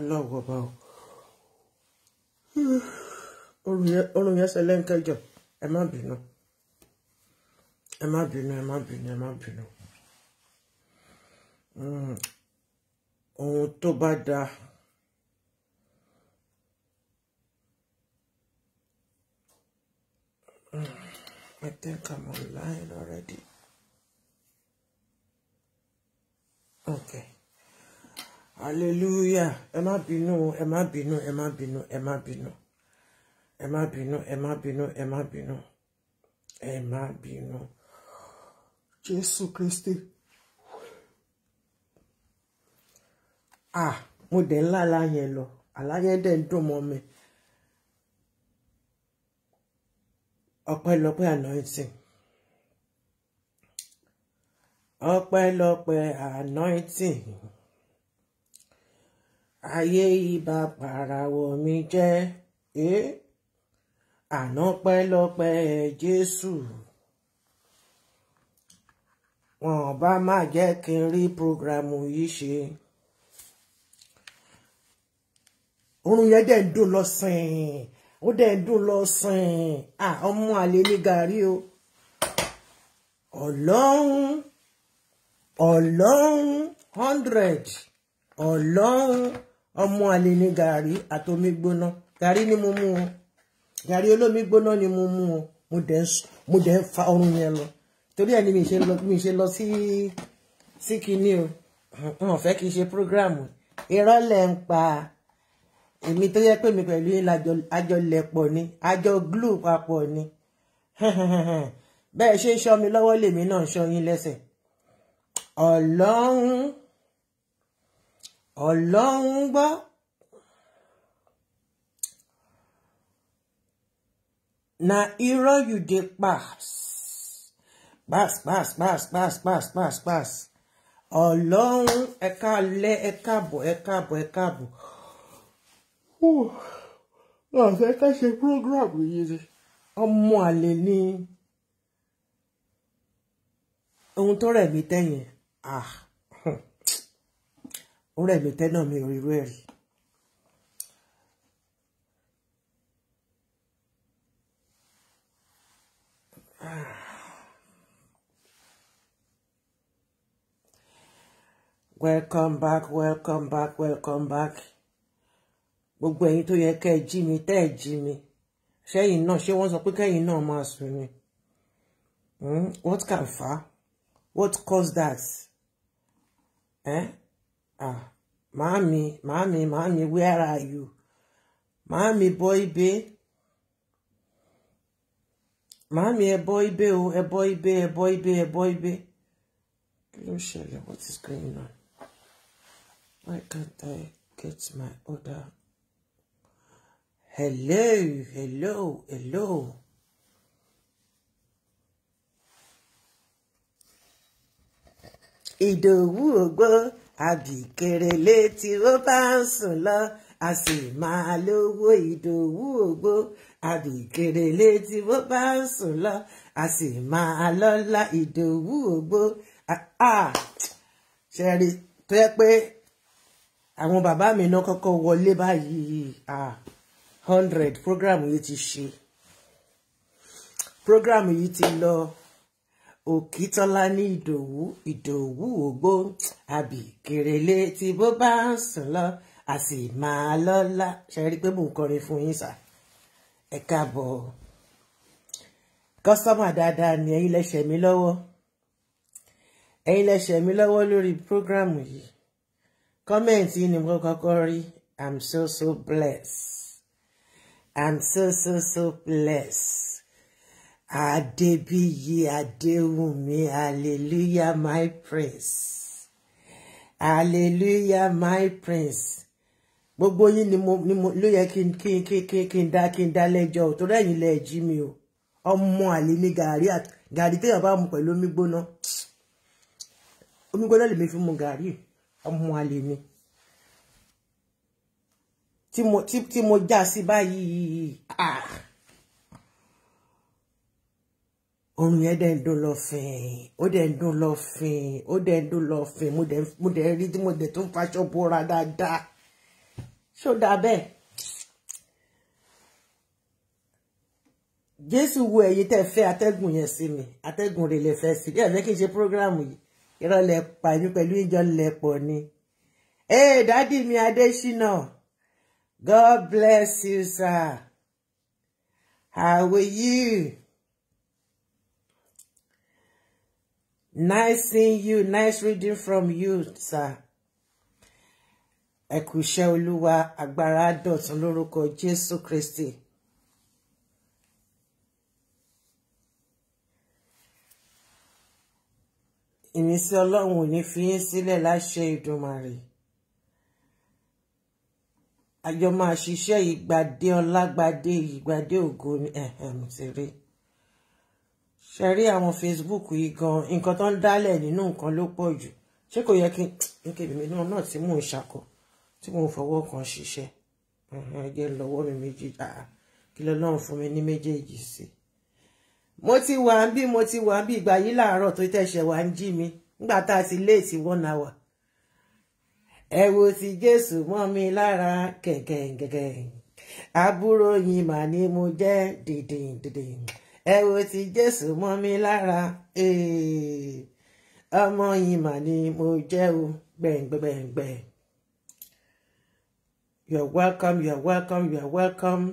I ọlọ́run ọba o orun yẹn ṣe lẹ́ńkẹ́jọ ẹ má bínú ẹ má bínú ẹ má bínú ẹ má bínú hmm. ohun tó bá dáa hmm. I think I'm online already. Okay. hallelujah ẹ má bínú ẹ má bínú ẹ má bínú kristi ah mụ dẹ̀ ńlá ala lọ àlá yẹn mi ọpẹ́lọpẹ́ ayé ibà pàràwọ̀ mi jẹ́ ẹ́ àná pẹ́lọpẹ́ Jésù wọn bá má jẹ́ kí n rí programu yìí ṣe oorun yẹn dẹ̀ ń dùn lọ sìn ó dẹ̀ ń dùn lọ sìn ọmọ àlè ní gàrí o ọlọ́run ọlọ́run hundred ọlọ́run ọmọ àlè ni gàrí àtomi gbóná gàrí ni mo mú o gàrí olómi gbóná ni mo mú o mo dẹ̀ ń fa ọrùn yẹn lọ torí ẹni mi ṣe lọ mi ṣe lọ sí kinní o wọn fẹ́ kí n ṣe prógráàmù irọ́ lẹ̀ ń pa èmi tó yẹ pé mi pẹ̀lú yín lájọ lẹ̀pọ̀ ni àjọ glue papọ̀ ni bẹ́ẹ̀ ṣe ń ṣọ́ mi lọ́wọ́ lèmi náà ń ṣọ́ yín lẹ́sẹ̀ ọlọ́run ọlọ́run gbọ́ na irọ́ you dey pass pass pass pass pass pass pass pass ọlọ́run ẹ̀ka lẹ́ ẹ̀ka bọ̀ ẹ̀ka bọ̀ ẹ̀ka bọ̀ ọ̀sẹ̀ ká ṣe program yìí ni ọmọ àlè ni ohun tó rẹ̀ mí tẹ̀yìn ah ó rẹ̀ mí tẹ́nà mi ò rí welcome back welcome back welcome back gbogbo ẹ̀yin tó yẹ kẹ́ ẹ jí mi tẹ́ ẹ jí mi ṣẹ́yìn náà ṣé wọ́n sọ pé kẹ́yìn náà máa sùn ni hmm, what can fa what cause that eh? Ah, mommy, mommy, mommy, where are you? Mommy, boy, be. Mommy, ẹ bọ́ ibẹ̀ a boy, be, a boy, be, a boy, be. Let me show you What is going on? Why can't I get my order? Hello, hello, hello. Ìdòwú ògbó àbíkèrè létí ó bá ń sùn lọ a sì máa lówó ìdòwú ògbó àbíkèrè létí ó bá ń sùn lọ a sì máa lọ́lá ìdòwú ògbó ṣẹ́rí tó yẹ pé àwọn bàbá mi náà kọ́kọ́ wọlé báyìí hundred program yìí ti ṣe program yìí ti lọ. Òkítọ́láni Ìdòwú Ìdòwú Ògbó àbí kèrèlé tí bó bá ń sùn lọ a máa lọ́la ṣe rí i pé mò ń kọrin fún yín sà ẹ káàbọ̀ kọ́sọ́mà dáadáa ni ẹ̀yin lẹ́sẹ̀ mi lọ́wọ́ ẹ̀yin lẹ́sẹ̀ mi lọ́wọ́ lórí prógrámù yìí kọ́mẹ̀ntì ni mo kọ́kọ́ rí I'm so so blessed I'm so so so blessed. Adebiyi Adewumi, hallelujah, my prince. Hallelujah, my prince. Gbogbo yín ni mo ni mo ló yẹ kí n kí n kí n kí n dá kí n dá lẹ́jọ́ o torí ẹ̀yin lẹ jí mi o. Ọmọ àlè ni gàrí gàrí téèyàn bá mu pẹ̀lú omi gbóná. Omi gbóná lèmi fi mu gàrí ọmọ àlè ni. Tí mo tí mo já sí báyìí. Ah. orun yẹn dẹ̀ ń dún lọ fìn ó dẹ̀ ń dún lọ fìn ó dẹ̀ ń dún lọ fìn mo dẹ̀ rí tí mo dẹ̀ tún faṣọ bóra dáadáa ṣó dáa bẹ́ẹ̀. jésù wo ẹ̀yin tẹ́ fẹ́ atẹ́gùn yẹn sí mi atẹ́gùn rẹ̀ lè fẹ́ sí bí ẹ̀fẹ́ kí n ṣe prógráàmù yìí ìrọ̀lẹ́ pàmí pẹ̀lú ìjọ ńlẹ̀ pọ̀ ni. ee dádì mi adésínà God bless you sir how are you. Nice seeing you. Nice reading from you, sir. Ẹ kú iṣẹ́ Olúwa agbára dọ̀tún Christi. Jésù Kristi. Ìmísí Ọlọ́run ò ní fi yín sílẹ̀ láṣẹ Ìdùmarè. Àjọ máa ṣiṣẹ́ ìgbàdé ọlágbàdé ìgbàdé ògo ni ẹ̀hẹ̀m ti rí ṣe rí àwọn Facebook yìí gan nǹkan tó ń dálẹ̀ nínú nǹkan ló pọ̀ jù ṣé kò yẹ kí n kébì mi náà náà tí mò ń ṣakọ tí mò ń fọwọ́ kan ṣiṣẹ́ ẹ̀jẹ̀ lọ́wọ́ mi méjì kí lọ́lọ́run fún mi ní méjèèjì sí i mo ti wà ń bí mo ti wà ń bí ìgbà yìí láàárọ̀ tó tẹ̀sẹ̀ wà ń jí mi nígbà tá a ti léètì one hour ẹ wo ti Jésù mọ́ mi lára kẹ̀kẹ̀ kẹ̀kẹ̀ àbúrò yìí mà ni mo jẹ́ dìndìn ẹ wo ti jésù mọ́ mi lára ọmọ yìí ni mo jẹ́ o gbẹ̀ngbẹ̀ngbẹ̀. You're welcome, you're welcome, you're welcome.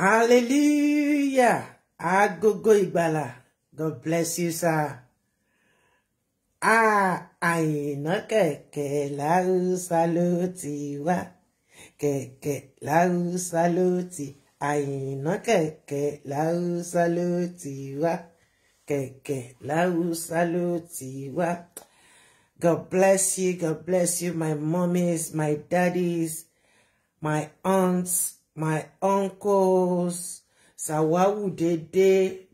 Hallelujah. Agogo Ìgbàlà. God bless you, sir. Ah, Àyìnà kẹ̀kẹ́ láhùsá ló ti wá. Kẹ̀kẹ́ láhùsá ló ti wá. I kẹ̀kẹ́ láhùsá ló ti wá kẹ̀kẹ́ láhùsá ló ti God bless you, God bless you, my mummies, my daddies, my aunts, my uncles, Sawawu Dede,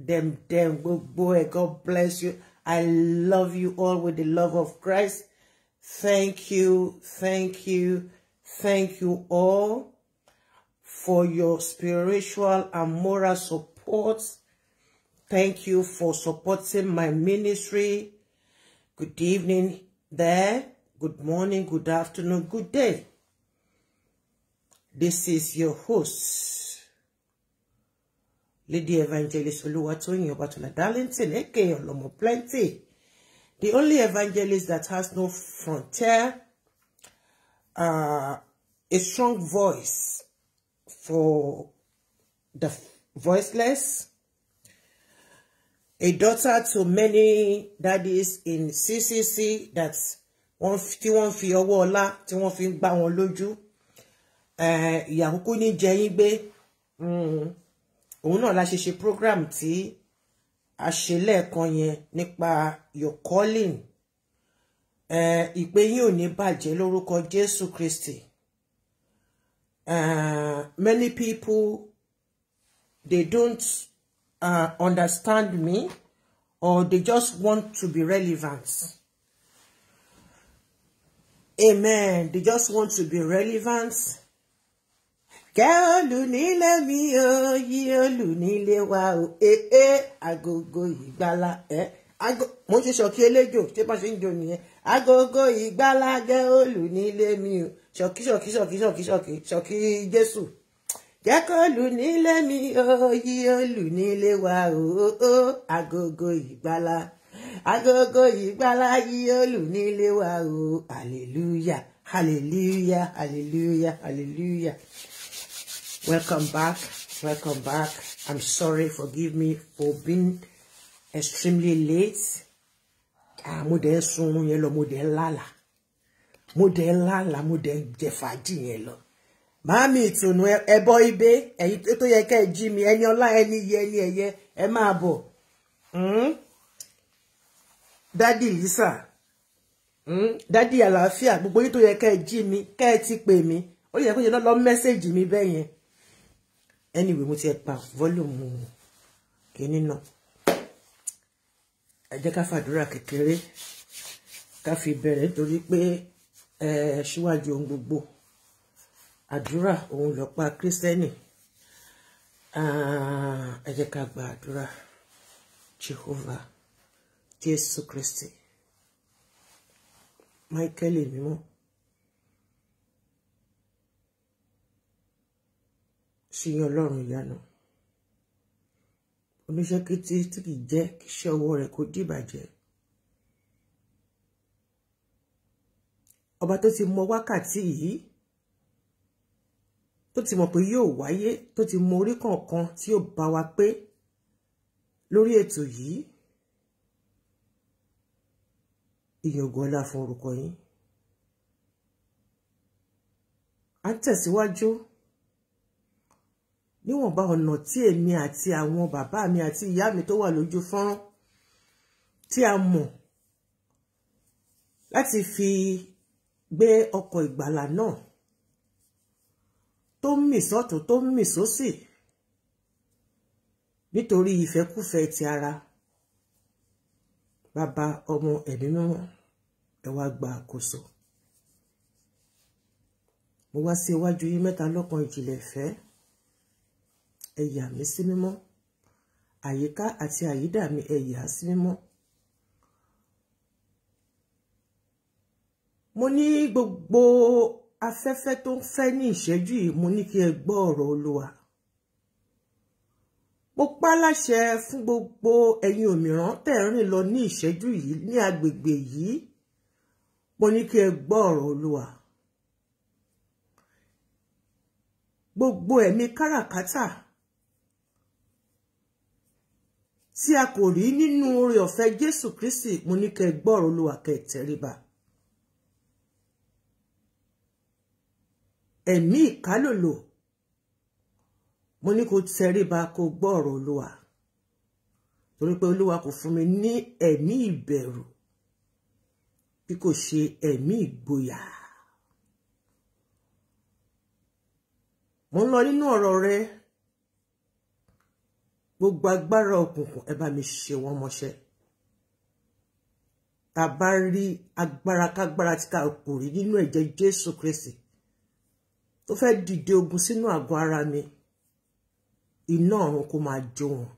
dem dem gbogbo boy? God bless you. I love you all with the love of Christ. Thank you, thank you, thank you all. for your spiritual and moral support. Thank you for supporting my ministry. Good evening there. Good morning, good afternoon, good day. This is your host, Lady Evangelist Oluwatoyin Obatola Darlington, aka Olomo Plenty, the only evangelist that has no frontier, uh, a strong voice for the voiceless, a daughter to many daddies in CCC that wọ́n tí wọ́n fi ọwọ́ ọlá tí wọ́n fi ń gbá wọn lójú eh, ìyà kúkú ní jẹyìn gbé hmm, òun náà la ṣe ṣe program tí a ṣe lẹ́ẹ̀kan yẹn nípa your calling eh, ìpè yín ò ní bàjẹ́ lórúkọ Jesus Christi. Uh, many people they don't uh, understand me or they just want to be relevant. Amen. They just want to be relevant. Kẹ́ olùnílé mi ò yí olùnílé wa ò, ẹ ẹ agogo ìgbàlà Eh? mo ṣe ṣọ̀kí eléjò ṣé bá ṣe ń jò nìyẹn agogo ìgbàlagẹ olù nílé mi o ṣọ̀kí ṣọ̀kí ṣọ̀kí ṣọ̀kí ṣọ̀kí ṣọ̀kí jésù jẹ́ kó lù nílé mi o yí olù nílé wa o agogo ìgbàlà agogo ìgbàlà yí olù nílé wa o hallelujah hallelujah hallelujah hallelujah welcome back welcome back i'm sorry forgive me for being extremely late ah mo dẹ̀ ń sun oorun yẹn lọ mo dẹ̀ ń lálàá mo dẹ̀ ń lálàá mo dẹ̀ ń jẹ fàájì yẹn lọ màámi ìtùnú ẹbọ ibé ẹ̀yin tó yẹ ká ẹ hmm? Lisa Hmm. Daddy gbogbo yín tó yẹ ká ẹ jí mi ká ẹ ti pè mí ó yẹ kó yẹ lọ mẹ́sẹ̀gì anyway mo ti ẹ pa volume kìíní náà ẹ jẹ́ ká fàdúrà kékeré ká fi bẹ̀rẹ̀ torí pé ẹ síwájú ohun gbogbo àdúrà òun lọ́pàá kírísítẹ́nì ẹ ká gba àdúrà Jehovah Jésù Kristi Michael mímọ́ sí Ọlọ́run ìyanu oníṣẹ́ kété tí kì í jẹ́ kí iṣẹ́ ọwọ́ rẹ̀ kó dìbàjẹ́ ọba tó ti mọ wákàtí yìí tó ti mọ̀ pé yóò wáyé tó ti mọ orí kọ̀ọ̀kan tí yóò bá wa pé lórí ètò yìí ìyàngàn ọlá fún orúkọ yín à tẹ̀síwájú. Si níwọ̀nba ọ̀nà tí èmi àti àwọn bàbá mi àti ìyá mi tó wà lójú fọ́nrán tí a mọ̀ láti fi gbé ọkọ̀ ìgbàlà náà tó ń mì sọ́tún tó ń mì sósì nítorí ìfẹ́kúfẹ́ ti ara bàbá ọmọ ẹ̀mí mímọ́ ẹ wá gba àkóso mo wá sí iwájú yín mẹ́ta lọ́kan ìjìnlẹ̀ fẹ́ẹ́ ẹ yà sí mímọ́ àyíká àti àyídà mi ẹ sí mímọ́. mo ní gbogbo afẹ́fẹ́ tó ń fẹ́ ní ìṣẹ́jú yìí mo ní kí ẹ gbọ́ ọ̀rọ̀ olúwa mo pa láṣẹ fún gbogbo ẹ̀yin òmíràn tẹ́ ń rìn lọ ní ìṣẹ́jú yìí ní agbègbè yìí mo ní kí ẹ gbọ́ ọ̀rọ̀ olúwa gbogbo ẹ̀mí káràkátà tí a kò rí nínú oore ọ̀fẹ́ Jésù Kristi mo ní kẹ́ gbọ́rọ̀ Olúwa kẹ́ tẹríba ẹ̀mí ìkálòlò mo ní kó tẹríba kó gbọ́rọ̀ Olúwa torí pé Olúwa kò fún mi ní ẹ̀mí ìbẹ̀rù bí kò ṣe ẹ̀mí ìgboyà. mo ń lọ nínú ọ̀rọ̀ rẹ gbogbo agbára òkùnkùn ẹ bá mi ṣe wọ́n mọ́ṣẹ́ tá a bá rí agbára kágbára tí ká kò rí nínú ẹ̀jẹ̀ Jésù Kristi tó fẹ́ dìde ogun sínú àgọ́ ara mi iná ọ̀run kó máa jó wọn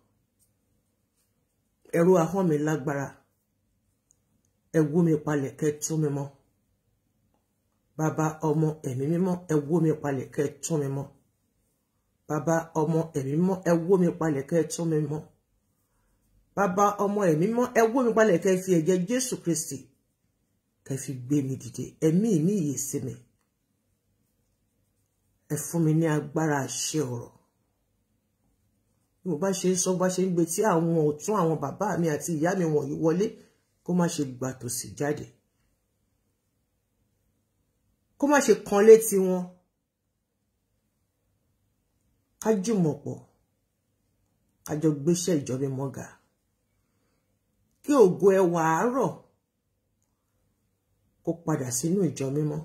ẹ̀rù ahọ́n mi lágbára ẹ wó mi palẹ̀ kẹ́ tú mi mọ́ bàbá ọmọ ẹ̀mí mímọ́ ẹ wó mi palẹ̀ kẹ́ tú mi mọ́ bàbá ọmọ ẹ̀mí mọ́ ẹ wó mi palẹ̀ kẹ́ ẹ tún mi mọ́ bàbá ọmọ ẹ̀mí mọ́ ẹ wó mi palẹ̀ kẹ́ ẹ fi ẹ̀jẹ̀ Jésù Kristi kẹ́ ẹ fi gbé mi dìde ẹ̀mí mi yè sí mi ẹ fún mi ní agbára àṣẹ ọ̀rọ̀ bí mo bá ṣe ń sọ bá ṣe ń gbé tí àwọn ọ̀tún àwọn bàbá mi àti ìyá mi wọ̀nyí wọlé kó má ṣe gbà tòsí jáde kó má ṣe kan létí wọn ká jùmọ̀ pọ̀ ká jọ gbéṣẹ́ ìjọba mọ́gà kí ògo ẹwà àárọ̀ kó padà sínú ìjọ mímọ́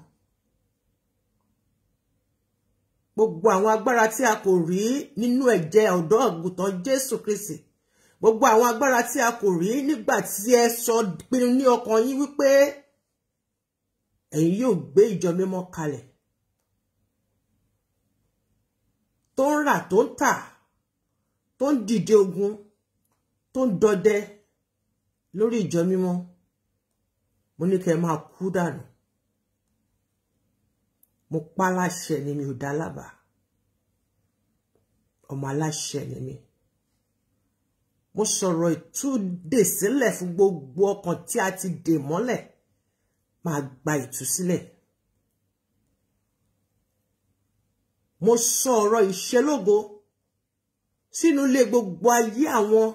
gbogbo àwọn agbára tí a kò rí nínú ẹ̀jẹ̀ ọ̀dọ́ àgùntàn Jésù Kristi gbogbo àwọn agbára tí a kò rí nígbà tí ẹ sọ pinnu ní ọkàn yín wípé ẹ̀yin yóò gbé ìjọ mímọ́ kalẹ̀ tó ń rà tó ń tà tó ń dìde ogun tó ń dọdẹ lórí ìjọ mímọ́ mo ní kẹ́ máa kú dànù mo pa láṣẹ ni mi ò dá lábàá ọmọ aláṣẹ ni mi mo sọ̀rọ̀ ìtúdè sílẹ̀ fún gbogbo ọkàn tí a ti dè mọ́lẹ̀ máa gba ìtúsílẹ̀. mo sọ ọ̀rọ̀ ìṣelógo sínú ilé gbogbo ayé àwọn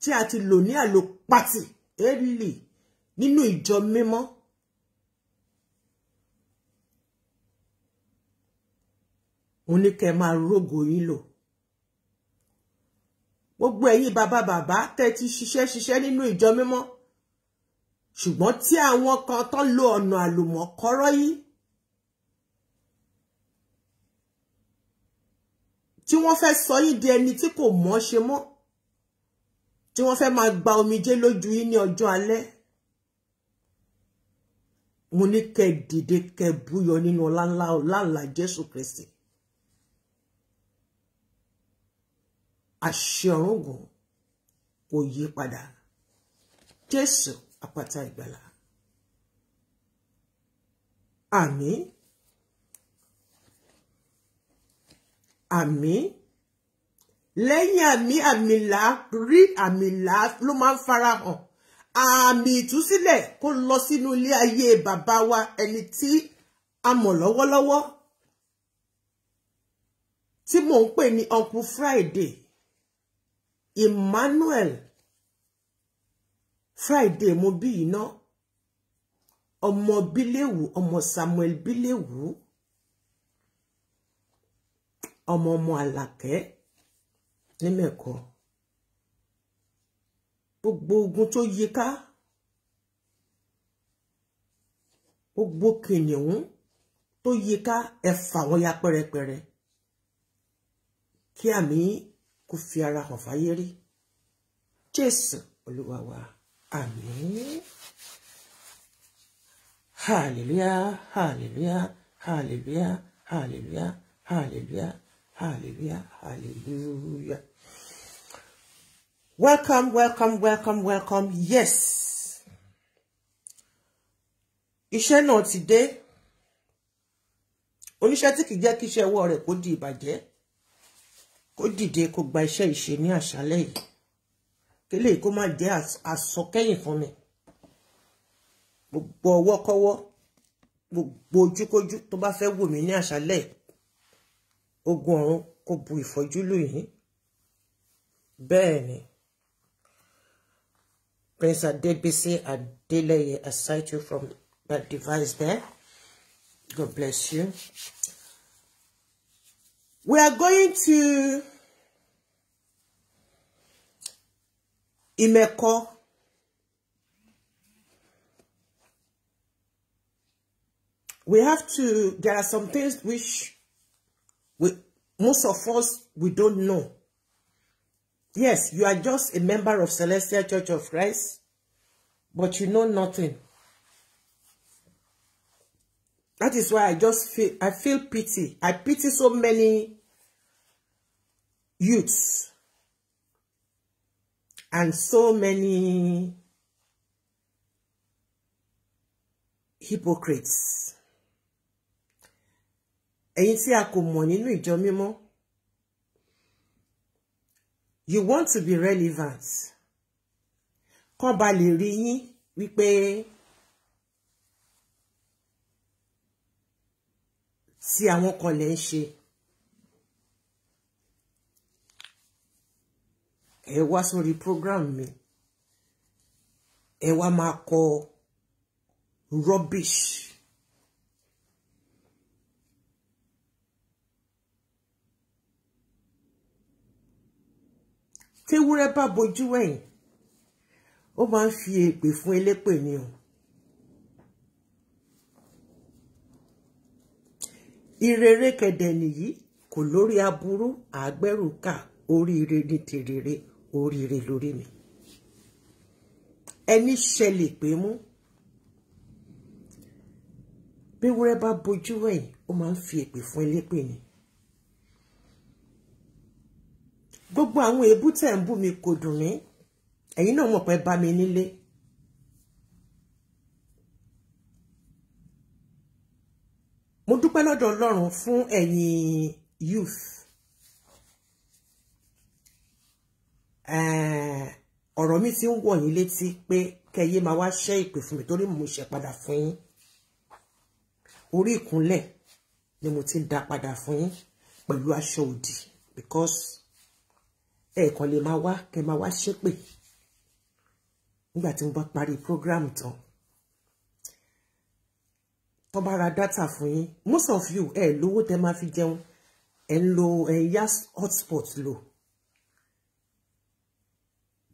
tí a ti lò ní àlòpàtì èlì nínú ìjọ mímọ́ mo ní kẹ́ máa rógo yín lò gbogbo ẹ̀yin bàbá bàbá tẹ́ ti ṣiṣẹ́ ṣiṣẹ́ nínú ìjọ mímọ́ ṣùgbọ́n tí àwọn kan tán lo ọ̀nà àlùmọ̀kọ́rọ́ yìí tí wọ́n fẹ́ sọ yín di ẹni tí kò mọ̀ ṣe mọ́ tí wọ́n fẹ́ máa gba omijé lójú yín ní ọjọ́ alẹ́ mo ní kẹ́ dìde kẹ́ búyọ nínú ọláńlá ọláńlá Jésù Kristi àṣẹ ọ̀rùngùn kò yí padà Jésù àpáta ìgbàlà àmín. àmì lẹ́yìn àmì àmì là rí àmì là ló máa ń farahàn àmì ìtúsílẹ̀ kó lọ sínú ilé ayé bàbá wa ẹni tí a mọ̀ lọ́wọ́lọ́wọ́ tí mò ń pè ní uncle Friday Emmanuel Friday mo bí iná ọmọ Bíléwù ọmọ Samuel Bíléwù ọmọ ọmọ Àlàkẹ́ ní Mẹ̀kọ gbogbo ogun tó yẹ ká gbogbo kìnìún tó yẹ ká ẹ fà wọ́n ya pẹ́rẹpẹ́rẹ kí àmì kò fi ara hàn fáyé rí Jésù Olúwa wa àmín hallelujah hallelujah hallelujah hallelujah hallelujah. Hallelujah, hallelujah. Welcome, welcome, welcome, welcome. Yes. Iṣẹ́ náà ti dé. Oníṣẹ́ tí kìí jẹ́ kí iṣẹ́ ọwọ́ rẹ̀ kó di ìbàjẹ́. Kó dìde kó gba iṣẹ́ ìṣe ní àṣálẹ́ yìí. Kélé kó má jẹ́ àsọkẹ́yìn fún mi. Gbogbo ọwọ́ kọ́wọ́, gbogbo ojúkójú tó bá fẹ́ wò mí ní àṣálẹ́ yìí ogun ọ̀run kò bu ìfọ́jú lù yín bẹ́ẹ̀ ni Prince Adegbese Adeleye I you from that device there God bless you we are going to Imeko we have to there are some things which We, most of us, we don't know. Yes, you are just a member of Celestial Church of Christ, but you know nothing. That is why I just feel, I feel pity. I pity so many youths and so many hypocrites ẹ̀yin tí a kò mọ̀ nínú ìjọ mímọ́ you want to be relevant kán ba lè rí yín wípé tí àwọn kan lè ń ṣe ẹ wá sórí program mi ẹ wá máa kọ rubbish. téwúrẹ́ bá bojú ẹ̀yìn ó máa ń fi èpè fún elépè ni o ìrere kẹ̀dẹ̀ nìyí kò lórí aburú àgbẹrùkà oríire ní tèrèrè oríire lórí mi ẹni ṣẹlẹ̀ pé mú bí wúrẹ́ bá bojú ẹ̀yìn ó máa ń fi èpè fún elépè ni. gbogbo àwọn èébú tẹ̀ ń bú mi kò dùn mí ẹ̀yin náà mọ̀ pé bá mi nílé mo dúpẹ́ lọ́dọ̀ Ọlọ́run fún ẹ̀yin youth ọ̀rọ̀ mi ti ń wọ̀ yín létí pé kẹyé máa wá ṣẹ́ ìpè fún mi torí mo ṣe padà fún yín orí ìkúnlẹ̀ ni mo ti ń dá padà fún yín pẹ̀lú aṣọ òdì because ẹ̀ẹ̀kan lè máa wá kẹ́ máa wá ṣépè nígbà tí mo bá parí program tán tó bá ra data fún yín most of you ẹ lówó tẹ máa fi jẹun ẹ ń lo ẹ yá hotspot lò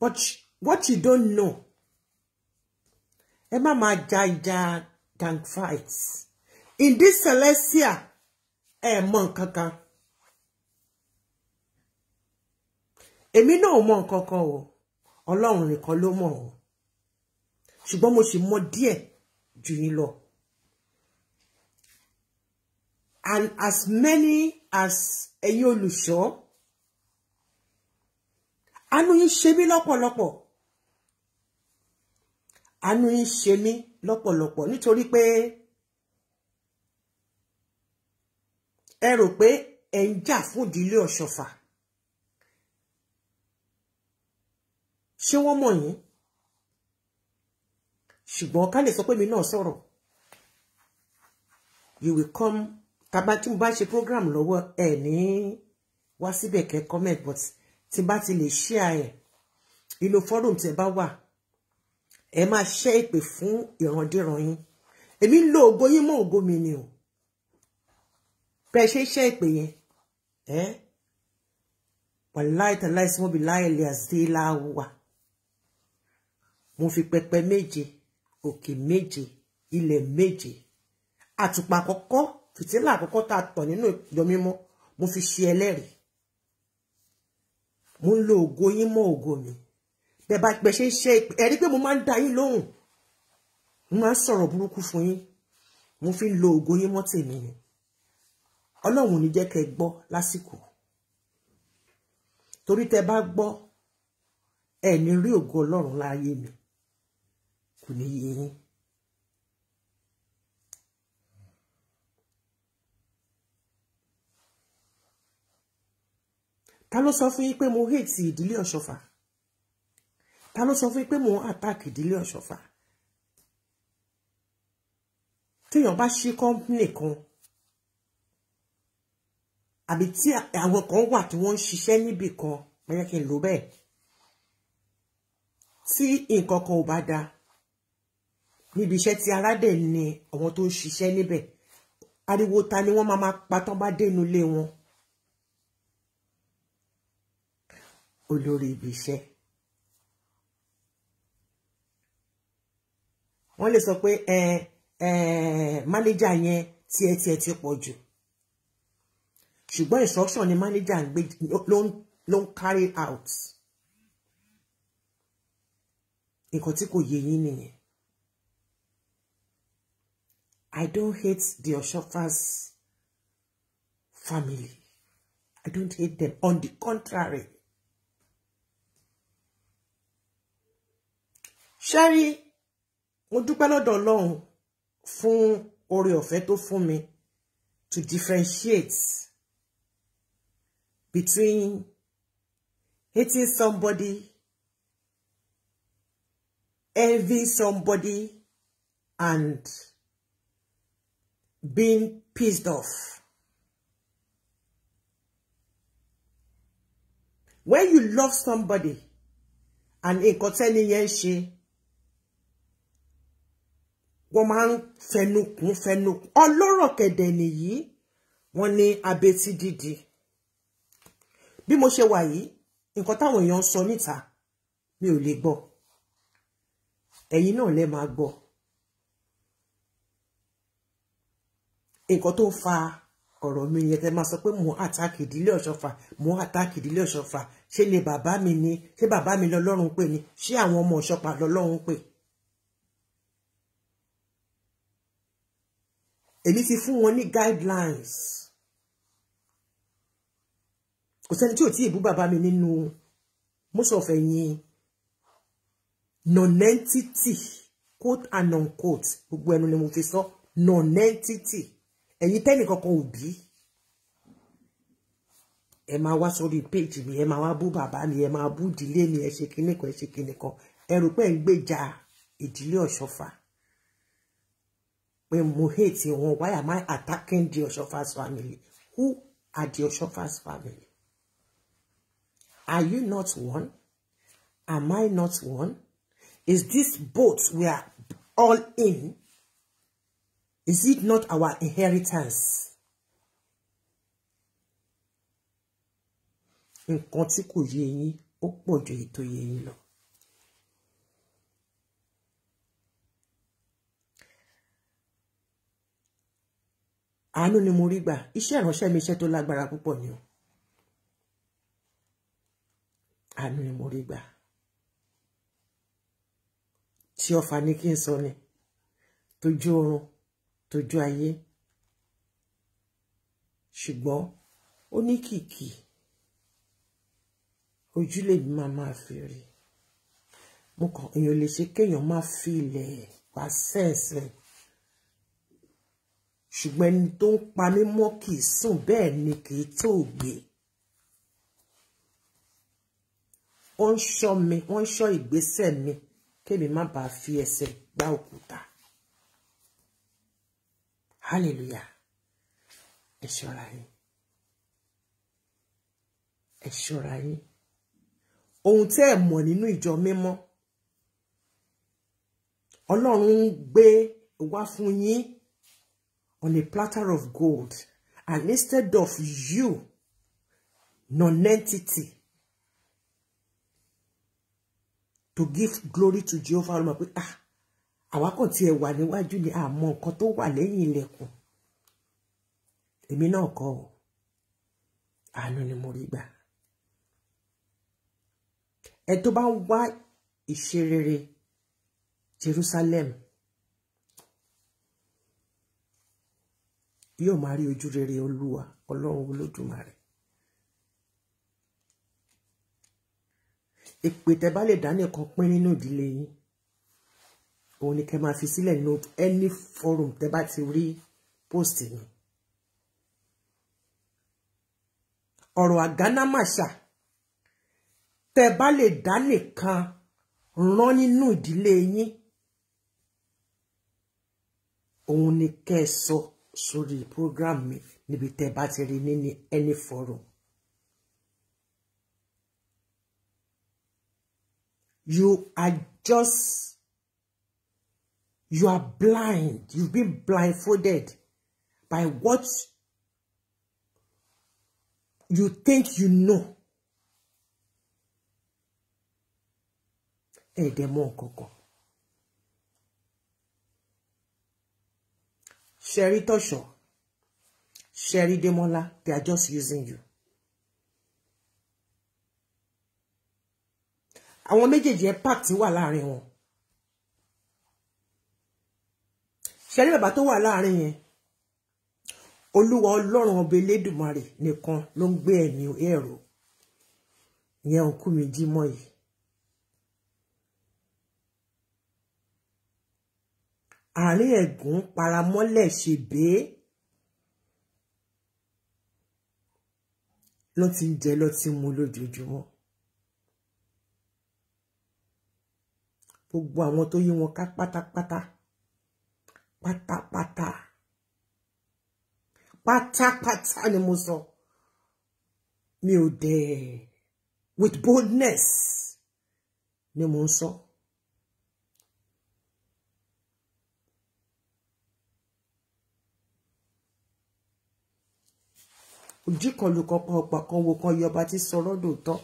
but what you don't know ẹ má máa ja ìjà gang fights in this celestia ẹ mọ nǹkan kan. èmi náà mọ nǹkan kan o ọlọ́run nìkan ló mọ̀ o ṣùgbọ́n mo sì mọ díẹ̀ jù yín lọ and as many as ẹ̀yin olùṣọ́ àánú yín ṣe mí lọ́pọ̀lọpọ̀ àánú yín ṣe mí lọ́pọ̀lọpọ̀ nítorí pé ẹ rò pé ẹ ń jà fún ìdílé ọ̀ṣọ́fà ṣé wọ́n mọ̀ yín ṣùgbọ́n ká lè sọ pé mi náà sọ̀rọ̀ you will come tàbá tí mo bá ṣe program lọ́wọ́ ẹ̀ ní wá síbẹ̀ kẹ́ comment but tí bá ti lè share ẹ̀ inú forum tẹ́ bá wà ẹ máa ṣẹ́ ìpè fún ìrandíran yín èmi ń lo ògo yín mọ́ ògo mi ni o bẹ́ẹ̀ ṣe ṣẹ́ ìpè yẹn ẹ́ wàláìtàláìsí wọn bí láìlẹ̀ àti wà mo fi pẹpẹ méje òkè méje ilẹ̀ méje àtùpà àkọ́kọ́ fìtílà àkọ́kọ́ tá a tàn nínú ìjọ mímọ́ mo fi ṣe ẹlẹ́rìí mo ń lo ògo yín mọ́ ògo mi bẹ́ẹ̀ bá gbẹ ṣe ń ṣe ẹ̀rí pé mo máa ń da yín lóhùn mo máa ń sọ̀rọ̀ burúkú fún yín mo fi ń lo ògo yín mọ́ tèmi ni ọlọ́run ò ní jẹ́ kẹ́ ẹ gbọ́ lásìkò torí tẹ́ bá gbọ́ ẹ ní rí ògo ọlọ́run láyé mi kò ní yé yín. ta ló sọ fún yín pé mo hate ìdílé ọ̀ṣọ́fà ta ló sọ fún yín pé mo attack ìdílé ọ̀ṣọ́fà téèyàn bá ṣí company kan àbí tí àwọn kan wà tí wọ́n ń ṣiṣẹ́ níbì kan bóyá kí n lò bẹ́ẹ̀ tí nǹkan kan ò bá dáa níbi iṣẹ́ tí ara dẹ̀ ni àwọn tó ń ṣiṣẹ́ níbẹ̀ ariwo ta ni wọ́n máa ma pa tán bá dénú ilé wọn olórí ibi iṣẹ́ wọ́n lè sọ pé ẹ ẹ mánéjà yẹn tiẹ̀ tiẹ̀ ti pọ̀ jù ṣùgbọ́n instruction ni mánéjà ń gbé ló ń carry out nǹkan tí kò yé yín nìyẹn I don't hate the Oshofa's family. I don't hate them. On the contrary. Sherry, mo dúpẹ́ lọ́dọ̀ Ọlọ́run fún oore ọ̀fẹ́ tó fún mi to differentiate between hating somebody, envying somebody, and being pissed off. When you love somebody and in tẹ́ni yẹn ń ṣe, wọ́n máa ń fẹnukùn fẹnukùn. Ọlọ́rọ̀ kẹ̀dẹ̀ nìyí, wọ́n ní abetí dídi. Bí mo ṣe wà yìí, nǹkan táwọn èèyàn ń sọ mi ò lè gbọ́. Ẹ̀yin náà lẹ máa gbọ́. nǹkan tó fa ọ̀rọ̀ mi yẹn tẹ́ máa sọ pé mò ń àtàkì ìdílé ọ̀ṣọ́fà mò ń àtàkì ìdílé ọ̀ṣọ́fà ṣé lè bàbá mi ni ṣé bàbá mi lọ́lọ́run pè ni ṣé àwọn ọmọ ọ̀ṣọ́fà lọ́lọ́run pè. èmi ti fún wọn ní guidelines kò sẹ́ni tí ò tí ì bú bàbá mi nínú mọ́sọ̀fẹ́ yín non quote and unquote quote gbogbo ẹnu ni mo fi sọ non ẹ̀yin tẹ́nì kankan ò bí ẹ máa wá sórí péjì mi ẹ máa wá bú bàbá mi ẹ máa bú ìdílé mi ẹ ṣe kinní kan ẹ ṣe kinní kan ẹ rò pé ẹ ń gbèjà ìdílé ọ̀ṣọ́fà pé mo hate wọn why am I attacking the ọ̀ṣọ́fà's family who are the ọ̀ṣọ́fà's family are you not one am I not one is this boat we are all in Is it not our inheritance? Nǹkan tí kò yé yín ó pọ̀ ju èyí tó yé yín lọ. àánú ni mo rí gbà iṣẹ́ ìránṣẹ́ mi iṣẹ́ tó lágbára púpọ̀ ni o àánú ni mo rí gbà tí ọfà ní kí n sọ ni tójú oorun tójú ayé ṣùgbọ́n ó ní kìkì ojú lèmi máa máa fi rí mo kàn èèyàn lè ṣe kéèyàn má fi ilẹ̀ wá sẹ́ẹ̀sẹ̀ ṣùgbọ́n ẹni tó ń pa mí mọ́ kì í sùn bẹ́ẹ̀ ni kì í tó gbé ó ń ṣọ́ mi ó ń ṣọ́ ìgbésẹ̀ mi kémi má bàa fi ẹsẹ̀ gbá òkúta hallelujah ẹ ṣọ́ra yín ẹ ṣọ́ra yín ohun tẹ́ ẹ mọ̀ nínú ìjọ mímọ́ ọlọ́run ń gbé wá fún yín on a platter of gold and instead of you non-entity to give glory to Jehovah olùmọ̀ ah àwa kàn tiẹ̀ wà níwájú ni àmọ́ nǹkan tó wà lẹ́yìn ilẹ̀kùn èmi náà kọ́ ọ àánú ni mo rí gbà ẹ tó bá ń wá ìṣe Jerusalem yóò máa rí ojú rere Olúwa Ọlọ́run Olódùmarè èpè tẹ́ bá lè dá nìkan pín nínú ìdílé yín òun ni kẹ́ máa fi sílẹ̀ nínú any forum tẹ́ bá ti rí post mi ọ̀rọ̀ àgánámàṣà tẹ́ bá lè dá nìkan rán nínú ìdílé yín òun ni kẹ́ ẹ sọ sórí program mi níbi tẹ́ bá ti rí níní any forum. You are just You are blind. You've been blindfolded by what you think you know. Ẹ̀dẹ̀mọ́ kọ̀kọ̀. Sherry Tosho, Sherry Demola, they are just using you. Àwọn méjèèjì ẹ̀ pàtì wà láàrin wọn. ṣe rí bàbá tó wà láàrin yẹn olúwa ọlọ́run ọba elédùmarè nìkan ló ń gbé ẹ̀mí ẹ̀rọ ìyẹn òkú mi jímọ̀ yìí àárín ẹ̀gún paramọ́lẹ̀ ṣèbé ló ti ń jẹ ló ti ń mu lójoojúmọ́ gbogbo àwọn tó yí wọn ká pátápátá. Pata, pata pátápátá pátápátá ni mo sọ mi ò dẹ̀ with boldness ni mo ń sọ. ojú kan ló kọpọ ọ̀pá kan wo kan yọba tí sọ̀rọ̀ dòótọ́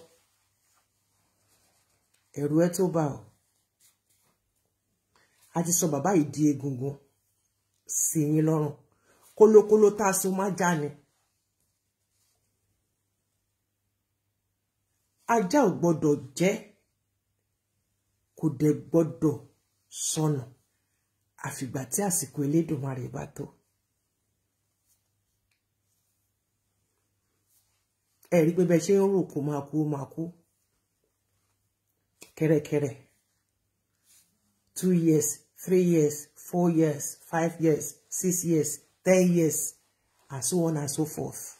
ẹ̀rù ẹ tó bá ọ a ti sọ bàbá yìí di egungun sí yín lọ́rùn kólókóló tá a so má já ni. ajá ò gbọ́dọ̀ jẹ́ kò dẹ̀ gbọ́dọ̀ sọnù àfìgbà tí àsìkò Elédùmarè bá tó. ẹ pé bẹ́ẹ̀ ṣe ń rò kó máa kú máa kú kẹ́rẹ́kẹ́rẹ́ two years three years four years, five years, six years, ten years, and so on and so forth.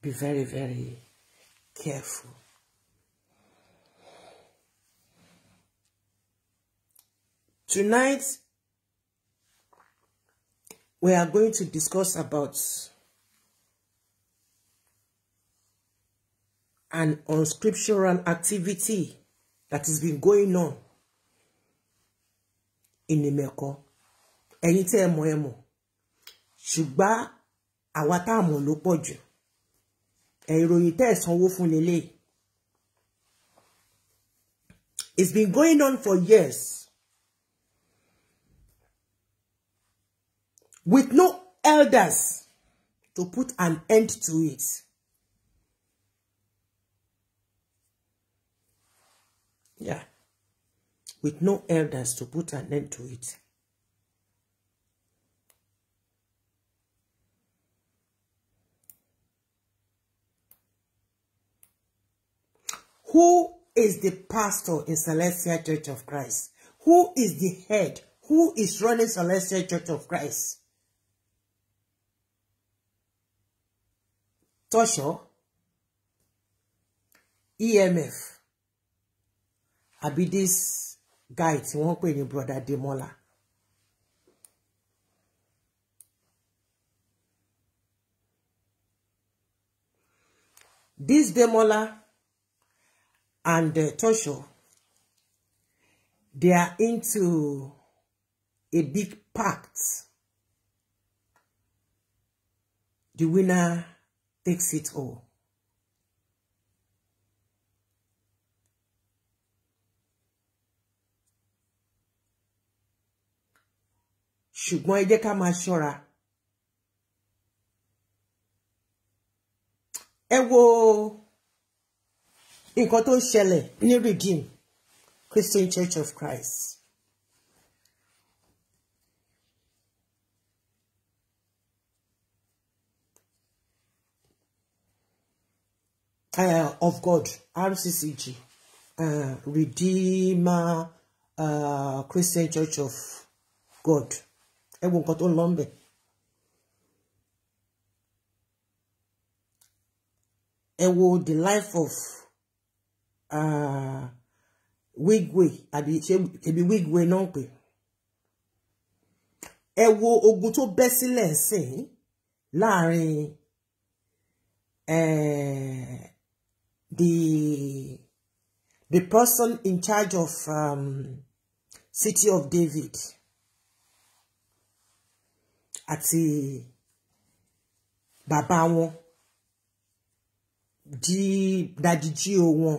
Be very, very careful. Tonight, we are going to discuss about An unscriptural activity that has been going on in Ìmẹ̀kọ ẹ̀yin tẹ́ ẹ mọ̀ ẹ mọ̀ ṣùgbọ́n àwa tá a mọ̀ ló pọ̀ jù ẹ̀ ìròyìn tẹ́ ẹ̀ sanwó fún lélẹ̀ it's been going on for years with no elders to put an end to it. Yeah. With no elders to put an end to it. Who is the pastor in Celestial Church of Christ? Who is the head? Who is running Celestial Church of Christ? Tosho, EMF, àbí this guy tí wọ́n pè ní brother Demola. This Demola and uh, Tosho, they are into a big pact. The winner takes it all. ṣùgbọ́n ẹ jẹ́ ká máa ṣọ́ra. ẹ wo nǹkan tó ń ṣẹlẹ̀ ní Redeem Christian Church of Christ. uh, of God, RCCG, uh, Redeemer uh, Christian Church of God ẹ wo nǹkan tó ń lọ ń bẹ̀. the life of uh, wigwe àbí ṣebí wigwe náà pè ẹ wo ogun tó bẹ́ sílẹ̀ sìn láàrin eh, the the person in charge of um, city of David àti bàbá wọn di dadiji o wọn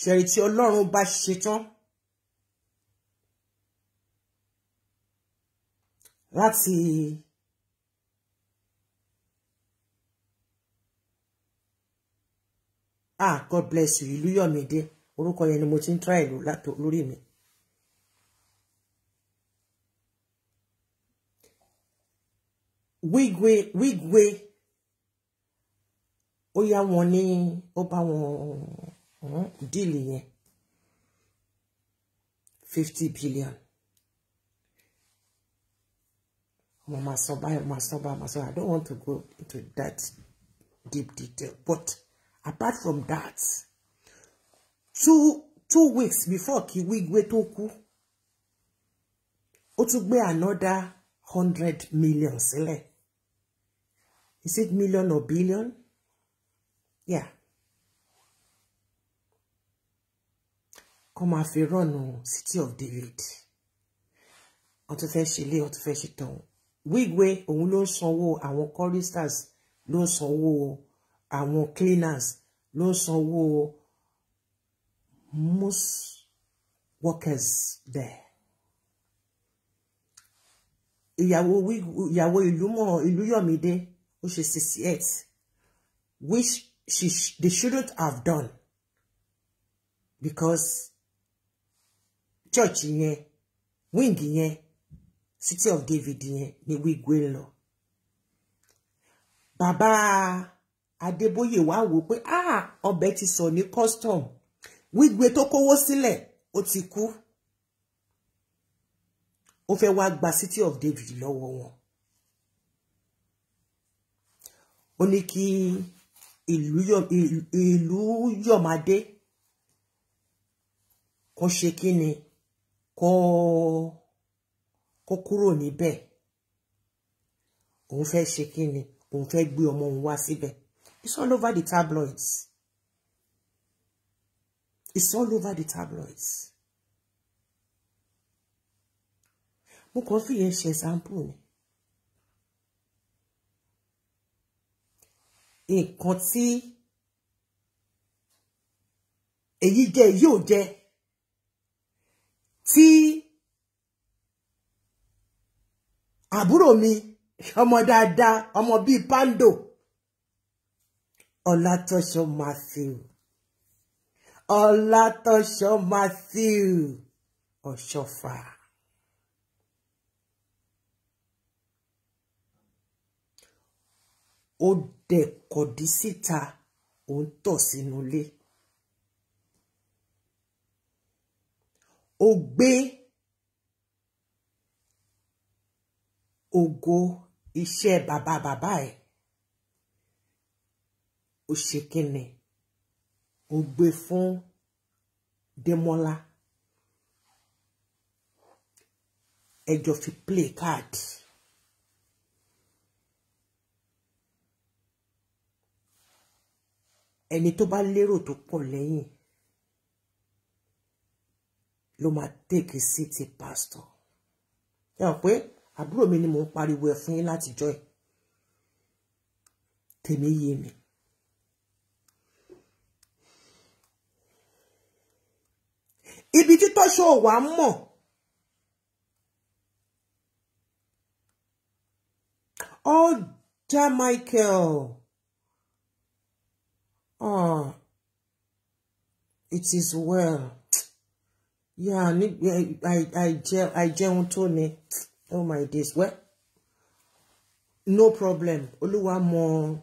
ṣẹ̀rí tí ọlọ́run bá ṣetán láti ah God bless you ìlú yọ̀mídé orúkọ yẹn ni mo ti ń try ìlú lórí mi wígwe wígwe ó yá wọn ní ó bá wọn hmm, díìlì yẹn fifty billion mo máa sọ báyìí mo máa sọ báyìí máa sọ I don't want to go into that deep detail but apart from that two two weeks before kí wígwe tó kú ó tún gbé another hundred million sílẹ̀. Si Is it million or billion? Yeah. Come after run rọ́ọ̀nù City of David. Wọ́n tún fẹ́ ṣe ilé, wọ́n tún fẹ́ ṣe tán. Wigwe òun ló ń sanwó àwọn choristers ló ń sanwó cleaners ló ń most workers there. Ìyàwó ìlú mọ̀ ìlú Yọ̀mídé. Which ṣe sixty eight which she they shouldn't have done because church in here, wing in here, city of David yẹn ni wigwe lọ bàbá Adébóyè wá wò pé ah ọbẹ̀ ti sọ ní custom wigwe tó kówó sílẹ̀ ó ti kú ó fẹ́ wá gba city of David lọ́wọ́ wọn. ó ní kí ìlú Yọ̀mádé kó ṣe kí ni kó kúrò níbẹ̀ òun fẹ́ ṣe kí ni òun fẹ́ gbé ọmọ òun wá síbẹ̀ it's all over the tabloids it's all over the tabloids mo kàn fi yẹn ṣe sample ni nǹkan tí èyí jẹ èyí ò jẹ tí àbúrò mi ọmọ dáadáa ọmọ bíi pando ọlátọṣọ matthew ọlátọṣọ matthew ọṣọfà. ó dẹ̀ kọ̀dí síta ó ń tọ̀ sínú ilé ó gbé ògo iṣẹ́ bàbá bàbá ẹ̀ ó ṣe kíni ó gbé fún Dẹ́mọ́lá ẹjọ́ fi play card. ẹni tó bá lérò tó pọ̀ lẹ́yìn ló máa tèkì sí ti pásítọ̀ ẹ hàn pé àbúrò mi ni mò ń pariwo ẹ fún yín látijọ́ ẹ tèmi yé mi. ibi tí tọ́ṣọ́ wà mọ̀ ọjà Michael. Oh, it is well. Yeah, I, I, I jẹun tó ni. Oh my days. Well, no problem. Olúwa mọ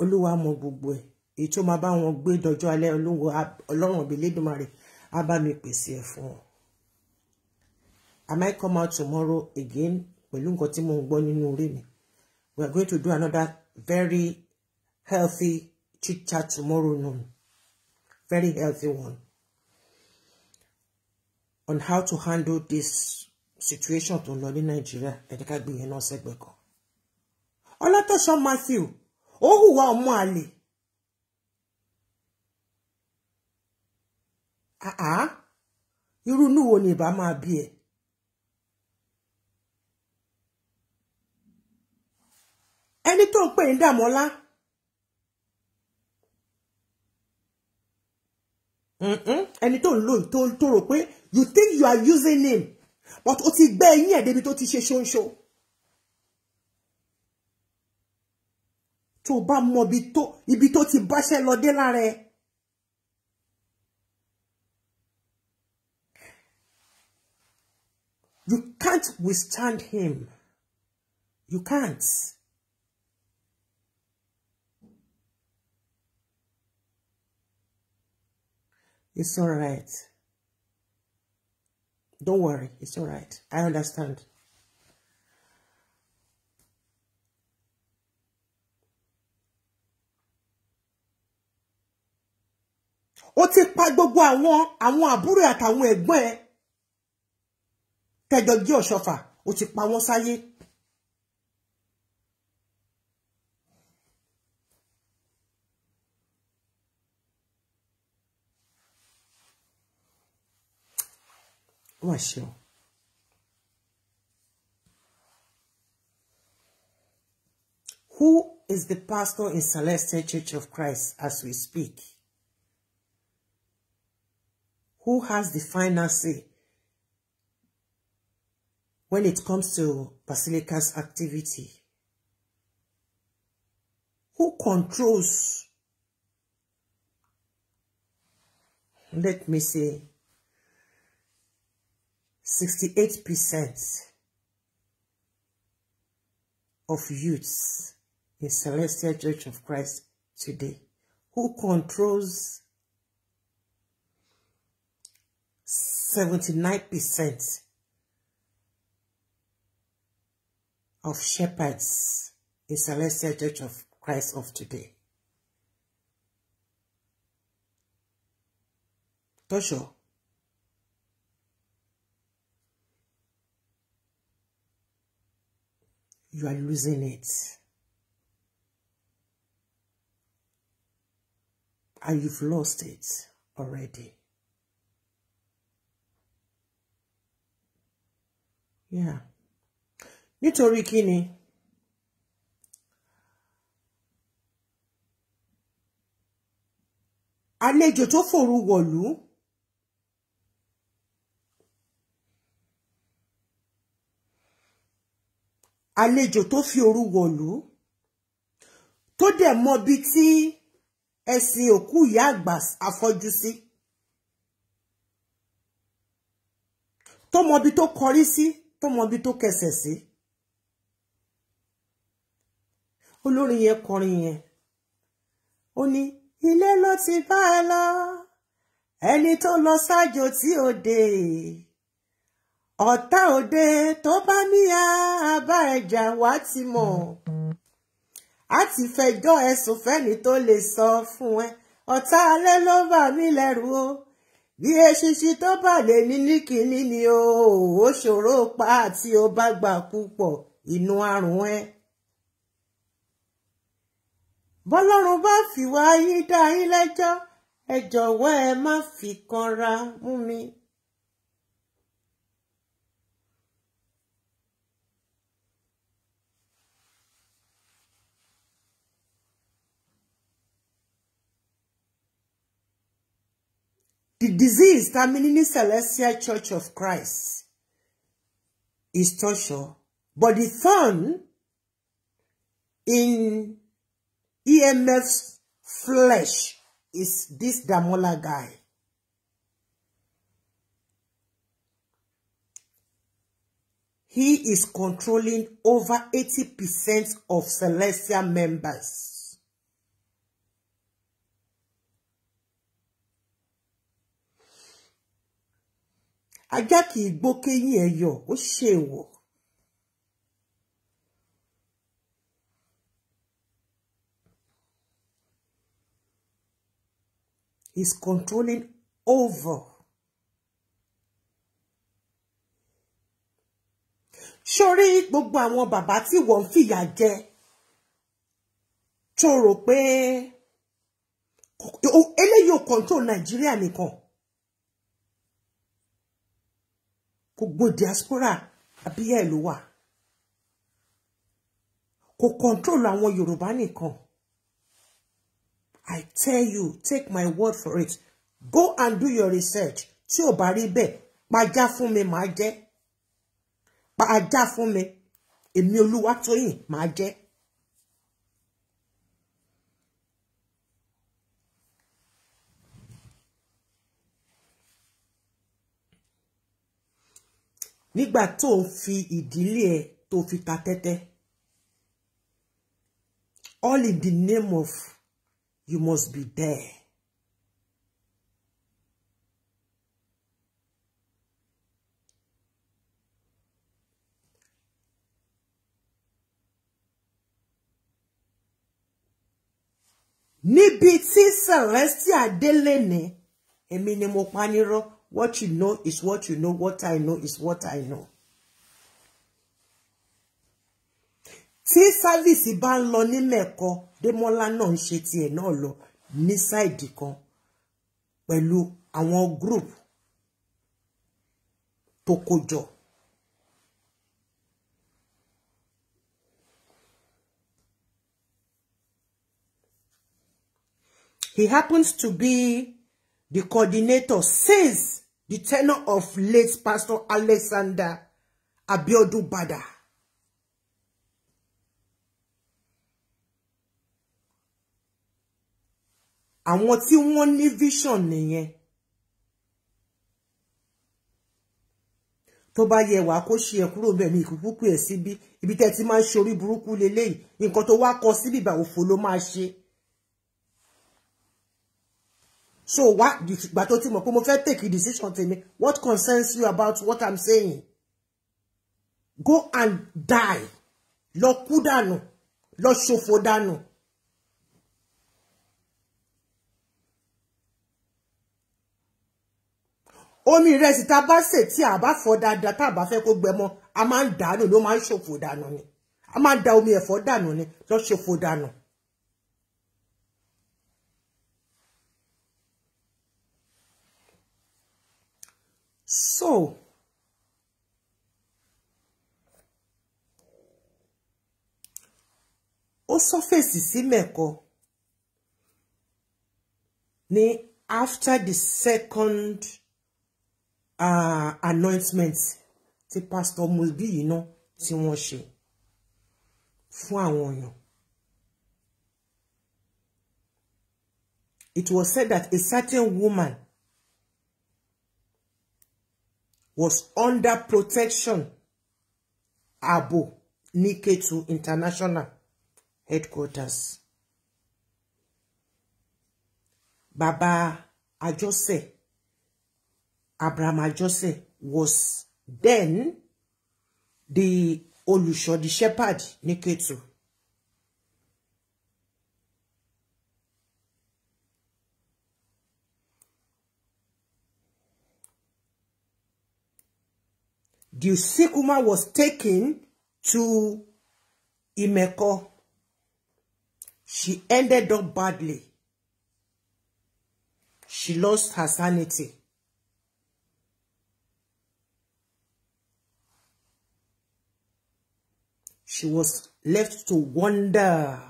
Olúwa mọ gbogbo ẹ̀. Èyí tó máa bá wọn gbé dọjọ́ alẹ́ Olúwa Ọlọ́run bi Lédùmarè á bá mi pèsè ẹ̀ fún I might come out tomorrow again We are going to do another very healthy chit chat tomorrow noon. Very healthy one. On how to handle this situation tó lọ ní Nàìjíríà ẹ̀dẹ́ká gbìyànjú náà sẹ́gbẹ̀ kan. Ọlátọ́ṣọ́ Matthew ó hùwà ọmọ àlè. Àá ah. inú wo ni ìbá máa about ẹ? Ẹni Any talk pè down, Dàmọ́lá. ẹni tó ń lò tó rò pé you think you are using him but o ti gbẹ́ eyín ẹ̀ débi tó ti ṣe ṣóńṣó. tó bá mọ ibi tó ti báṣẹ́ lọ dé lára ẹ̀. You can't withstand him. You can't. It's all right. Don't worry. It's all right. I understand. ó ti pa gbogbo àwọn àwọn àbúrò àtàwọn ẹ̀gbọ́n ẹ̀ tẹ́jọ jẹ́ ọ̀ṣọ́fà ó ti pa wọ́n sáyé Who is the pastor in Celestial Church of Christ as we speak? Who has the final say when it comes to Basilica's activity? Who controls, let me say, 68% of youths in Celestial Church of Christ today who controls 79% of shepherds in Celestial Church of Christ of today. sure. you are losing it. And you've lost it already. Yeah. Nitori Kini, ni? Àlejò tó fòru wọ̀lú. àlejò tó fi òru wọ̀lú tó dẹ̀ mọ bí tí ẹ̀sìn òkú ìyá àgbà afọ́jú sí tó mọ bí tó kọrí sí tó mọ bí tó kẹsẹ̀ sí olórin yẹn kọrin yẹn ó ní ilé ló ti bá ẹ lọ to tó lọ sájò tí ò ọ̀tá òde tó bá níyà abá ẹ̀jà wá ti mọ̀ á ti fẹjọ́ ẹ̀sùn fẹ́ni tó lè sọ fún ẹ ọ̀tá alẹ́ ló bà mí lẹ́rù o bí eṣinṣin tó bà lè ní kínní ni o ò ṣòro pa àti o bá gbà púpọ̀ inú àrùn ẹ. bọ́lọ́run bá fìwà yín dá yín lẹ́jọ́ ẹ jọ̀wọ́ ẹ má fi kanra mú mi. The disease that terminating Celestial Church of Christ is torture, but the thorn in EMF's flesh is this Damola guy. He is controlling over 80% of Celestial members. ajá kì í gbó kéyìn ẹ yọ ó ṣèwọ. is controlling over. sórí gbogbo àwọn bàbá tí wọ́n ń fìyà jẹ tó rò pé eléyìí ò control Nàìjíríà nìkan gbogbo diaspora abíyá ẹ̀ ló wà kò control àwọn Yorùbá nìkan I tell you take my word for it go and do your research tí ò bá rí bẹ́ẹ̀ pàjá fún mi màá jẹ́ pàjá fún mi èmi Olúwatóyìn màá jẹ́. nígbà tó ń fi ìdílé ẹ tó fi ta tẹ́tẹ́ all in the name of you must be there. níbi tí Celestia délé ní èmi ni mo pa nírọ́ What you know is what you know. What I know is what I know. Tí sáfíìsì bá ń lọ ní mẹ́kọ, Démọ́lá non ń ṣe tiẹ̀ náà lọ ní sáìdì kan pẹ̀lú àwọn group tó kó He happens to be the coordinator says the tenure of late Pastor Alexander Abiodu Bada. Àwọn tí wọ́n ní vision nìyẹn. Tó bá yẹ wá kó ṣe ẹ kúrò bẹ́ẹ̀ ni ìkúkú ẹ̀ síbí. Ibi tẹ́ ti máa ń ṣe orí burúkú leléyìí. Nǹkan tó wá kọ síbí ìbà òfò ló máa ṣe so wá ìgbà tó ti mọ̀ pé mo fẹ́ take a decision tèmi what concerns you about what i'm saying go and die lọ kú dànù lọ ṣòfò dànù. omi ìrẹsì tá a bá sè tí a bá fọ dáadáa tá a bá fẹ́ kó gbẹ mọ́ a máa ń dànù ló máa ń ṣòfò dànù ni a máa ń da omi ẹ̀fọ́ dànù ni lọ ṣòfò dànù. So, ó surface, sí meko. ní after the second uh, anointment tí pastor Muibi yìí náà tí wọ́n ṣe fún àwọn èèyàn. It was said that a certain woman was under protection ààbò ní k international headquarters. Baba Ajose, Abraham Ajose was then the Olusho, the shepherd ní k the sick woman was taken to Imeko. She ended up badly. She lost her sanity. She was left to wander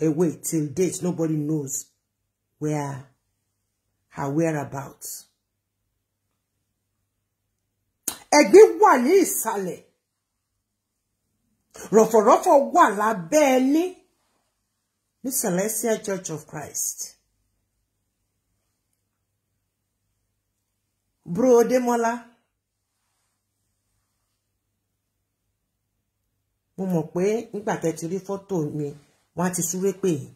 away till date. Nobody knows where her whereabouts. ẹ̀gbin wà ní ìsàlẹ̀ rọ̀fọ̀rọ̀fọ̀ wà lábẹ́ ẹni ní Celestial Church of Christ. Bro Demola mo mọ̀ pé nígbà tẹ́ ti rí fọ́tò mi wọ́n á ti súré pè yín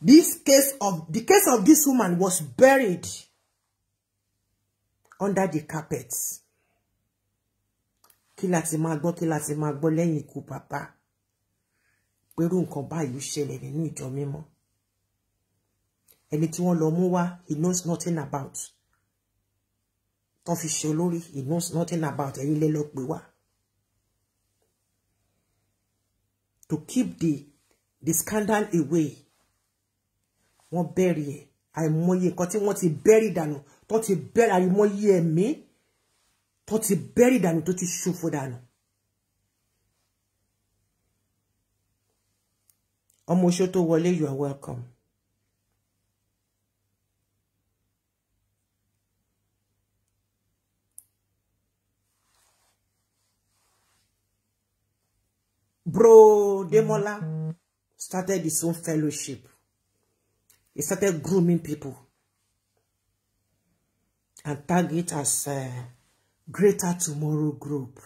This case of the case of this woman was buried under the carpet. Kí la ti máa gbọ́, kí la ti máa gbọ́ lẹ́yìn ikú pàpà. Pẹ̀rú nǹkan báyìí ṣẹlẹ̀ nínú ìjọ mímọ́. Ẹni tí wọ́n lọ mú wá, he knows nothing about. Tọ́n fi ṣe olórí, he knows nothing about ẹ̀yin lẹ́ lọ pè wá. To keep the the scandal away wọ́n bẹ́ẹ̀rì ẹ̀ àìmọye nǹkan tí wọ́n ti bẹ́ẹ̀rì dànù tó ti bẹ́ẹ̀rì àìmọye ẹ̀mí tó ti bẹ́ẹ̀rì dànù tó ti ṣòfò dànù. ọmọ oṣó tó wọlé you are welcome. Bro Demola started his own fellowship. He started grooming people and tag it as uh, Greater Tomorrow Group.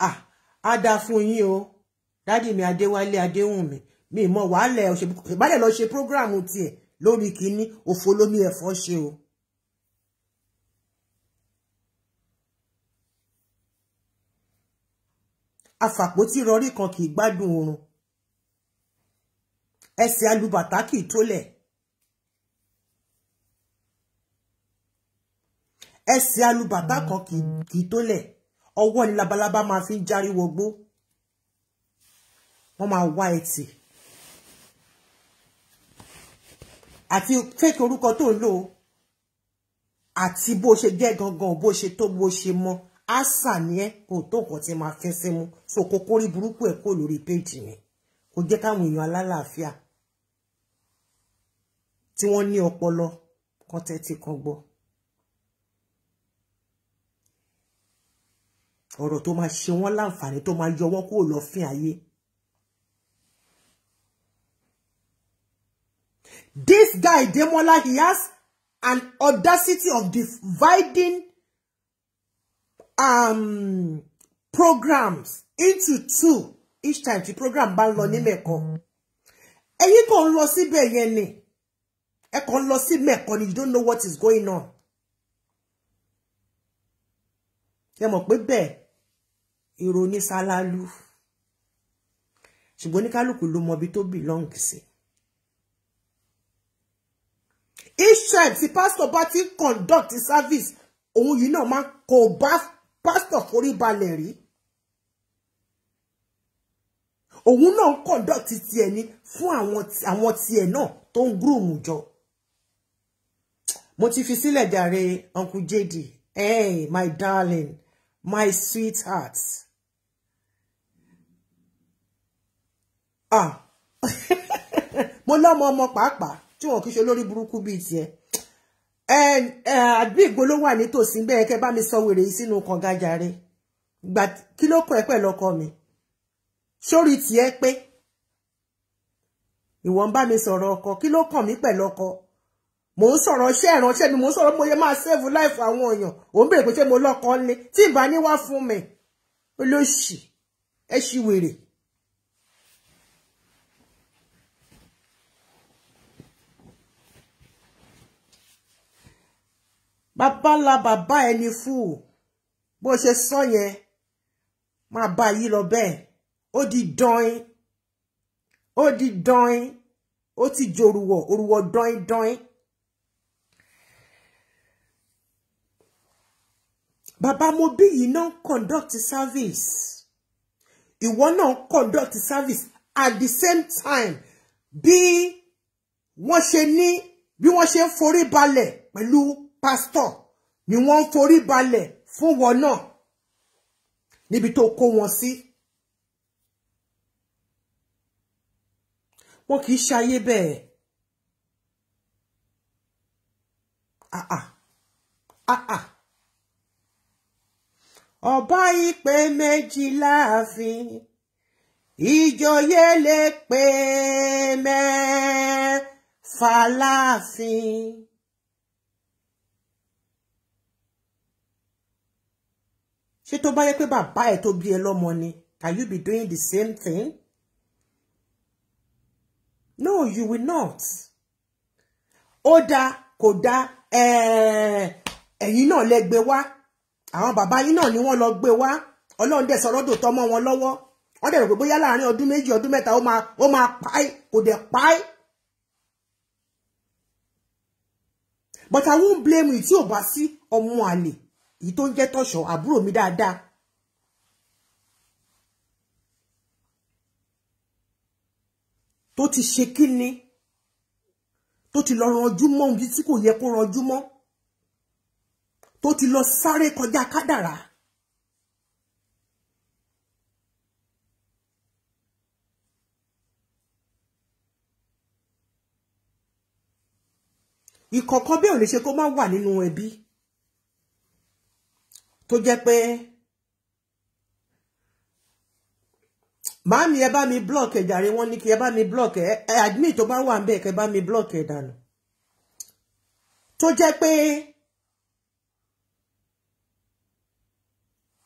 ah á dáa fún yín o ade mi adéwálé adéwùnmi mi mọ wàhálà ẹ ò ṣe bálẹ̀ lọ ṣe prógráàmù tiẹ̀ lórí kínní òfò lómi ẹ̀fọ́ ṣe o. afàpótí rọrí kan kì í gbádùn oorun ẹsẹ̀ alùbàtà kì í tólẹ̀ ẹsẹ̀ alùbàtà kan kì í tólẹ̀ ọwọ́ ni labalábá máa fi ń járí wọgbó wọ́n máa wá ẹtì àti fake orúkọ tó ń lò àti bó ṣe jẹ́ gangan bó ṣe tó bó ṣe mọ́ àṣà ni ẹ kò tó nǹkan tí máa fẹ́ sí mú so kókó rí burúkú ẹ̀ kó lórí péjì mi kò jẹ́ káwọn èèyàn alálàáfíà tí wọ́n ní ọpọlọ kan tẹ́tí kan gbọ́ ọ̀rọ̀ tó máa ṣe wọ́n láǹfààní tó máa yọ wọ́n kúrò lọ́fìn ayé. This guy Demola he has an audacity of dividing um, programs into two each time tí program bá ń lọ ní mẹ́kọ mm-hmm. ẹ̀yin kàn ń lọ síbẹ̀ yẹn ni ẹ kàn ń lọ sí ni you don't know what is going on ẹ mọ̀ pé bẹ́ẹ̀ èrò ní sálálú ṣùgbọ́n oníkálukú ló mọ ibi tó belong sí each time tí pastor bá ti conduct service òun yìí náà máa kò bá Pastor forí balẹ̀ rí òun náà ń conduct tiẹ̀ ni fún àwọn tiẹ̀ náà tó ń groom jọ mo ti fi sílẹ̀ jàre uncle JD hey my darling my sweetheart ah mo lọ́mọ ọmọ pàápàá tí wọn kì í ṣe olórí burúkú bíi tiẹ̀ Uh, àgbègbè ló wà nítòsí bẹ́ẹ̀ kẹ́ bá mi sọ wèrè yìí sínú kànga jàre gbà kí ló kọ ẹ pẹ̀lú ọkọ mi sórí tiẹ̀ pé ìwọ ń bá mi sọ̀rọ̀ ọkọ kí ló kàn mí pẹ̀lú ọkọ mò ń sọ̀rọ̀ iṣẹ́ ìránṣẹ́ mi mò ń sọ̀rọ̀ mo yẹ máa save life àwọn èèyàn ò ń bèrè pé ṣé mo lọ́kọ ńlé tí ìbá ní wá fún mi olóṣì ẹ ṣì wèrè Baba la baba, ẹni fún bó ṣe sọ yẹn máa bá yí lọ bẹ́ẹ̀ ó di dọ́in o di dọ́in o ti jorùwọ̀ òrùwọ̀ dọ́in dọ́in. bàbá Mobi yìí náà conduct service ìwọ náà conduct service at the same time bí wọ́n ṣe ní bí wọ́n ṣe ń forí balẹ̀ Pastor, ni wọ́n ń forí balẹ̀ fún wọn náà níbi tó kó wọn sí. Wọ́n kì í ṣayé bẹ́ẹ̀. Àà ah, àà. Ah. Ah, Ọba ìpè méjì láàfin ìjòyè lè pè mẹ́fà láàfin. ṣé tó bá yẹ pé bàbá ẹ̀ tó bí ẹ lọ́mọ money. can you be doing the same thing? no you will not. ó dáa kò dáa eh, ẹ̀yin náà lẹ gbé wá àwọn bàbá yín náà ni wọ́n lọ gbé wá ọlọ́run dẹ̀ sọ̀rọ̀ dò tọmọ wọn lọ́wọ́ wọ́n dẹ̀ rò pé bóyá láàrin ọdún méjì ọdún mẹ́ta ó máa ó máa páì kò dẹ̀ páì. but i won't blame you tí ò bá sí ọmọ èyí tó ń jẹ́ tọ̀ṣọ̀ àbúrò mi dáadáa tó ti ṣe kíni tó ti lọ ranjú mọ́ ohun tí kò yẹ kó ranjú mọ́ tó ti lọ sáré kọjá kádàrá. ìkọ̀kọ̀ bẹ́ẹ̀ ò lè ṣe kó má wà nínú ẹbí tó jẹ́ pé màámi ẹ bá mi block ẹ jàre wọ́n ní kí ẹ bá mi block ẹ admin tó bá wà ń kẹ bá mi block ẹ dànù tó jẹ́ pé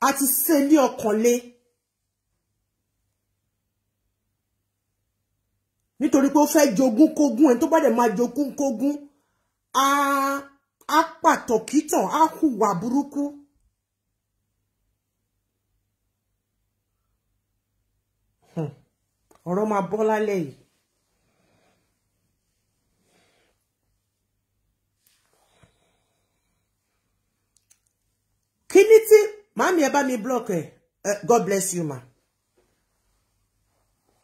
a ti ṣe ní ọkàn lé nítorí pé ó fẹ́ jogún kógún ẹni tó bá dẹ̀ máa jogún kógún á pàtó kìtàn á hùwà burúkú. ọ̀rọ̀ máa bọ́ lálẹ́ yìí kí ni tí màmí ẹ bá mi block ẹ God bless you ma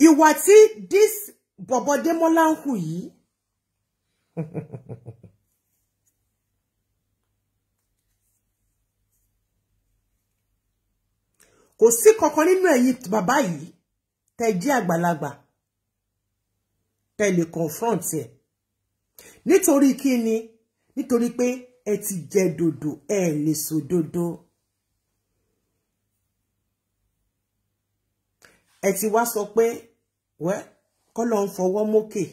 ìwà tí this bọ̀bọ̀ Démọ́lá ń hù yìí kò sí kankan nínú ẹ̀yin bàbá yìí tẹ jẹ́ àgbàlagbà tẹ lè confront ẹ̀ nítorí kí ni nítorí pé ẹ ti jẹ dòdò ẹ lè sọ dòdò ẹ ti wá sọ pé wẹ́ kọ́ ló ń fọwọ́ mókè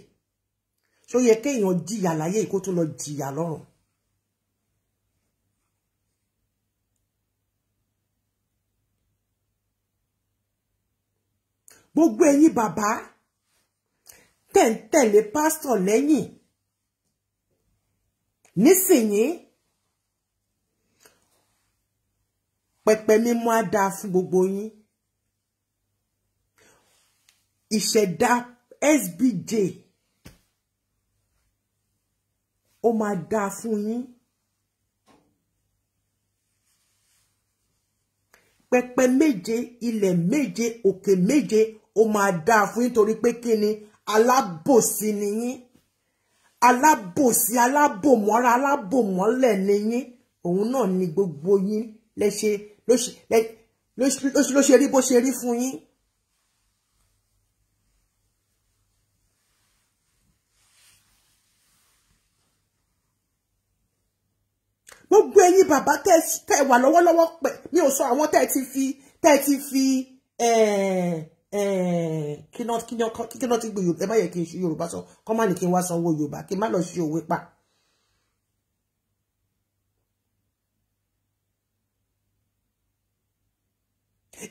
ṣó yẹ kéèyàn jìyà láyé kó tó lọ jìyà lọ́run gbogbo ẹ̀yin bàbá tẹ̀ ń tẹ̀lé pásítọ̀ lẹ́yìn nísìnyí pẹpẹ mímọ́ á dáa fún gbogbo yín ìṣẹ̀dá SBJ ó máa dáa fún yín. pẹpẹ méje ilẹ̀ méje òkè méje ó máa dáa fún yín torí pé kí ni alábòsí ni yín alábòsí alábòmọ́ra alábòmọ́lẹ̀ ni yín òun náà ni gbogbo yín lẹ́ṣe ló ṣe rí bó ṣe rí fún yín. gbogbo ẹ̀yin bàbá tẹ wà lọ́wọ́lọ́wọ́ pẹ mi ò sọ àwọn tẹ ti fi tẹ ti fi ẹẹ. Eh, Eh, kí náà ti gbé yorùbá ẹ má yẹ kí n ṣe yorùbá sọ kọ́ má ní kí n wá sanwó yorùbá kí n má lọ ṣe òwe pa.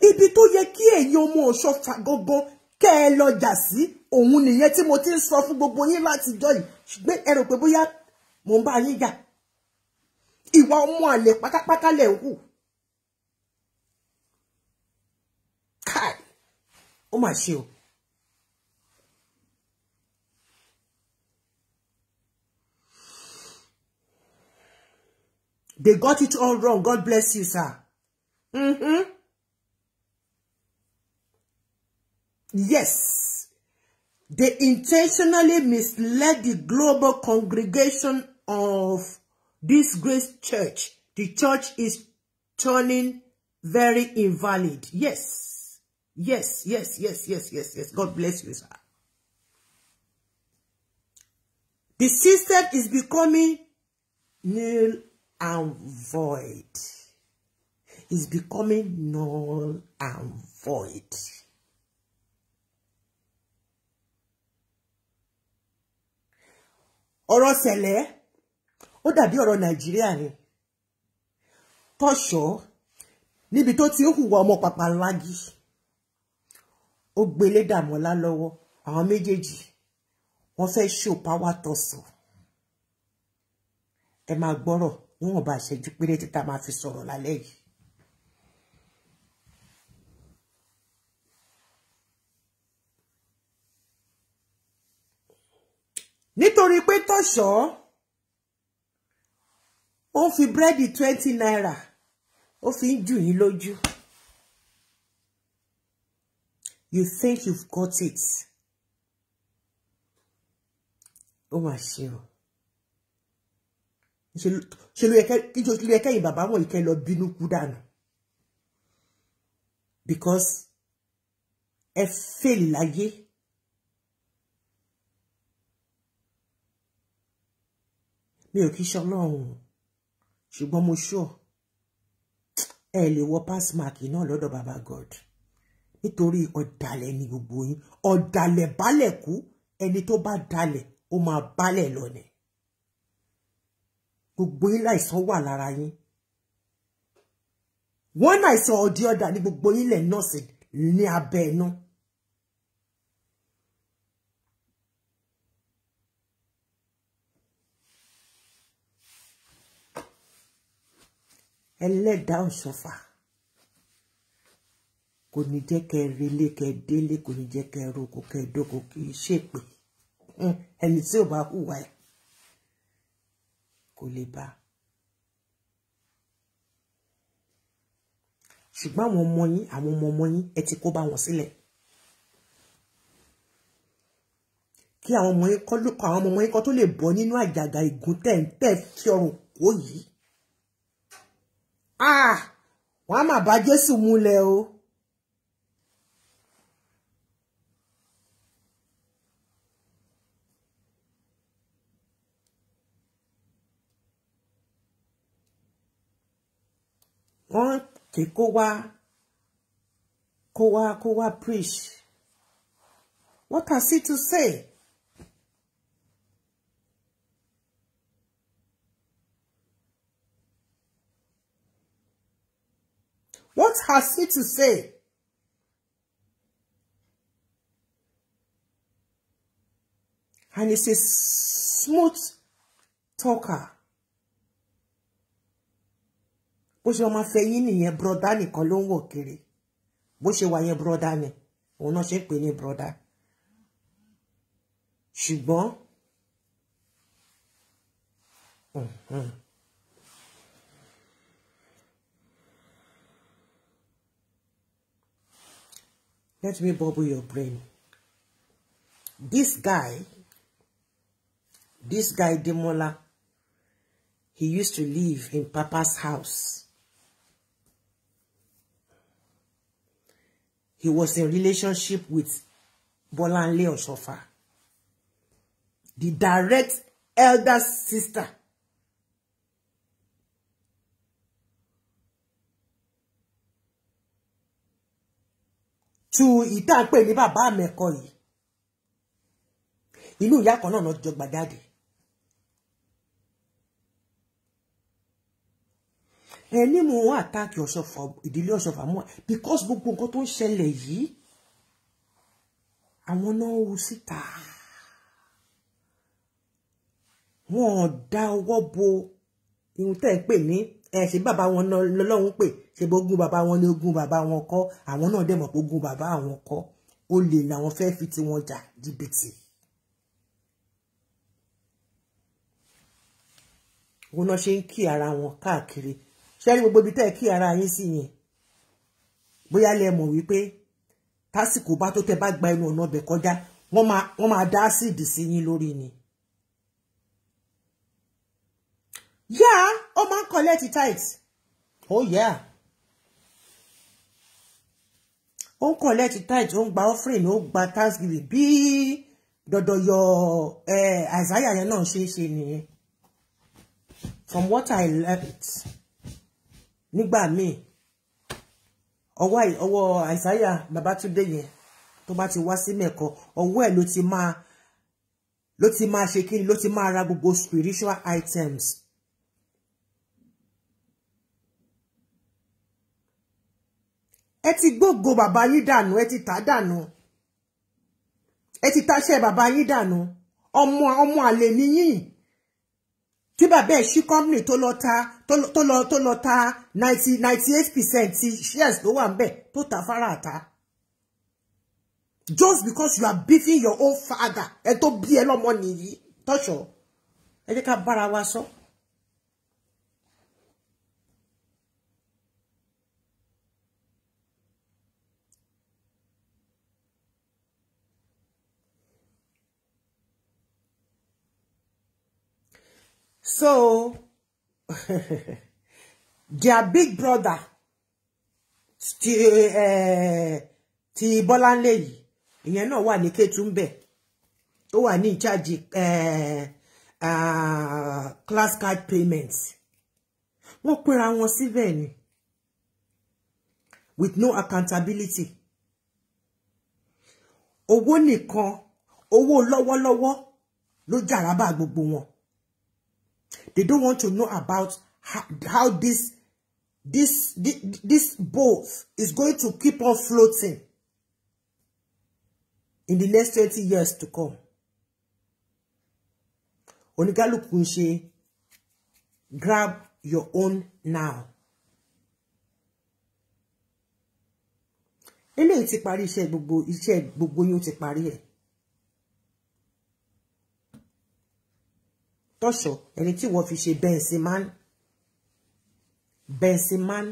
ibi tó yẹ kí ẹ̀yin ọmọ ọ̀ṣọ́fà gangan kẹ́ ẹ lọ jà sí òun nìyẹn tí mo ti ń sọ fún gbogbo yín látijọ́ yìí ṣùgbọ́n ẹ rò pé bóyá mò ń bá yín jà ìwà ọmọ àlè pátápátá lẹ̀ ń hù ó mà ṣe o they got it all wrong god bless you sir mm-hmm. yes they intentionally misled the global congregation of this great church the church is turning very invalid yes Yes, yes, yes, yes, yes, yes. God bless you, sir. The system is becoming null and void. It's becoming null and void. Oro sele, o dàbí ọ̀rọ̀ Nàìjíríà ni. Tọ́ṣọ́ ni tó ti ń hùwà ọmọ pàpàlágì ó gbélé dàmọ́lá lọ́wọ́ àwọn méjèèjì wọ́n fẹ́ ṣó power tussle ẹ máa gbọ́rọ̀ níwọ̀nba ìṣẹ́jú péréte tá a máa fi sọ̀rọ̀ lálẹ́ yìí. nítorí pé tọ̀ṣọ́ ó fi búrẹ́dì twenty naira ó fi ń jù yín lójú. You think you've got it. Oh my Ó mà ṣe o. Ṣe ló yẹ kẹ́yìn bàbá wọ̀nyí kẹ́ lọ bínú kú kudan. Because ẹ fail láyé. Mi ò kí ṣe ọlọ́run ṣùgbọ́n mo ṣọ́ ẹ lè wọ pass mark náà lọ́dọ̀ bàbá God nítorí ọ̀dàlẹ̀ ni gbogbo yín ọ̀dàlẹ̀ balẹ̀ kú ẹni tó bá dalẹ̀ ó máa balẹ̀ lọ́nẹ̀ gbogbo yín láìsàn wà lára yín wọ́n láìsàn ọ̀dí ọ̀dà ní gbogbo yín lẹ̀ nọ́ọ̀sì ní abẹ́ iná. ẹlẹ́dàá òṣòfà kò ní jẹ́ kẹ́ relé kẹ́ délé kò ní jẹ́ kẹ́ roko kẹ́ dóko kì í ṣèpè ẹni tí ò bá hùwà ẹ̀ kò lè bá ṣùgbọ́n àwọn ọmọ yín àwọn ọmọ ọmọ yín ẹ ti kó bá wọn sílẹ̀ kí àwọn ọmọ yín kọ́ lóko àwọn ọmọ yín kọ́ tó lè bọ́ nínú àjàgà ìgún tẹ̀ǹtẹ̀ fi ọrùn kó yìí ah! wọ́n á má bá Jésù múlẹ̀ o. wọ́n ké kó wá kó wá kó wá preach what has he to say. What has he to say? And he's a smooth talker. bó ṣe ọmọ fẹ́ yín nìyẹn broda nìkan ló ń wọ̀ kiri bó ṣe wà yẹn broda ni òun náà ṣe ń pè ní broda ṣùgbọ́n let me bubble your brain this guy this guy Demola he used to live in Papa's house. he was in relationship with Bolanle Oshofa, the direct elder sister. To ìtàpè ní bàbá àmẹ́kọ yìí. Inú ìyá kan náà lọ jọ ẹ ní mò ń àtàkì ọ̀ṣọ́fà ìdílé ọ̀ṣọ́fà mọ́ because gbogbo nǹkan tó ń ṣẹlẹ̀ yìí àwọn náà wù síta wọn ò dá ọwọ́ bo ihun tẹ́ ń pè ní ẹ ṣe bàbá wọn lọ́lọ́run pè ṣe bó gún bàbá wọn ní ogún bàbá wọn kọ́ àwọn náà dẹ̀ mọ̀ pé ogún bàbá àwọn kọ́ ó lè làwọn fẹ́ fi tiwọn jà jìbìtì. wọn náà ṣe ń kí ara wọn káàkiri ṣẹ́rí gbogbo ibi tẹ́ ẹ kí ara yín sí yẹn bóyá lẹ mọ̀ wípé tásìkò bá tó tẹ bá gba ẹnu ọ̀nà ọbẹ̀ kọjá wọ́n máa wọ́n máa dá ásìdì sí yín lórí ni. yá ó máa ń collect tight oh yeah ó ń collect tight ó ń gba offering ó gba thanksgiving bí dọ̀dọ̀yọ̀ ẹ̀ àìsáyà yẹn náà ṣe é ṣe nìyẹn from what I learnt nígbà míì ọwọ́ ọwọ́ àìsáyà Babátúndé yẹn tó bá ti wá sí mẹkọ ọwọ́ ẹ̀ ló ti máa ló ti máa ṣe kíni ló ti máa ra gbogbo spiritual items. ẹ ti gbógo bàbá yín dànù ẹ ti tà dànù ẹ ti taṣẹ bàbá yín dànù ọmọ ọmọ àlè nìyí tí bàbá ẹ̀ ṣí company tó lọ ta tó lọ tó lọ ta ninety ninety eight percent ti shares tó wà ńbẹ̀ tó ta fara ta just because you are beefing your own father ẹ tó bí ẹ lọ́mọ nìyí tọ́ṣọ̀ ẹ jẹ́ ká bára wa sọ. So. So, their big brother, ti, eh, ti Bọ́láńlé yìí, ìyẹn náà wà ní Kétúmbé, tó wà ní ìcháàjì eh, uh, class card payments. What pera wọn síbẹ̀ ni, with no accountability. Owó nìkan, owó lọ́wọ́lọ́wọ́ ló jàrábà gbogbo wọn. They don't want to know about how, how this, this, this, boat is going to keep on floating in the next 20 years to come. Oníkálùkù ń grab your own now. Eléyìí ti parí iṣẹ́ gbogbo iṣẹ́ gbogbo yín ó ti parí ẹ̀. tọ́ṣọ̀ ẹni tí wọ́n fi ṣe Benzeman Benzeman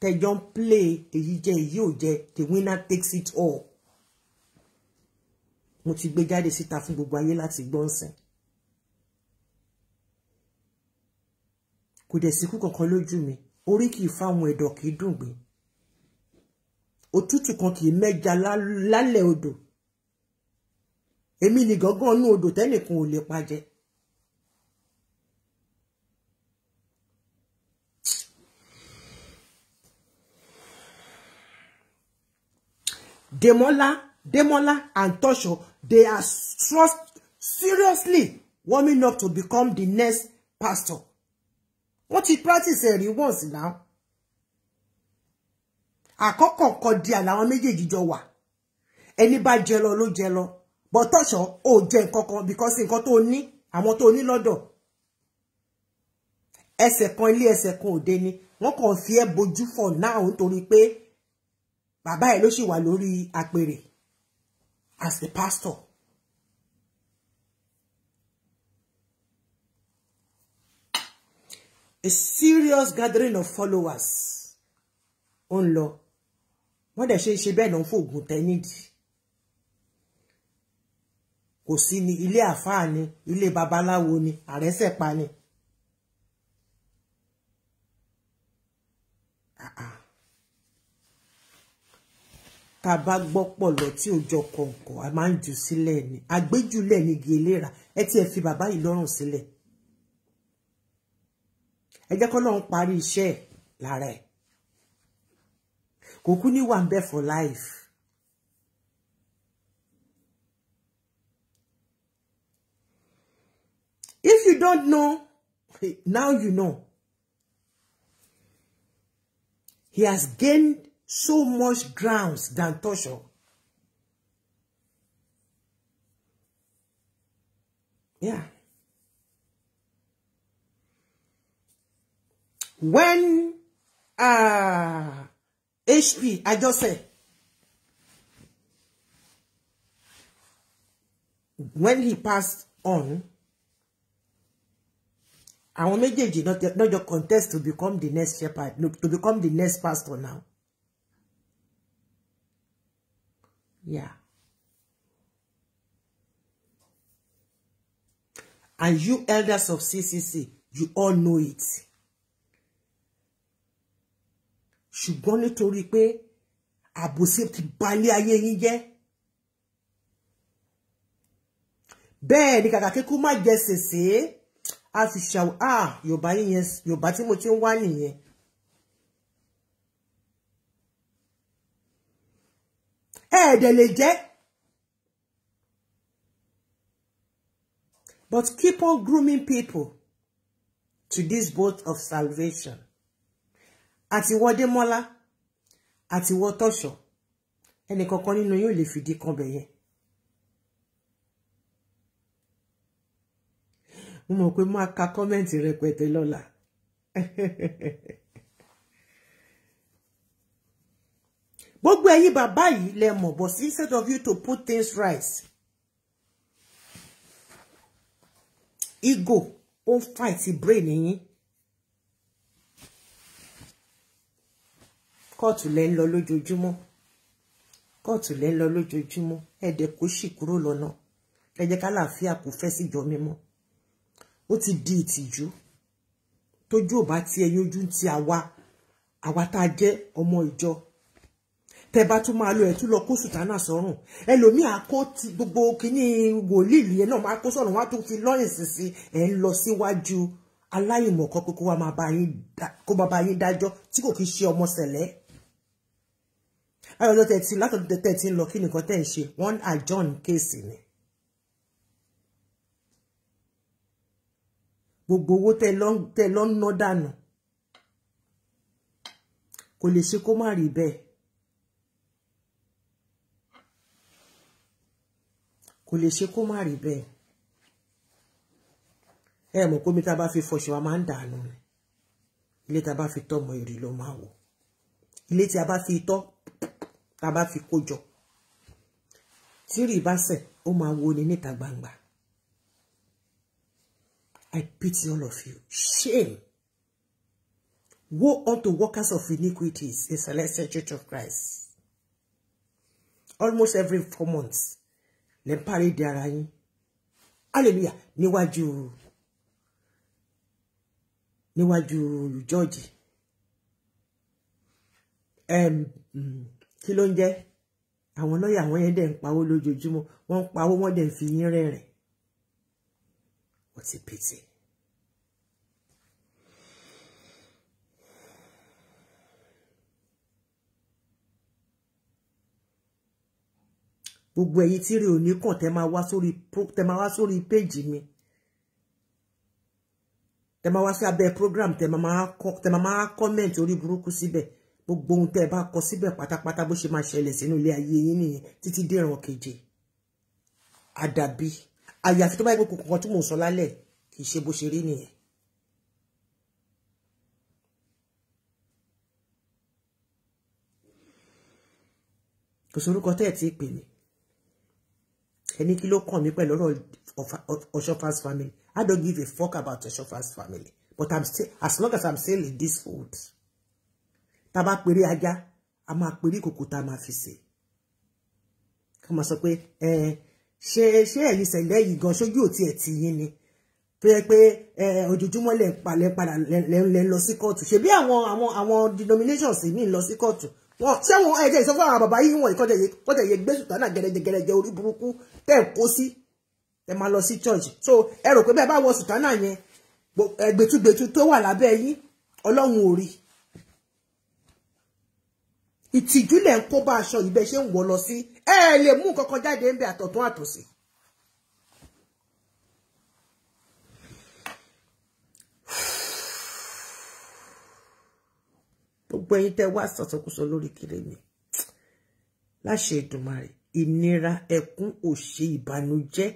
tẹjọ́ ń play èyí jẹ́ èyí ò jẹ́ the winner takes it all mo ti gbé jáde síta fún gbogbo ayé láti gbọ́ nsìn kò dẹ̀ síkú kankan lójú mi orí kì í fáwọn ẹ̀dọ̀ kì í dùn gbé òtútù kan kì í mẹ́ja lálẹ́ odò èmi nìgangan inú odò tẹ́nìkan ò lè pa jẹ. Demola, Demola, and Tosho, they are trust seriously warming up to become the next pastor. What he practice he once now. Àkọ́kọ́ kọ di àlàwọn méjèèjì jọ wà. Ẹni bá jẹ lọ But Tosho oh jen koko because in koto ni amoto ni lodo. lọ́dọ̀. Ẹsẹ̀ kan ilé ẹsẹ̀ kan òde ni. Wọ́n kàn for now to pé bàbá ẹ̀ ló sì wà lórí àpèrè as the pastor a serious gathering of followers ó ń lọ wọ́n dẹ̀ ṣe ṣe bẹ́ẹ̀ náà fògùn tẹ́nìdì kò sí ní ilé àfáà ni ilé babaláwo ni àrẹ́sẹ̀pa ni. Ah ah tá a bá gbọ́ pọ̀lọ tí ò jọ kọ̀ọ̀kan a máa ń jù sílẹ̀ ni àgbéjúlẹ̀ ní igi eléra ẹ fi bàbá yìí lọ́rùn sílẹ̀ ẹ jẹ́ kọ́ lọ́run parí iṣẹ́ ẹ̀ lára ẹ̀ kò kú ní for life. If you don't know, now you know. He has gained so much grounds than torture. Yeah. When uh, HP, I just say when he passed on, I àwọn not not jọ contest to become the next shepherd, no, to become the next pastor now. Yeah. And you elders of CCC, you all know it. Ṣùgbọ́n nítorí pé àbòsí ti balẹ̀ ayé yín jẹ́. Bẹ́ẹ̀ ni kàkà kíkú má jẹ sèse. A fi ṣàwọ̀ ah Yorùbá yín yẹn Yorùbá tí mo ti ń wá nìyẹn. ẹ̀ẹ̀dẹ̀ lè jẹ́ but keep on grooming people to this boat of salvation àtiwọ́ Démọ́lá àtiwọ́ Tọ́ṣọ̀ ẹnìkankan nínú yóò lè fìdí kan bẹ̀yẹn mo mọ̀ pé máa ka kọ́mẹ́ǹtì rẹpẹtẹ lọ́la gbogbo ẹ̀yin bàbá yìí lẹ mọ̀ but instead of you to put things right ego ó ń fight brain yín kóòtù lẹ ń lọ lójoojúmọ́ kóòtù lẹ ń lọ lójoojúmọ́ ẹ̀dẹ̀ kò sì kúrò lọ́nà ẹ jẹ́ ká láàfíà kò fẹ́ síjọ mímọ́ ó ti di ìtìjú tójú ò bá ti ẹyin ojú ti àwa àwa tá a jẹ́ ọmọ ìjọ tẹ bá tún máa lo ẹ̀ tún lọ kó sùtánà sọ́rùn ẹlòmíà kó ti gbogbo kínní wòlíì yẹn náà máa kó sọ̀rọ̀ wá tó fi lọ́yìn sísìn ẹ̀ ń lọ síwájú aláìmọ̀kọ́ pé kó máa bá yín dájọ́ tí kò kí ṣe ọmọ sẹ̀lẹ́ ayọ̀dọ̀ tẹ̀tí látọ̀dọ̀ tẹ̀tí ń lọ kí nìkan tẹ̀ ń ṣe wọ́n àjọ́n kéèsì ni. gbogbo owó tẹ lọ ń ná dànù kò lè ṣe kó má rí bẹ́ẹ̀ kò lè ṣe kó má rí bẹ́ẹ̀ ẹ mọ̀ pé tá a bá fi fọṣọ a máa ń dànù ni ilé tá a bá fi tọ́ ọmọ èrè máa wọ̀ ilé tí a bá fi tọ́ tá a bá fi kó jọ tí rí bá sẹ̀ ó máa wo ni níta gbangba I pity all of you shame woe unto workers of iniquities in celestial church of Christ almost every four months lẹ ń párẹ́dì ara yín hallelujah níwájú níwájú olùjọ́ọ̀jì mm, kí ló ń jẹ́ àwọn lọ́ọ̀yà wọn yẹn dẹ̀ ń pawó lójoojúmọ́ wọ́n ń pawó wọ́n dẹ̀ ń fi yín rẹ̀rìn what's a pity gbogbo ẹ̀yin tí rí òní kàn tẹ́ máa wá sórí tẹ́ máa wá sórí péjì mi tẹ́ máa wá sí abẹ́ program tẹ́ máa kọ tẹ́ máa kọ́mẹ̀ntì orí burúkú síbẹ̀ gbogbo ohun tẹ́ bá kọ síbẹ̀ pátápátá bó ṣe máa ṣẹlẹ̀ sínú ilé ayé yín nìyẹn títí dèrò keje àdàbí àyàfi tó bá yẹ kankan tí mò ń sọ lálẹ́ kì í ṣe bó ṣe rí nìyẹn. kò tẹ́ ẹ̀ tí ì pè mí ẹni kí ló kàn mí pẹ̀lú ọ̀rọ̀ Ọ̀ṣọ́fà's family I don't give a fuck about Ọ̀ṣọ́fà's family but I'm still as long as I'm still in this food tá a bá pèrè ajá a máa pèrè kòkó tá a máa fi sè ká máa sọ pé ẹ ṣe ṣe ẹ̀yin sẹ̀lẹ̀ yìí gan ṣojú òtí ẹ̀ ti yín ni tó yẹ pé ojoojúmọ́ lẹ̀ ń palẹ̀ padà lẹ̀ ń lọ sí kóòtù ṣebí àwọn àwọn àwọn denominations mi ń lọ sí kóòtù wọn ṣé àwọn ẹ̀jẹ̀ ìsọfún àwọn bàbá yìí wọ̀nyí kọ́jà yẹ gbé sùtánà gẹ̀rẹ́gẹ̀rẹ́gẹ̀ orí burúkú tẹ́ ẹ̀ kó sí ẹ máa lọ sí church so ẹ rò pé bẹ́ẹ̀ bá wọ sùtánà yẹn gbẹ̀tùgbẹ̀tù tó wà lábẹ́ yín ọlọ́run ò rí ìtìjú lẹ̀ ń kó bá aṣọ ìbẹ́ ń wọ̀ lọ sí ẹ lè mú nǹkan jáde ń bẹ àtọ̀tún àtòsí gbogbo ẹ̀yin tẹ́ wá sọ̀sọ̀kúsọ lórí kiri mi láṣẹ Èdùmàrè ìnira ẹkún òṣè ìbànújẹ́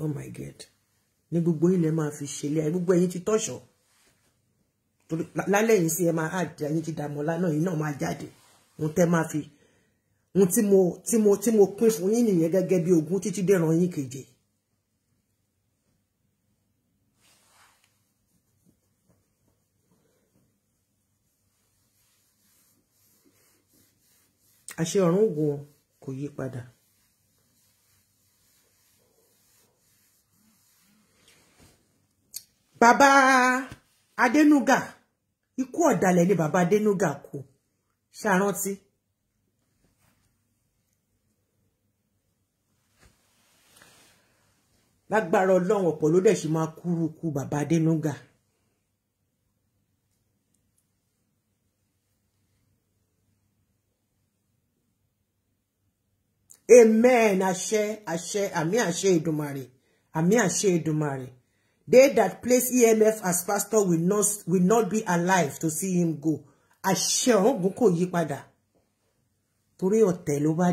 oh my god ní gbogbo ilẹ̀ máa fi ṣe ilé ayé gbogbo ẹ̀yin ti tọ̀ṣọ̀ lálẹ́ yìí sí ẹ máa àdé ẹ̀yin ti dààmú ọ̀la náà yìí náà máa jáde òun tẹ́ máa fi òun tí mo tí mo tí mo pín fún yín nìyẹn gẹ́gẹ́ bí ogún títí dẹ̀ràn yín keje àṣẹ ọ̀run ògo wọn kò yí padà. bàbá Adénúgà ikú ọ̀dàlẹ̀ ni bàbá Adénúgà kú ṣàrántí. lágbára ọlọ́run ọ̀pọ̀ ló dẹ̀ ṣì máa kúrú ku bàbá Adénúgà. Amen. Àṣẹ, àṣẹ, àmì àṣẹ Èdùmàrè. Àmì àṣẹ Èdùmàrè. They that place EMF as pastor will not will not be alive to see him go. Àṣẹ ọ̀hún kò yí padà. Torí ọ̀tẹ̀ ló bá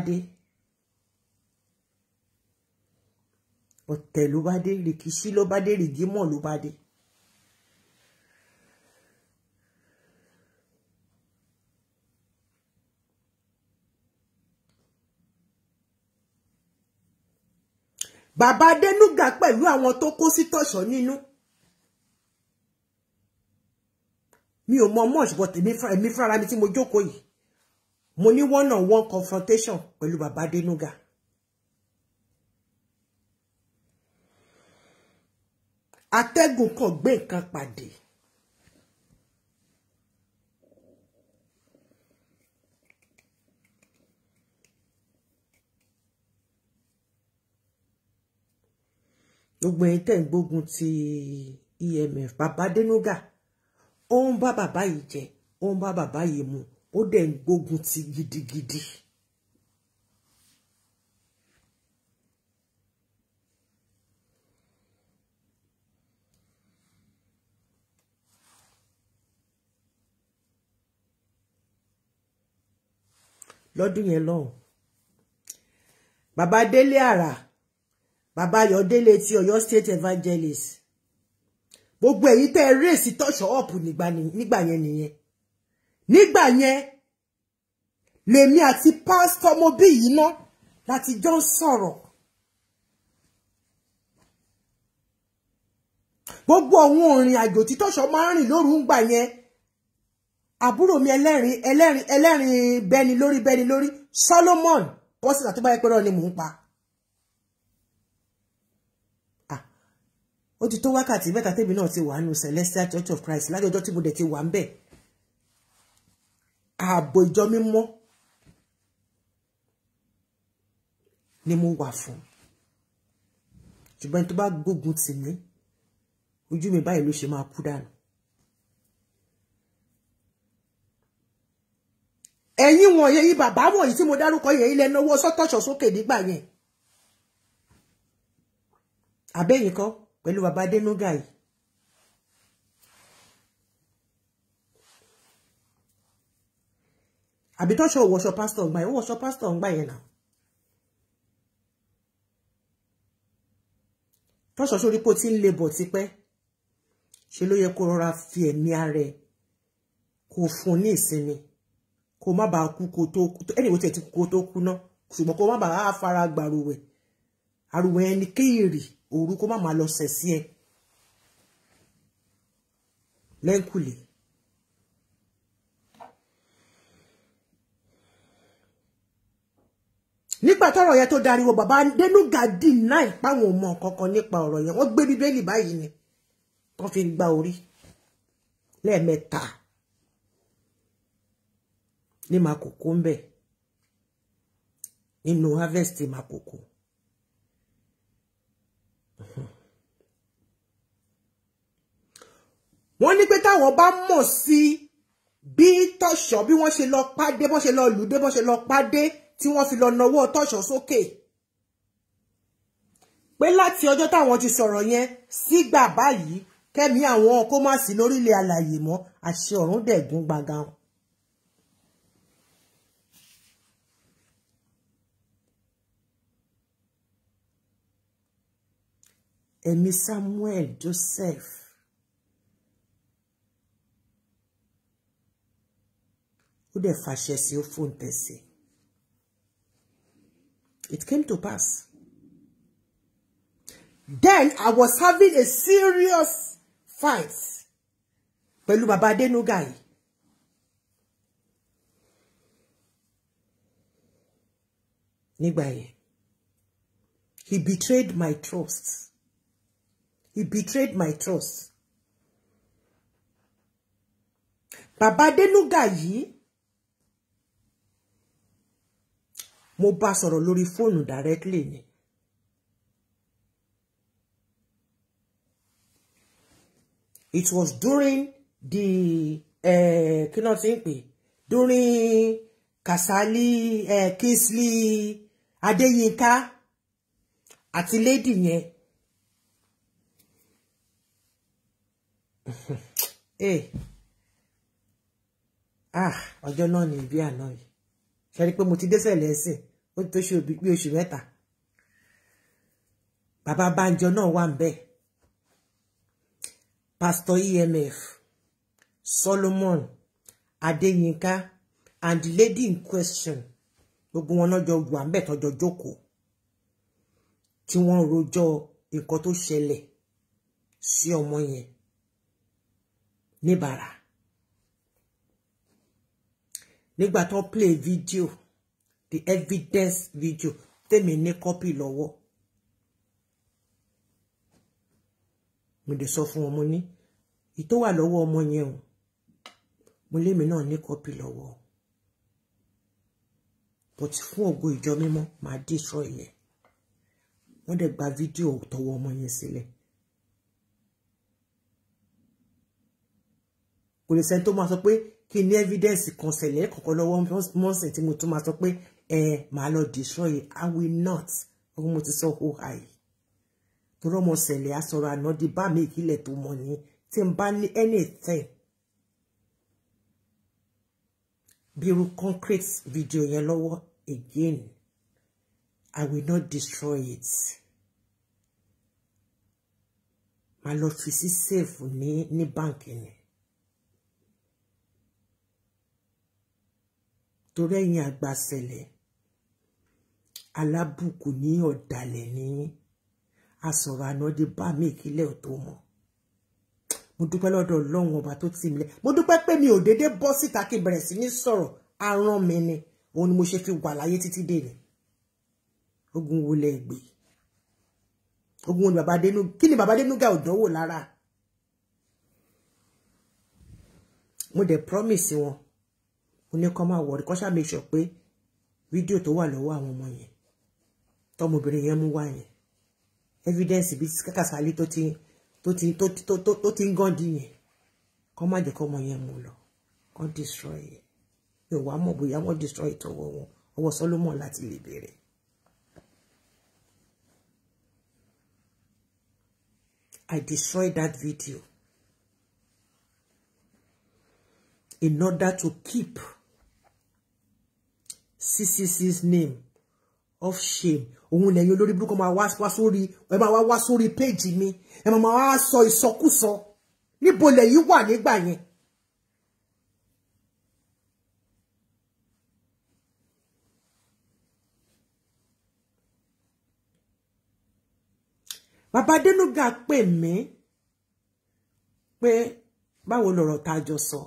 Likishi lubade. ló bá dé, bàbá Adénúgà pẹ̀lú àwọn tó kó sí tọ̀ṣọ́ nínú mi ò mọ much but èmi fúnra mi tí mo jókòó yìí mo ní one on one confrontation pẹ̀lú bàbá Adénúgà. atẹ́gùn kan gbé nǹkan pàdé gbogbo ẹ̀yin tẹ́ ń gbógun ti EMF bàbá Denuga, ó ń bá bàbá yìí jẹ ó ń bá bàbá yìí mu ó dẹ̀ ń gbógun ti gidigidi. lọ́dún yẹn lọ́hùn bàbá Délé Àrà Baba, bàbá Ayọ̀délé ti Ọ̀yọ́ state evangelist gbogbo èyí tẹ́ ẹ rèsì tọ́ṣọ̀ ọ̀pù nígbà yẹn nìyẹn nígbà yẹn lèmi àti pásítọ̀ Mobi yìí ná láti jọ ń sọ̀rọ̀ gbogbo àwọn òrìn àjò tí tọ́ṣọ̀ máa ń rìn lóru ń gbà yẹn àbúrò mi ẹlẹ́rìn ẹlẹ́rìn ẹlẹ́rìn beni lori beni lori Solomon bọ́sìlà tó bá yẹ pé rọ ni mò pa ó ti tó wákàtí mẹ́ta tèmi náà ti wà nù Celestial Church of Christ láti ọjọ́ tí mo dẹ̀ ti wà ń bẹ̀ ààbò ìjọ mímọ́ ni mo wà fún ṣùgbọ́n tó bá gbógun tì mí ojú mi báyìí ló ṣe máa kú dànù. ẹ̀yin wọ̀nyẹn yìí bàbá wọ̀nyí tí mo dárúkọ yẹn ilẹ̀ náwó sọ́tọ̀ṣọ̀ sókè nígbà yẹn àbẹ́yìn kan pẹ̀lú bàbá Adénúgà yìí àbí tó ṣe wọṣọ pásítọ̀ ǹgbà yẹn wọṣọ pásítọ̀ ǹgbà yẹn náà tọ́ṣọ sórí pò tí ń le bọ̀ tipẹ́ ṣe ló yẹ kó rọra fi ẹ̀mí ara ẹ̀ kó fún ní ìsinmi kó má bàa kú kó tó kú ẹnìwó tẹ̀ tí kó tó kú náà ṣùgbọ́n kó má bàa fara gbàrúwẹ̀ àrùwẹ̀ ẹni kéèrè òru kó má máa lọ sẹ̀ sí ẹ lẹ́ńkùlé. nígbà tọ́rọ̀ yẹn tó dariwo bàbá Denuga deny páwọn ò mọ kankan nípa ọ̀rọ̀ yẹn wọ́n gbé bíbélì báyìí ni tó fi gba orí lẹ́ẹ̀mẹ́ta ní makoko ń bẹ nínú harvest makoko wọ́n ní pé táwọn bá mọ̀ sí bí tọ̀ṣọ́ bí wọ́n ṣe lọ pàdé bọ́n ṣe lọ lùdé bọ́n ṣe lọ pàdé tí wọ́n fi lọ nawọ́ tọ̀ṣọ́ sókè pé láti ọjọ́ táwọn ti sọ̀rọ̀ yẹn sígbà báyìí kẹ́mi àwọn kó má sí lórílẹ̀ àlàyé mọ́ àṣẹ ọ̀run dẹ̀gún gbàgàn. ẹ̀mí Samuel Joseph ó dẹ̀ fàṣẹ sí ó fòǹtẹ̀ sí it came to pass then I was having a serious fight pẹ̀lú bàbá Adénúgà yìí. nígbà yẹn he betrayed my trust. He betrayed my trust. Bàbá Denuga yìí, mo bá sọ̀rọ̀ lórí fóònù directly ni. It was during the uh, kí náà during Kasali uh, Kingsley Adeyinka àti lady yẹn ee eh. ah ọjọ́ náà ni ìbí àná yìí ṣe rí i pé mo ti dẹ́sẹ̀ lẹ́sìn ó ti tó ṣe òbí pé oṣù mẹ́ta bàbá Bánjọ náà wà ń bẹ̀ pastor EMF Solomon Adeyinka, and the lady in question gbogbo wọn náà jọ wà ń bẹ̀ tọ́jọ jókòó tí wọ́n rojọ́ nǹkan tó ṣẹlẹ̀ sí ọmọ yẹn ní bàrà nígbà tó play video the evidence video tèmi ní copy lọ́wọ́ mo dé sọ fún ọmọ ní ìtó wà lọ́wọ́ ọmọ yẹn o mo lémi náà ní copy lọ́wọ́ but fún ògo ìjọ mímọ́ màá destroy ilẹ̀ wọ́n dẹ̀ gba video tọwọ́ ọmọ yẹn sílẹ̀. Si kò lè sẹ́ni tó máa sọ pé kí ní evidence kan ṣẹlẹ̀ kọ̀ọ̀kan lọ́wọ́ mọ́sìn tí mo tún máa sọ pé ẹ màá lọ destroy I will not ọgbọ́n mo ti sọ ho àyè torí ọmọ ṣẹlẹ̀ asọ̀rọ̀ àná di bá mi ìkílẹ̀ tó mọ̀ ní tí n bá ní anything bí concrete video yẹn lọ́wọ́ again I will not destroy it màá lọ fi sí safe ní ní báǹkì ni. torí ẹ̀yin àgbàsẹ̀lẹ̀ alábùkù ní ọ̀dàlẹ̀ ní asọ̀rọ̀ ànádé bá mi ìkílẹ̀ ọ̀tọ̀ mọ̀ mo dúpẹ́ lọ́dọ̀ ọlọ́run ọba tó tì mílẹ̀ mo dúpẹ́ pé mi ò déédé bọ́ síta kí n sí ní sọ̀rọ̀ aràn mi ni òun ni mo ṣe fi wà láyé títí dèní ogun wo lẹ gbé ogun wo ni baba denu kí ni baba denu ga ọ̀dọ́wò lára mo dẹ̀ promise wọn mo ní kọ́ máa wọ̀rí kọ́ ṣáà make sure pé fídíò tó wà lọ́wọ́ àwọn ọmọ yẹn tọmọbìnrin yẹn mú wá yẹn evidence bíi kàkàsálí tó ti tó ti tó ti tó ti ń gán dì yẹn kọ́ má jẹ́ kọ́ ọmọ yẹn mú lọ kọ́ destroy yẹn mi ò wá mọ̀ bóyá wọ́n destroy tọwọ́ wọn ọwọ́ Solomon láti lè bẹ̀rẹ̀. I destroy that video in order to keep 666 name of shame òun lẹ́yìn olórí burúkú máa wá sórí ẹ máa wá wá sórí péjì mi ẹ máa wá sọ ìsọkúsọ níbo lẹ́yìn wà nígbà yẹn. bàbá Adénúgà pè mí pé báwo lọ̀rọ̀ tá a jọ sọ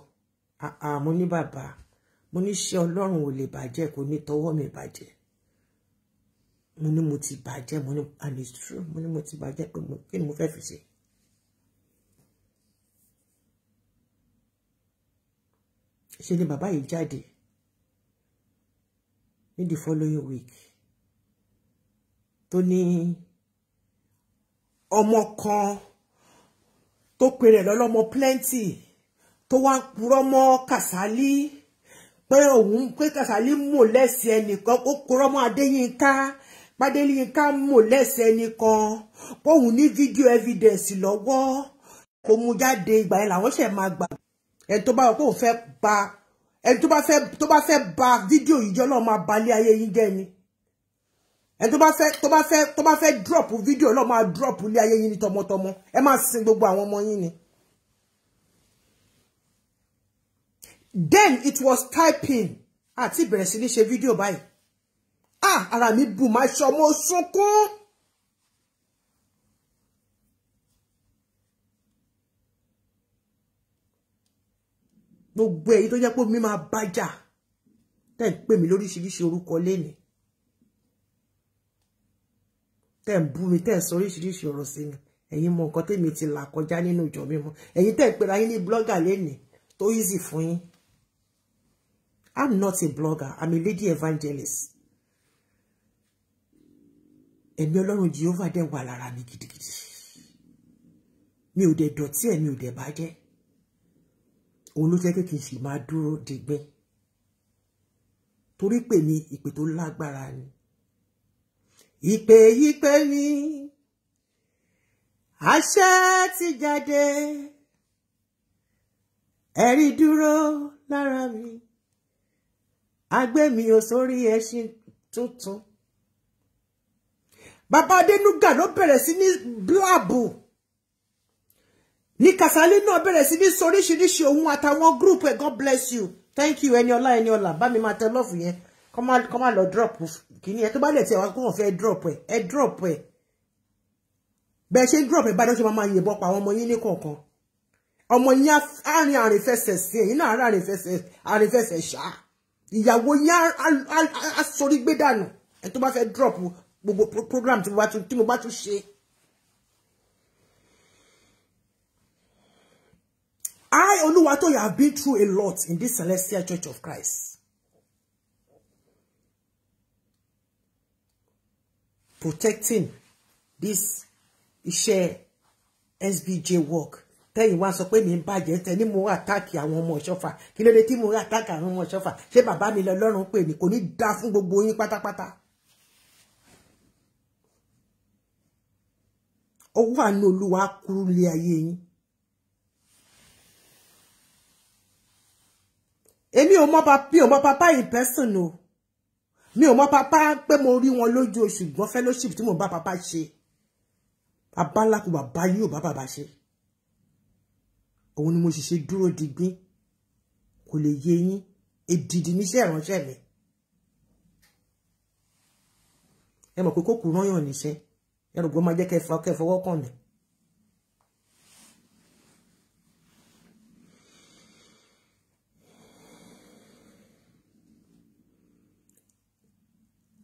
àmọ́ ní bàbá mo ní ṣe ọlọ́run ò lè bàjẹ́ kò ní tọwọ́ mi bàjẹ́ mo ní mo ti bàjẹ́ mo ní and true mo ní mo ti bàjẹ́ pé mo kí ni mo fẹ́ fi ṣe. ṣe ni bàbá yìí jáde ní the following week tó ní ọmọ kan tó pèrè lọ́lọ́mọ plenty tó wá ń purọ́ mọ́ Kàsálí pé òun pé Kasali mò lẹ́sẹ̀ ẹnìkan ó kúrọ́ mọ́ Adéyínká Adéyínká mò lẹ́sẹ̀ ẹnìkan kóun ní fídíò evidence lọ́wọ́ kò mú jáde ìgbà yẹn làwọn ṣẹ̀ máa gbà ẹni tó bá wọ pé òun fẹ́ pa ẹni tó bá fẹ́ ba fídíò yìí jọ́ náà máa balẹ̀ ayé yín jẹ́ ni ẹni tó bá fẹ́ tó bá fẹ́ tó bá fẹ́ drop fídíò náà máa drop ilé ayé yín ní tọmọtọmọ ẹ máa sin gbogbo àwọn ọmọ yín ni. then it was typing àti ìbẹ̀rẹ̀ sí ní ṣe video, báyìí ah ara mi bù máa ṣe ọmọ sunkún. gbogbo èyí tó jẹ́ pé mi ma bájà tẹ́ ń pè mí lóríṣiríṣi orúkọ lénìí tẹ́ ń bú mi tẹ́ ń sọ oríṣiríṣi ọ̀rọ̀ sí mi ẹ̀yin mọ nǹkan tèmi ti là kọjá nínú ìjọ mímọ́ ẹ̀yin tẹ́ ń pera yín ní blọ́gà lénìí tó easy fún yín. I'm not a blogger. I'm a lady evangelist. Ẹ̀mí Ọlọ́run Jehovah dẹ̀ wà lára mi gidigidi. Mi ò dẹ̀ dọ̀tí ẹ̀ mi ò dẹ̀ bàjẹ́. Òun ló jẹ́ pé kì í sì máa dúró digbẹ́. Torí ipe mí ìpè ni. Ìpè ìpè mi. Àṣẹ ti jade. Ẹ̀rí dúró lára mi agbẹ́mi ò sórí ẹṣin tuntun bàbá adénúgà ló bẹ̀rẹ̀ sí ní bláàbù ní kàsálí náà bẹ̀rẹ̀ sí ní soríṣiríṣi òun àtàwọn group ẹ̀ God bless you thank you ẹni ọlá ẹni ọlá bá mi máa tẹ lọ́ọ̀fù yẹn kọ́ má lọ drop kìíní ẹ tó bá dẹ̀ tí àwọn akókò fẹ́ drop ẹ ẹ drop ẹ bẹ́ẹ̀ ṣe drop ẹ bá dọ́ ṣe máa yìnbọn pa àwọn ọmọ yín ní kọ̀ọ̀kan ọmọ yín àárín àrìnfẹsẹ̀ sí ẹ̀yìn náà àárín àrìnfẹsẹ̀ ṣáà ìyàwó yá asorí gbé dànù ẹ tó bá fẹ́ drop gbogbo program tí mo bá tún ṣe. I Oluwatoye have been through a lot in this Celestial Church of Christ. Protecting this iṣẹ́ SBJ work tẹ́yìn wá sọ pé mi ń bàjẹ́ tẹ ní mo àtàkì àwọn ọmọ ìṣọ́fà kí ló dé tí mo àtàkì àwọn ọmọ ìṣọ́fà ṣé bàbá mi lọ lọ́rùn pè ní kò ní dá fún gbogbo yín pátápátá. owó àánú olúwa kúrú lé ayé yín. èmi ò mọ mi ò mọ papa in person o mi ò mọ papa pé mo rí wọn lójú oṣù gbọ́n fellowship tí mo bá papa ṣe abálákùbà bá yóò bá bàbá ṣe òun ni mo sì ṣe dúró digbín kò lè yé yín èdìdì níṣẹ́ ìránṣẹ́ mi ẹ mọ̀ pé kókò rányàn níṣẹ́ ẹ rògbò máa jẹ́ kẹfà kẹfọwọ́ kàn mí.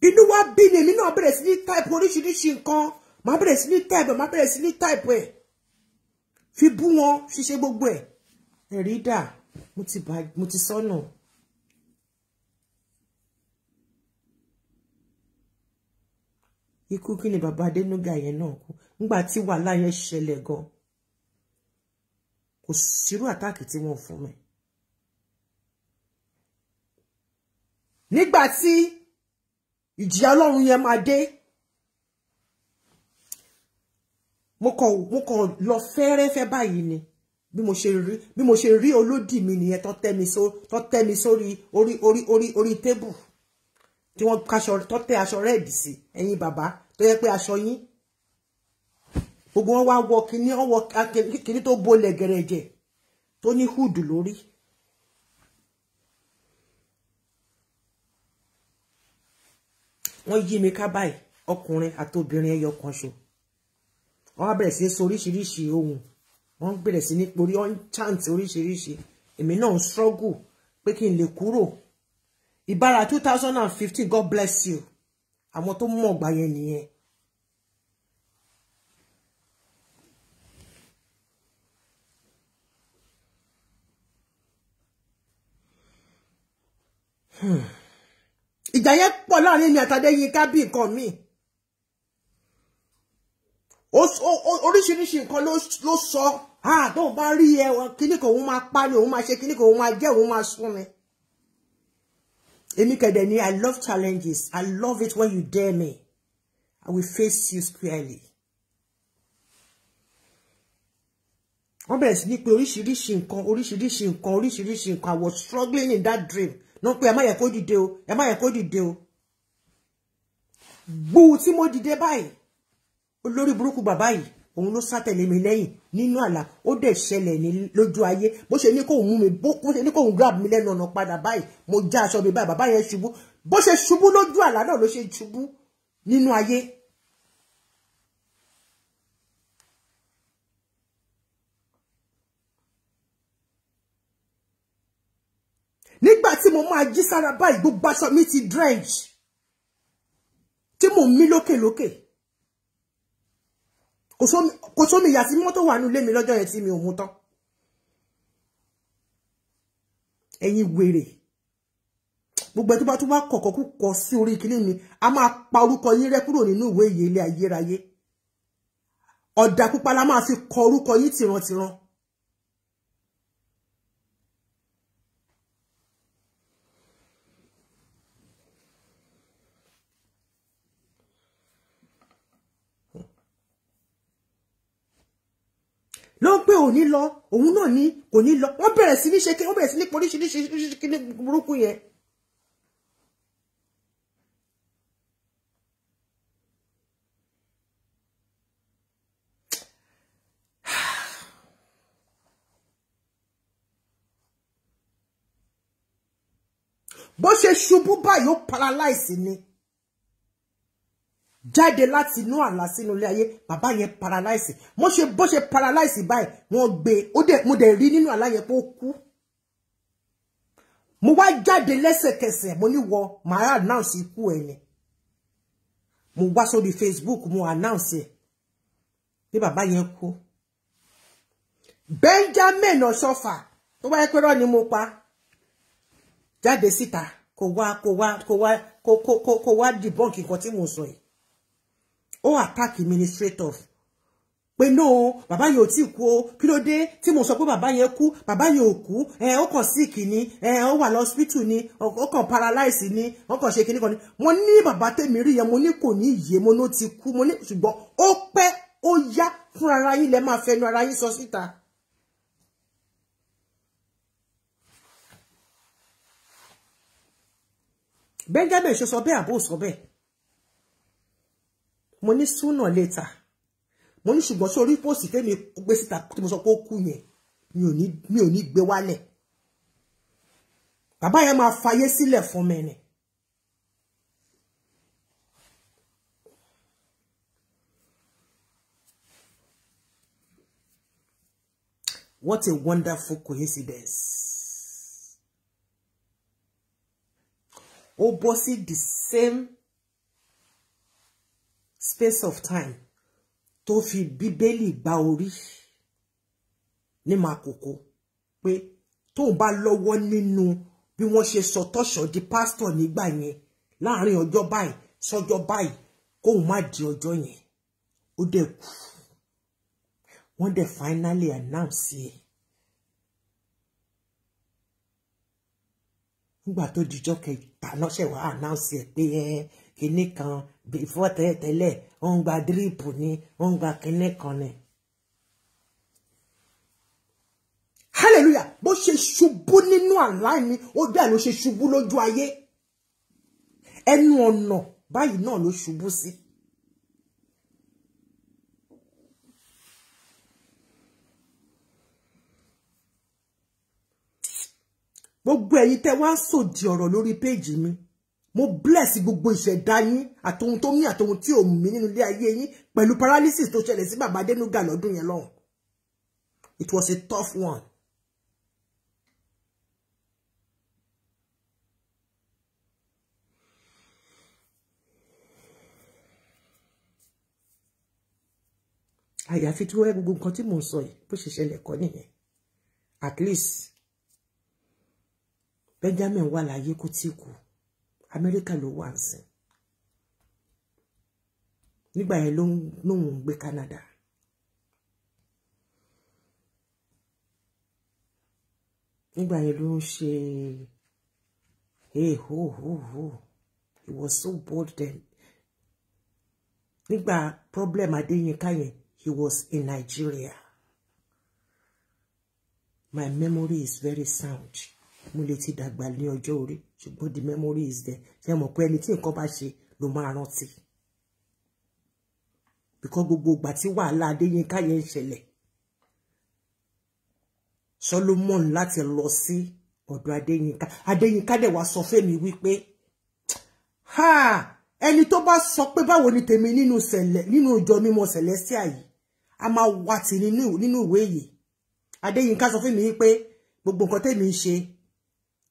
inú wa bí ni èmi náà bẹ̀rẹ̀ sí ní táìpù oríṣiríṣi nǹkan màá bẹ̀rẹ̀ sí ní táìpù màá bẹ̀rẹ̀ sí ní táìpù ẹ̀ fi bú wọn ṣiṣẹ́ gbogbo ẹ̀ ẹ̀rí dà mo ti sọ́nà. ikú kí ni bàbá adénúgà yẹn náà kú nígbà tí wàhálà yẹn ṣẹlẹ̀ gan kò sírú àtàkì tí wọ́n fún mi. nígbà tí ìjìyà ọlọ́run yẹn máa dé. mo kàn mo kàn lọ fẹ́rẹ́fẹ́ báyìí ni bí mo ṣe rí bí mo ṣe rí olódì mi nìyẹn tó tẹ́ mi so tó tẹ́ mi sórí orí orí orí orí tébù tí wọ́n kaṣọ tó tẹ́ aṣọ rẹ́ẹ̀dì sí ẹ̀yin bàbá tó yẹ pé aṣọ yín gbogbo wọn wá wọ kíní wọ́n wọ kíní tó bo lẹ̀gẹ̀rẹ̀jẹ̀ tó ní húdù lórí. wọ́n yí mi ká báyìí ọkùnrin àti obìnrin ẹyọ kan ṣo wọ́n wá bẹ̀rẹ̀ sí ní sọ oríṣiríṣi ohun wọ́n bẹ̀rẹ̀ sí ní porí wọ́n chant oríṣiríṣi èmi náà ń struggle pé kí n lè kúrò ìbára two thousand and fifteen God bless you àwọn tó mọ̀ ọ̀gbà yẹn nìyẹn. Hmm. ìjà yẹn pọ̀ láàrin mi àtàdé yín ká bí nǹkan míì oríṣiríṣi nǹkan ló sọ àtọ́n bá rí ẹ kíní kan òun máa pa ni òun máa ṣe kíní kan òun máa jẹ́ òun máa sún mi. èmi kẹ̀dẹ̀ ni I love challenges I love it when you dare me I will face you squarely. wọ́n bẹ̀rẹ̀ sí ní pé oríṣiríṣi nǹkan oríṣiríṣi nǹkan oríṣiríṣi nǹkan I was struggling in that dream náà pé ẹ má yẹ kó dìde o ẹ má yẹ kó dìde o. gbùù tí mo dìde báyìí olórí burúkú bàbá yìí òun ló sátẹ̀lé mi lẹ́yìn nínú àlà ó dẹ̀ ṣẹlẹ̀ ní lójú ayé bó ṣe ní kóun mú mi bó ṣe ní kóun grab mi lẹ́nu ọ̀nà padà báyìí mo já aṣọ mi báyìí bàbá yẹn ṣubú bó ṣe ṣubú lójú àlà náà ló ṣe ṣubú nínú ayé. nígbà tí mo máa jí sára báyìí gbogbo aṣọ mi ti drench tí mò mí lókèlókè. Lókè kò sómi ìyá sí mọ́tò wà nílé mi lọ́jọ́ yẹn tí mi ò mú tán ẹ̀yin wèrè gbogbo ẹ̀ tó bá tún wá kọ̀kọ́ kúkọ sí orí kíní mi a máa pa orúkọ yín rẹ́ kúrò nínú ìwé ìyè ilé ayérayé ọ̀dà pupa la máa fi kọ orúkọ yín tìrantìran ò ní lọ òun náà ní kò ní lọ wọ́n bẹ̀rẹ̀ sí ní ṣe kí wọ́n bẹ̀rẹ̀ sí ní poríṣiríṣi kíní burúkú yẹn. bó ṣe ṣubú báyìí ó paralyze ni jáde láti inú àlá sínú ilé ayé bàbá yẹn paralyze mo ṣe bó ṣe paralyze báyìí wọ́n gbé e. ó dẹ̀ mo dẹ̀ rí nínú àlá yẹn pé ó kú mo wá jáde lẹ́sẹ̀kẹsẹ̀ mo ní wọ màá announce ikú ẹ̀ ni mo wá sórí Facebook mo announce ẹ̀ pé bàbá yẹn kú Benjamin Ọ̀ṣọ́fà tó bá yẹ pé rọ́ ni mo pa jáde síta kò wá kò wá kò wá kò wá dìbọ́ǹkì nǹkan tí mo sọ yìí ó attack administrator pé no Baba yìí ò tí kú o kí ló dé tí mo sọ pé bàbá yẹn kú bàbá yìí ò kú ẹ ó kàn sick ni O ó wà lọ́sípítù ni ó kàn paralyze ni ó kàn ṣe kíní kan ni mo ní bàbá tèmi rí yẹn mo ní kò ní yé mo ló ti kú mo ní ṣùgbọ́n ó pẹ́ ó yá fúnra ara yín lẹ máa fẹnu ara yín sọ síta. Benjamin ṣe sọ bẹ́ẹ̀ àbó sọ bẹ́ẹ̀ mo ní sooner or mo ní ṣùgbọ́n sórí póòsì tẹ́mi gbé síta tí mo sọ pé ó kú yẹn mi ò ní gbé wálẹ̀ bàbá yẹn máa fayé sílẹ̀ fún mi What a wonderful coincidence. Ó bọ́ sí the same space of time tó fi bíbélì gba orí ní màkòkò pé tóun bá lọ́wọ́ nínú bí wọ́n ṣe sọ tọ́ṣọ̀ di pásítọ̀ nígbà yẹn láàrin ọjọ́ báyìí sọ́jọ́ báyìí kóun má di ọjọ́ yẹn ó dẹ̀ kú wọ́n dẹ̀ finally announce ẹ̀ e. nígbà tó dijọ́ kẹta náà ṣẹ̀wá announce ẹ̀ pé ẹ kinní kan before tẹ́lẹ̀tẹ́lẹ̀ ó ń gba dírípù ni ó ń gba kinní kan ni. hallelujah bó ṣe ṣubú nínú àlá mi ó bẹ́ẹ̀ ló ṣe ṣubú lójú ayé ẹnu ọ̀nà báyìí náà ló ṣubú sí. gbogbo ẹ̀yin tẹ́ wá sòdì ọ̀rọ̀ lórí péèjì mi mo bless gbogbo ìṣẹ̀dá yín àtohun tó ní àtohun tí ò mí nínú ilé ayé yín pẹ̀lú paralysis tó ṣẹlẹ̀ sí bàbá Adénúgà lọ́dún yẹn lọ́hùn it was a tough one. àyàfi tí wọ́n gbogbo nǹkan tí mò ń sọ yìí bó ṣe ṣẹlẹ̀ kọ́ nìyẹn at least Benjamin wà láyé kó tí kú amẹ́ríkà ló wà nsìn nígbà yẹn ló ń gbé canada nígbà yẹn ló ń ṣe hey eh, ho ho ho he was so bold then nígbà problem adéyínká yẹn he was in nigeria my memory is very sound mo lè ti dàgbà ní ọjọ́ orí ṣùgbọ́n the memory is there ṣe mọ̀ pé ẹni tí nǹkan bá ṣe ló máa rántí bíkọ́ gbogbo ìgbà tí wàhálà Adéyínká yẹn ń ṣẹlẹ̀ Solomon láti lọ sí ọ̀dọ̀ Adéyínká Adéyínká dẹ̀ wá sọ fẹ́mi wípé ha ẹni tó bá sọ pé báwo ni tèmi nínú ṣẹlẹ̀ nínú ìjọ mímọ́ Celestial yìí a máa wà tì nínú ìwé yìí Adéyínká sọ fẹ́mi wípé gbogbo nǹkan tèmi ń ṣe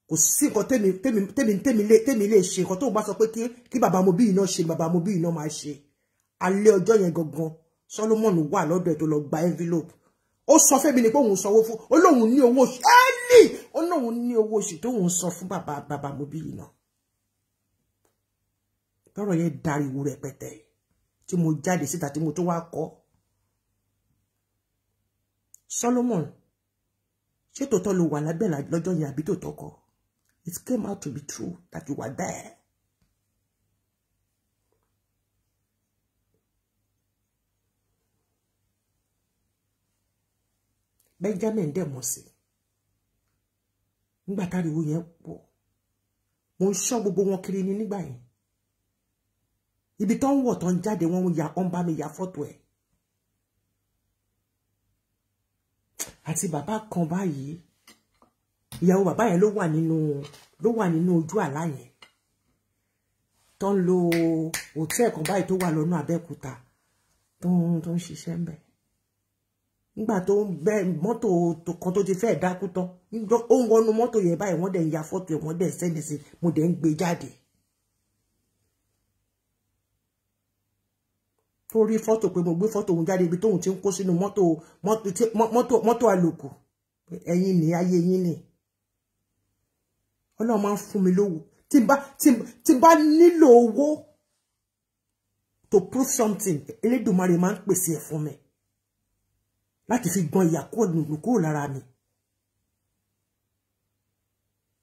kò sí nǹkan tèmi tèmi tèmi tèmi lè tèmi lè ṣe nǹkan tó bá sọ pé kí kí bàbá mo bí iná ṣe bàbá mo bí iná máa ṣe alẹ́ ọjọ́ yẹn gangan Solomon wà lọ́dọ̀ ẹ̀ tó lọ gba envelope ó sọ fẹ́mi ni pé òun sanwó fún ó lóun ní owó oṣù ẹ́ẹ́lì ó lóun ní owó oṣù tó òun san fún bàbá bàbá mo bí iná lọ́rọ̀ yẹn dariwo rẹpẹtẹ tí mo jáde síta tí mo tó wá kọ́ Solomon ṣé tòótọ́ ló wà lábẹ́ lọ́jọ́ yẹn àbí tòótọ́ kọ́ It came out to be true that you were there. Benjamin dẹ̀ mọ̀ sí nígbà táriwo yẹn pọ̀ mo ń ṣọ́ gbogbo wọn kiri ni nígbà yẹn ibi tó ń wọ̀ tó ń ya ọ́n mi ya fọ́tò ẹ̀ àti bàbá kan báyìí ìyàwó bàbá yẹn ló wà nínú ló wà nínú ojú àlá yẹn tó ń lo hòtẹ́ẹ̀ kan báyìí tó wà lọ́nà Abẹ́òkúta tó ń tó ń ṣiṣẹ́ ń bẹ̀ nígbà tó ń bẹ mọ́tò kan tó ti fẹ́ dákú tán ó ń wọnú mọ́tò yẹn báyìí wọ́n dẹ̀ ń ya fọ́tò ẹ̀ wọ́n dẹ̀ ń sẹ́ni sí mo dẹ̀ ń gbé jáde. tó rí fọ́tò pé mo gbé fọ́tò òun jáde ibi tóun ti ń kó sínú mọ́tò mọ́tò àlòkù ẹ̀yìn ní ayé yín nìyí ọlọ́run máa ń fún mi lówó tí bá tí bá nílò owó to prove something elédùnmarè máa ń pèsè ẹ̀ fún mi láti fi gbọn ìyà kúrò nínú kúrò lára mi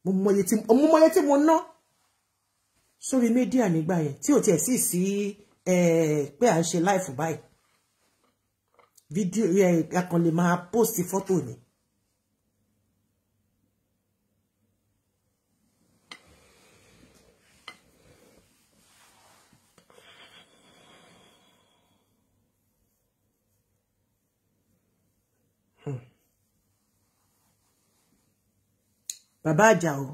mo mọye tí mo mọye tí mo ná sórí mídíà nígbà yẹn tí ò tiẹ̀ sì sí pé à ń ṣe láìfù báyìí fídíò akànlè máa póòsì fọ́tò ni bàbá àjàó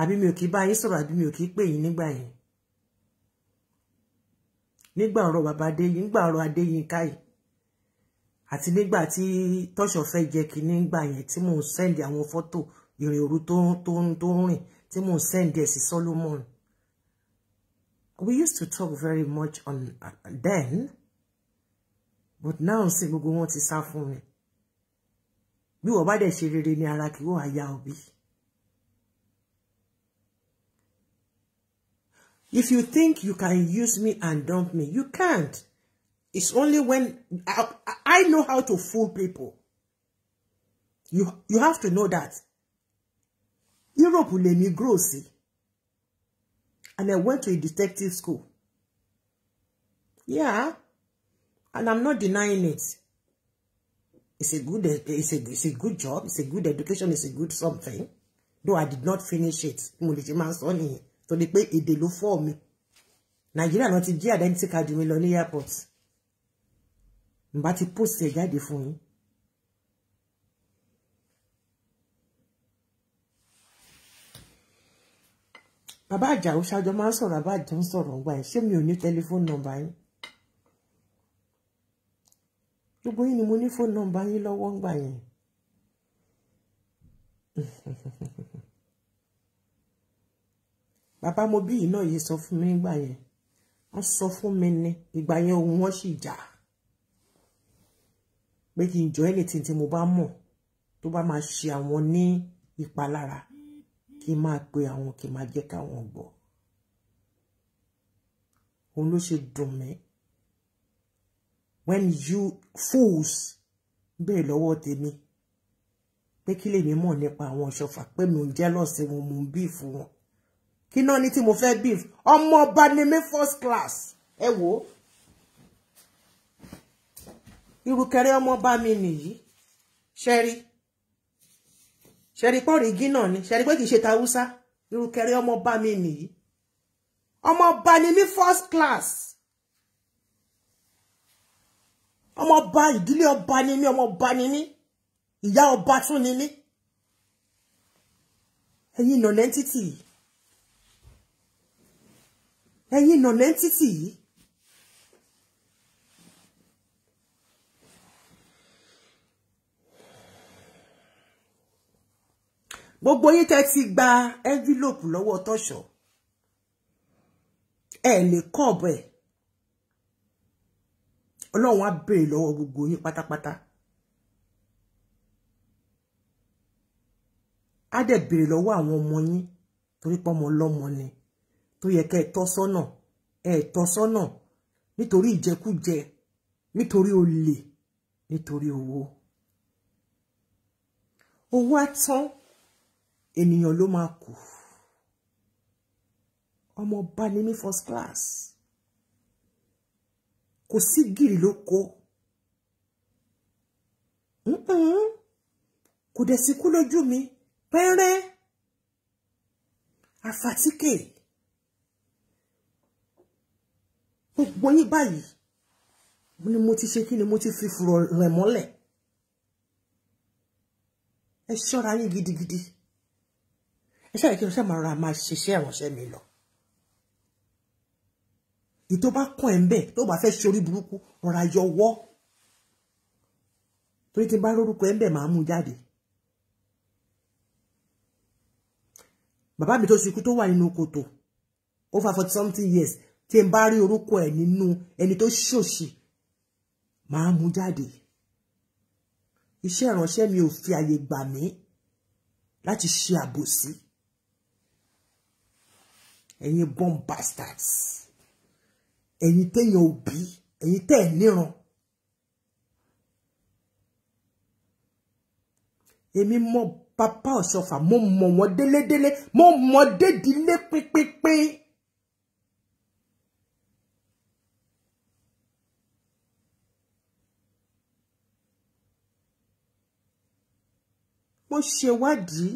àbí mi ò kí bá yín sọ̀rọ̀ àbí mi ò kí pè yín nígbà yẹn nígbà ọ̀rọ̀ bàbá adéyìn nígbà ọ̀rọ̀ adéyìn káyì àti nígbà tí tọ́ṣọ̀ fẹ́ jẹ́ kínní nígbà yẹn tí mò ń sẹ́ndì àwọn fọ́tò ìrìn òru tó ń tó ń rìn tí mò ń sẹ́ndì ẹ̀ Solomon we used to talk very much on uh, then but now sí gbogbo wọn ti sá fún mi bí wọ́n bá dẹ̀ ṣe rere ní ara kí wọ́n á ya òbí. If you think you can use me and dump me, you can't. It's only when I, I know how to fool people. You, you have to know that. Europe lèmi grow sí. And I went to a detective school. Yeah. And I'm not denying it. It's a good, it's a, it's a good job. It's a good education. It's a good something. Though I did not finish it. Mo lè ṣe máa ń sọ nìyẹn. So they pay èdè ló fọ́ mi. Nigeria náà ti jí identity card mi lọ ní airport. N bá ti post ẹ̀ jáde fún yín. Bàbá Àjàó ṣáájọ máa ń sọ̀rọ̀ bàbá Àjàó ń sọ̀rọ̀ ọgbà ẹ̀. Ṣé mi ò ní tẹlifóònù nọ́mbà yín? gbogbo yín ni mo ní fóònù nọ́mbà yín lọ́wọ́ ń gbà yẹn bàbá mo bí yìí náà yìí sọ fún mi nígbà yẹn wọ́n sọ fún mi ní ìgbà yẹn òun wọ́n sì jà pé kí n jọ anything tí mo bá mọ̀ tó bá máa ṣe àwọn ní ìpalára kí n máa pe àwọn kí n máa jẹ́ káwọn gbọ́ òun ló ṣe dùn mí when you fools be lọ́wọ́ tèmi pé kí lèmi mọ̀ nípa àwọn ọ̀ṣọ́fà pé mò ń jẹ́lọ́sì wọn mò ń bíf wọn kí náà ní tí mo fẹ́ bíf ọmọ ọba ni mi first class ẹ wò ó irukẹrẹ ọmọ ọba mi nìyí ṣẹ́rí ṣẹ́rí pọ́ọ̀rìgì náà ni ṣẹ́rí pé kì í ṣe tàwùsá irukẹrẹ ọmọ ọba mi nìyí ọmọ ọba ni mi first class. ọmọ ọba ìdílé ọba ni mí ọmọ ọba ni mí ìyá ọba tún ni mí ẹ̀yin nonentity yìí ẹ̀yin nonentity yìí gbogbo yín tẹ́ ti gba envelope lọ́wọ́ tọ̀ṣọ́ ẹ̀ ní kọ́ọ̀bù ẹ̀ ọlọ́run á béèrè lọ́wọ́ gbogbo yín pátápátá á dẹ̀ béèrè lọ́wọ́ àwọn ọmọ yín torí pọ́mọ ọlọ́mọ ni tó yẹ kẹ́ ẹ tọ́ sọ́nà ẹ tọ́ sọ́nà nítorí ìjẹkújẹ nítorí olè nítorí owó owó á tán ènìyàn ló máa kù ọmọ ọba ni mí first class kò sí gìrì lóko kò dẹ̀ sí kú lójú mi pẹ́rẹ́ àfàtíkè gbogbo yín báyìí ni mo ti ṣe kí ni mo ti fi fùrọ̀ rẹ̀ mọ́lẹ̀ ẹ ṣọ́ra yín gidigidi ẹ ṣáà kí n ṣáà ra máa ṣiṣẹ́ ìránṣẹ́ mi lọ ìtò bá kàn ẹ́ ń bẹ̀ tó bá fẹ́ ṣe orí burúkú rọra yọwọ́ torí tí n bá lórúkọ ẹ̀ ń bẹ̀ máa mú jáde. bàbá mi tó ṣekú tó wà nínú kòtò over forty something years tí n bá rí orúkọ ẹ̀ nínú ẹni tó ṣòṣì máa mú jáde. iṣẹ́ ìránṣẹ́ mi ò fi àyè gbà mí láti ṣe àbòsí. ẹ̀yin bomb bastards ẹ̀yin téèyàn òbí ẹ̀yin tẹ́ ẹ̀ níran èmi mọ bàbá ọ̀ṣọ́fà mo mọ̀ wọ́n délédélé mo mọ̀ dédìlé pínpínpín. mo ṣèwádìí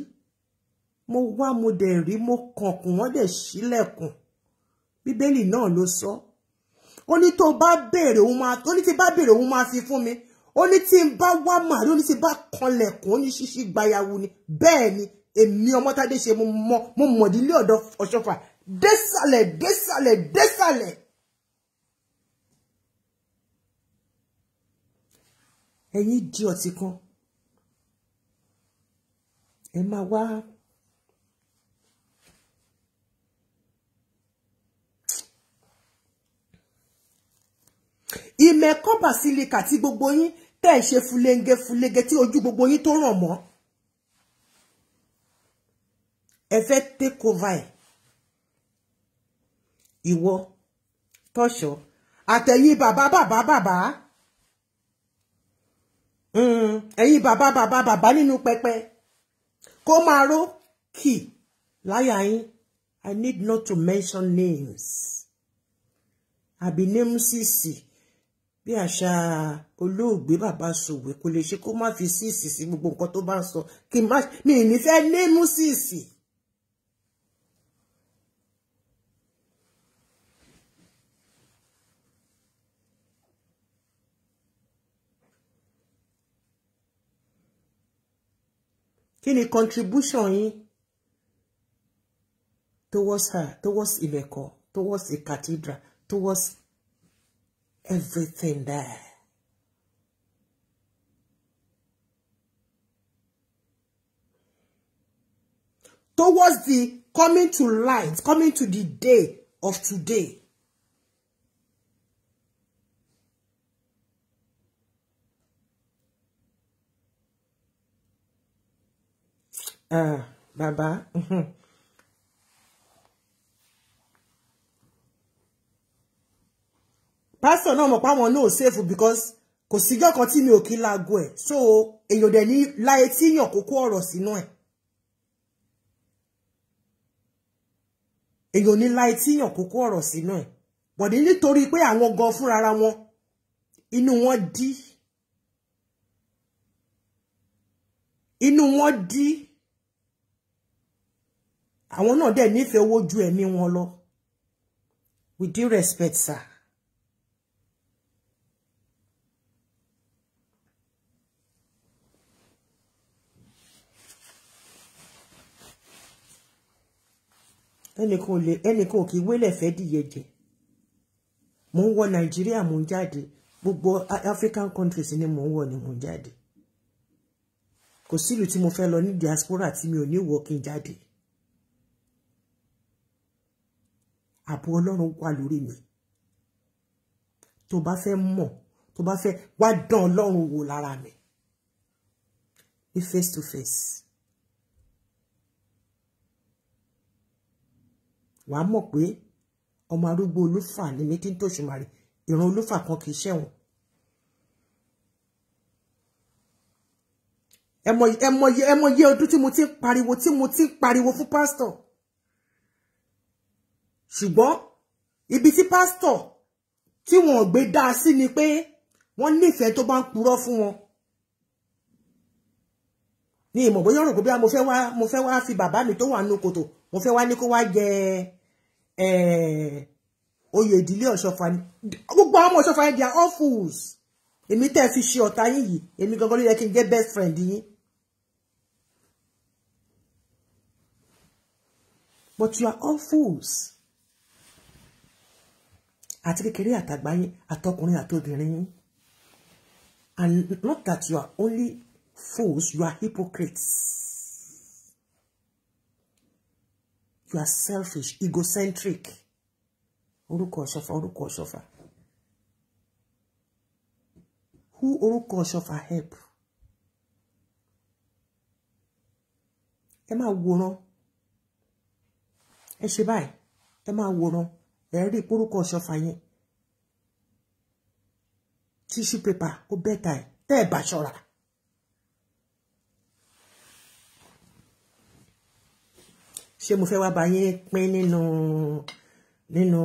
mo wá mo dẹ̀ rí mo kànkùn wọ́n dẹ̀ ṣílẹ̀kùn bíbélì náà ló sọ. So ó ní tó bá béèrè òun máa ó ní tí bá béèrè òun máa fi fún mi ó ní tí n bá wá màrí ó ní tí bá kanlẹ̀kùn ó ní ṣíṣí gbayawu ni bẹ́ẹ̀ ni èmi ọmọtádé ṣe mo mọ mo mọ̀dílé ọ̀dọ̀ ọ̀ṣọ́fà désàlẹ̀ désàlẹ̀ désàlẹ̀. ẹ̀yin di ọtí kan ẹ máa wá ìmẹ̀kọ́ bàsílíkà tí gbogbo yín tẹ́ ẹ̀ ṣe fúlẹ́ńgẹ́ fúlẹ́ńgẹ́ tí ojú gbogbo yín tó ràn mọ́ ẹ fẹ́ take over ẹ̀ ìwọ tọ́ṣọ́ àtẹ̀yìn bàbá bàbá bàbá hmm, ẹ̀yìn bàbá bàbá bàbá nínú pẹpẹ kó máa ró kì láyà yín I need not to mention names àbí names sì sì. Si bí àṣà olóògbé bàbá sòwé kò lè ṣe kó má fi síìsì sí gbogbo nǹkan tó bá sọ kí n má mi ní fẹ́ lémú síìsì. kí ni contribution yín towards her towards Ìmẹ̀kọ towards the cathedral towards everything there. Towards the coming to light, coming to the day of today. Uh, Baba. Mhm. pásítọ̀ náà mọ̀ páwọn náà ṣèfù because kò síjọ́ kan tí mi ò kí láago ẹ̀ so èèyàn dẹ̀ ní láyé tí yàn kókó ọ̀rọ̀ sínú ẹ̀ èèyàn ní láyé tí yàn kókó ọ̀rọ̀ sínú ẹ̀ bọ̀dé nítorí pé àwọn gan fúnra wọn inú wọn dí inú wọn dí àwọn náà dẹ̀ nífẹ̀ẹ́ owó ju ẹ̀mí wọn lọ with due respect sir. ẹnìkan ò kí wélẹ̀ fẹ́ dìyẹ jẹ mò ń wọ nàìjíríà mò ń jáde gbogbo african countries ni mò ń wọ ni mò ń jáde kò sílùú tí mo fẹ́ lọ ní diaspora tí mi ò ní wọ kí n jáde ààbò ọlọ́run wà lórí mi tó bá fẹ́ mọ̀ tó bá fẹ́ wá dán ọlọ́run wò lára mi ní face to face. wàá mọ̀ pé ọmọ arúgbó olúfà ni mí tí ń tòṣùmarì ìran olúfà kan kì í ṣẹ̀wọ̀n. ẹ mọ iye ọdún tí mo ti ń pariwo tí mo ti ń pariwo fún pásítọ̀ ṣùgbọ́n ibi tí pásítọ̀ tí wọ́n gbé dá sí ni pé wọ́n nífẹ̀ẹ́ tó bá ń purọ́ fún wọn ní ìmọ̀ bóyá ọ̀rọ̀ kò bí mo fẹ́ wá mo fẹ́ wá fi bàbá mi tó wà nínú kòtò mo fẹ́ wá ní kó wá jẹ oyè ìdílé ọ̀ṣọ́fà ni gbogbo ọmọ ọ̀ṣọ́fà yẹn they are all fools èmi tẹ́ fi ṣe ọ̀tá yín yìí èmi gangan ló yẹ kí n jẹ́ best friend yín. but you are all fools àti kékeré àtàgbà yín àtọkùnrin àtobìnrin yín and not that you are only fools you are hypocrites. you are selfish egocentric orúkọ ọ̀ṣọ́fà orúkọ ọ̀ṣọ́fà who orúkọ ọ̀ṣọ́fà help ẹ máa wòran ẹ ṣe báyìí ẹ máa wòran ẹ rí orúkọ ọ̀ṣọ́fà yẹn tissue paper ó bẹ́ẹ̀ ta ẹ̀ tẹ́ ẹ bá ṣọ́ra ṣé mo fẹ́ wá bá yín pín nínú nínú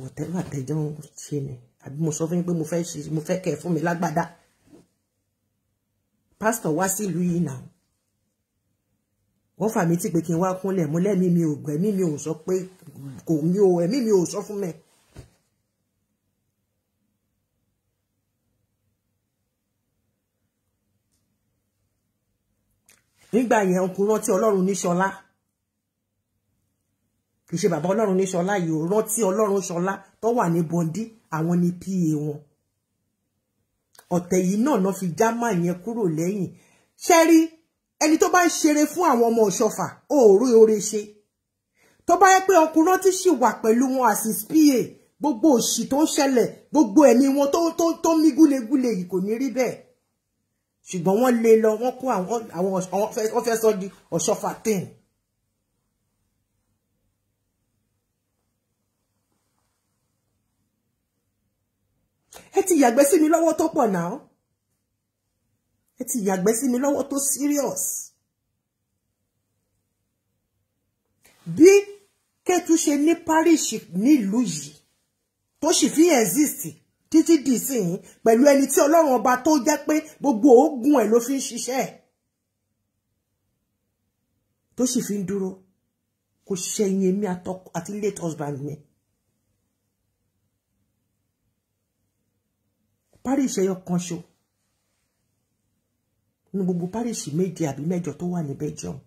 wọ̀tẹ́lá àtẹ̀jọ́ ṣe ni àbí mo sọ fún yín pé mo fẹ́ ṣe mo fẹ́ kẹ̀ fún mi lágbádá pásítọ̀ wá sílùú yìí náà wọ́n fà mí tí pé kí n wá kúnlẹ̀ mo lẹ́mìí mi ò gbẹ́mí mi ò sọ pé kò mi ò ẹ̀mí mi ò sọ fún mi nígbà yẹn kò rántí ọlọ́run ní ṣọlá kì í ṣe bàbá ọlọ́run ní ṣọlá yìí ò rántí ọlọ́run ṣọlá tó wà ní bọ́ndí àwọn ní pa wọn ọ̀tẹ̀ yìí náà ná fi já máa yẹn kúrò lẹ́yìn ṣẹ́rí ẹni tó bá ń ṣeré fún àwọn ọmọ ọ̀ṣọ́fà òòrùn oore ṣe tó bá yẹ pé ọkùnrin ti ṣì wà pẹ̀lú wọn àsìs pa gbogbo òṣì tó ń ṣẹlẹ̀ gbogbo ẹ̀mí wọn tó mí gúlegúle yìí kò ní rí bẹ́ẹ̀ ṣùgbọ́n wọ́n lé lọ wọ́n kó àwọn wọ́n fẹ́ sọ di ọ̀ṣọ́fà tíǹ. ẹ ti yàgbẹ́ sí mi lọ́wọ́ tó pọ̀ náà ẹ ti yàgbẹ́ sí mi lọ́wọ́ tó serious. bí Ketu ṣe ní parish nílùú yìí tó sì fi exist títí dì sí yín pẹ̀lú ẹni tí ọlọ́run ọba tó jẹ́ pé gbogbo oògùn ẹ̀ ló fi ń ṣiṣẹ́ ẹ̀ tó sì fi ń dúró kò ṣẹyìn èmi àti late husband mi. parish ẹyọ kan ṣo ní gbogbo parish méje àbí mẹ́jọ tó wà ní Belgium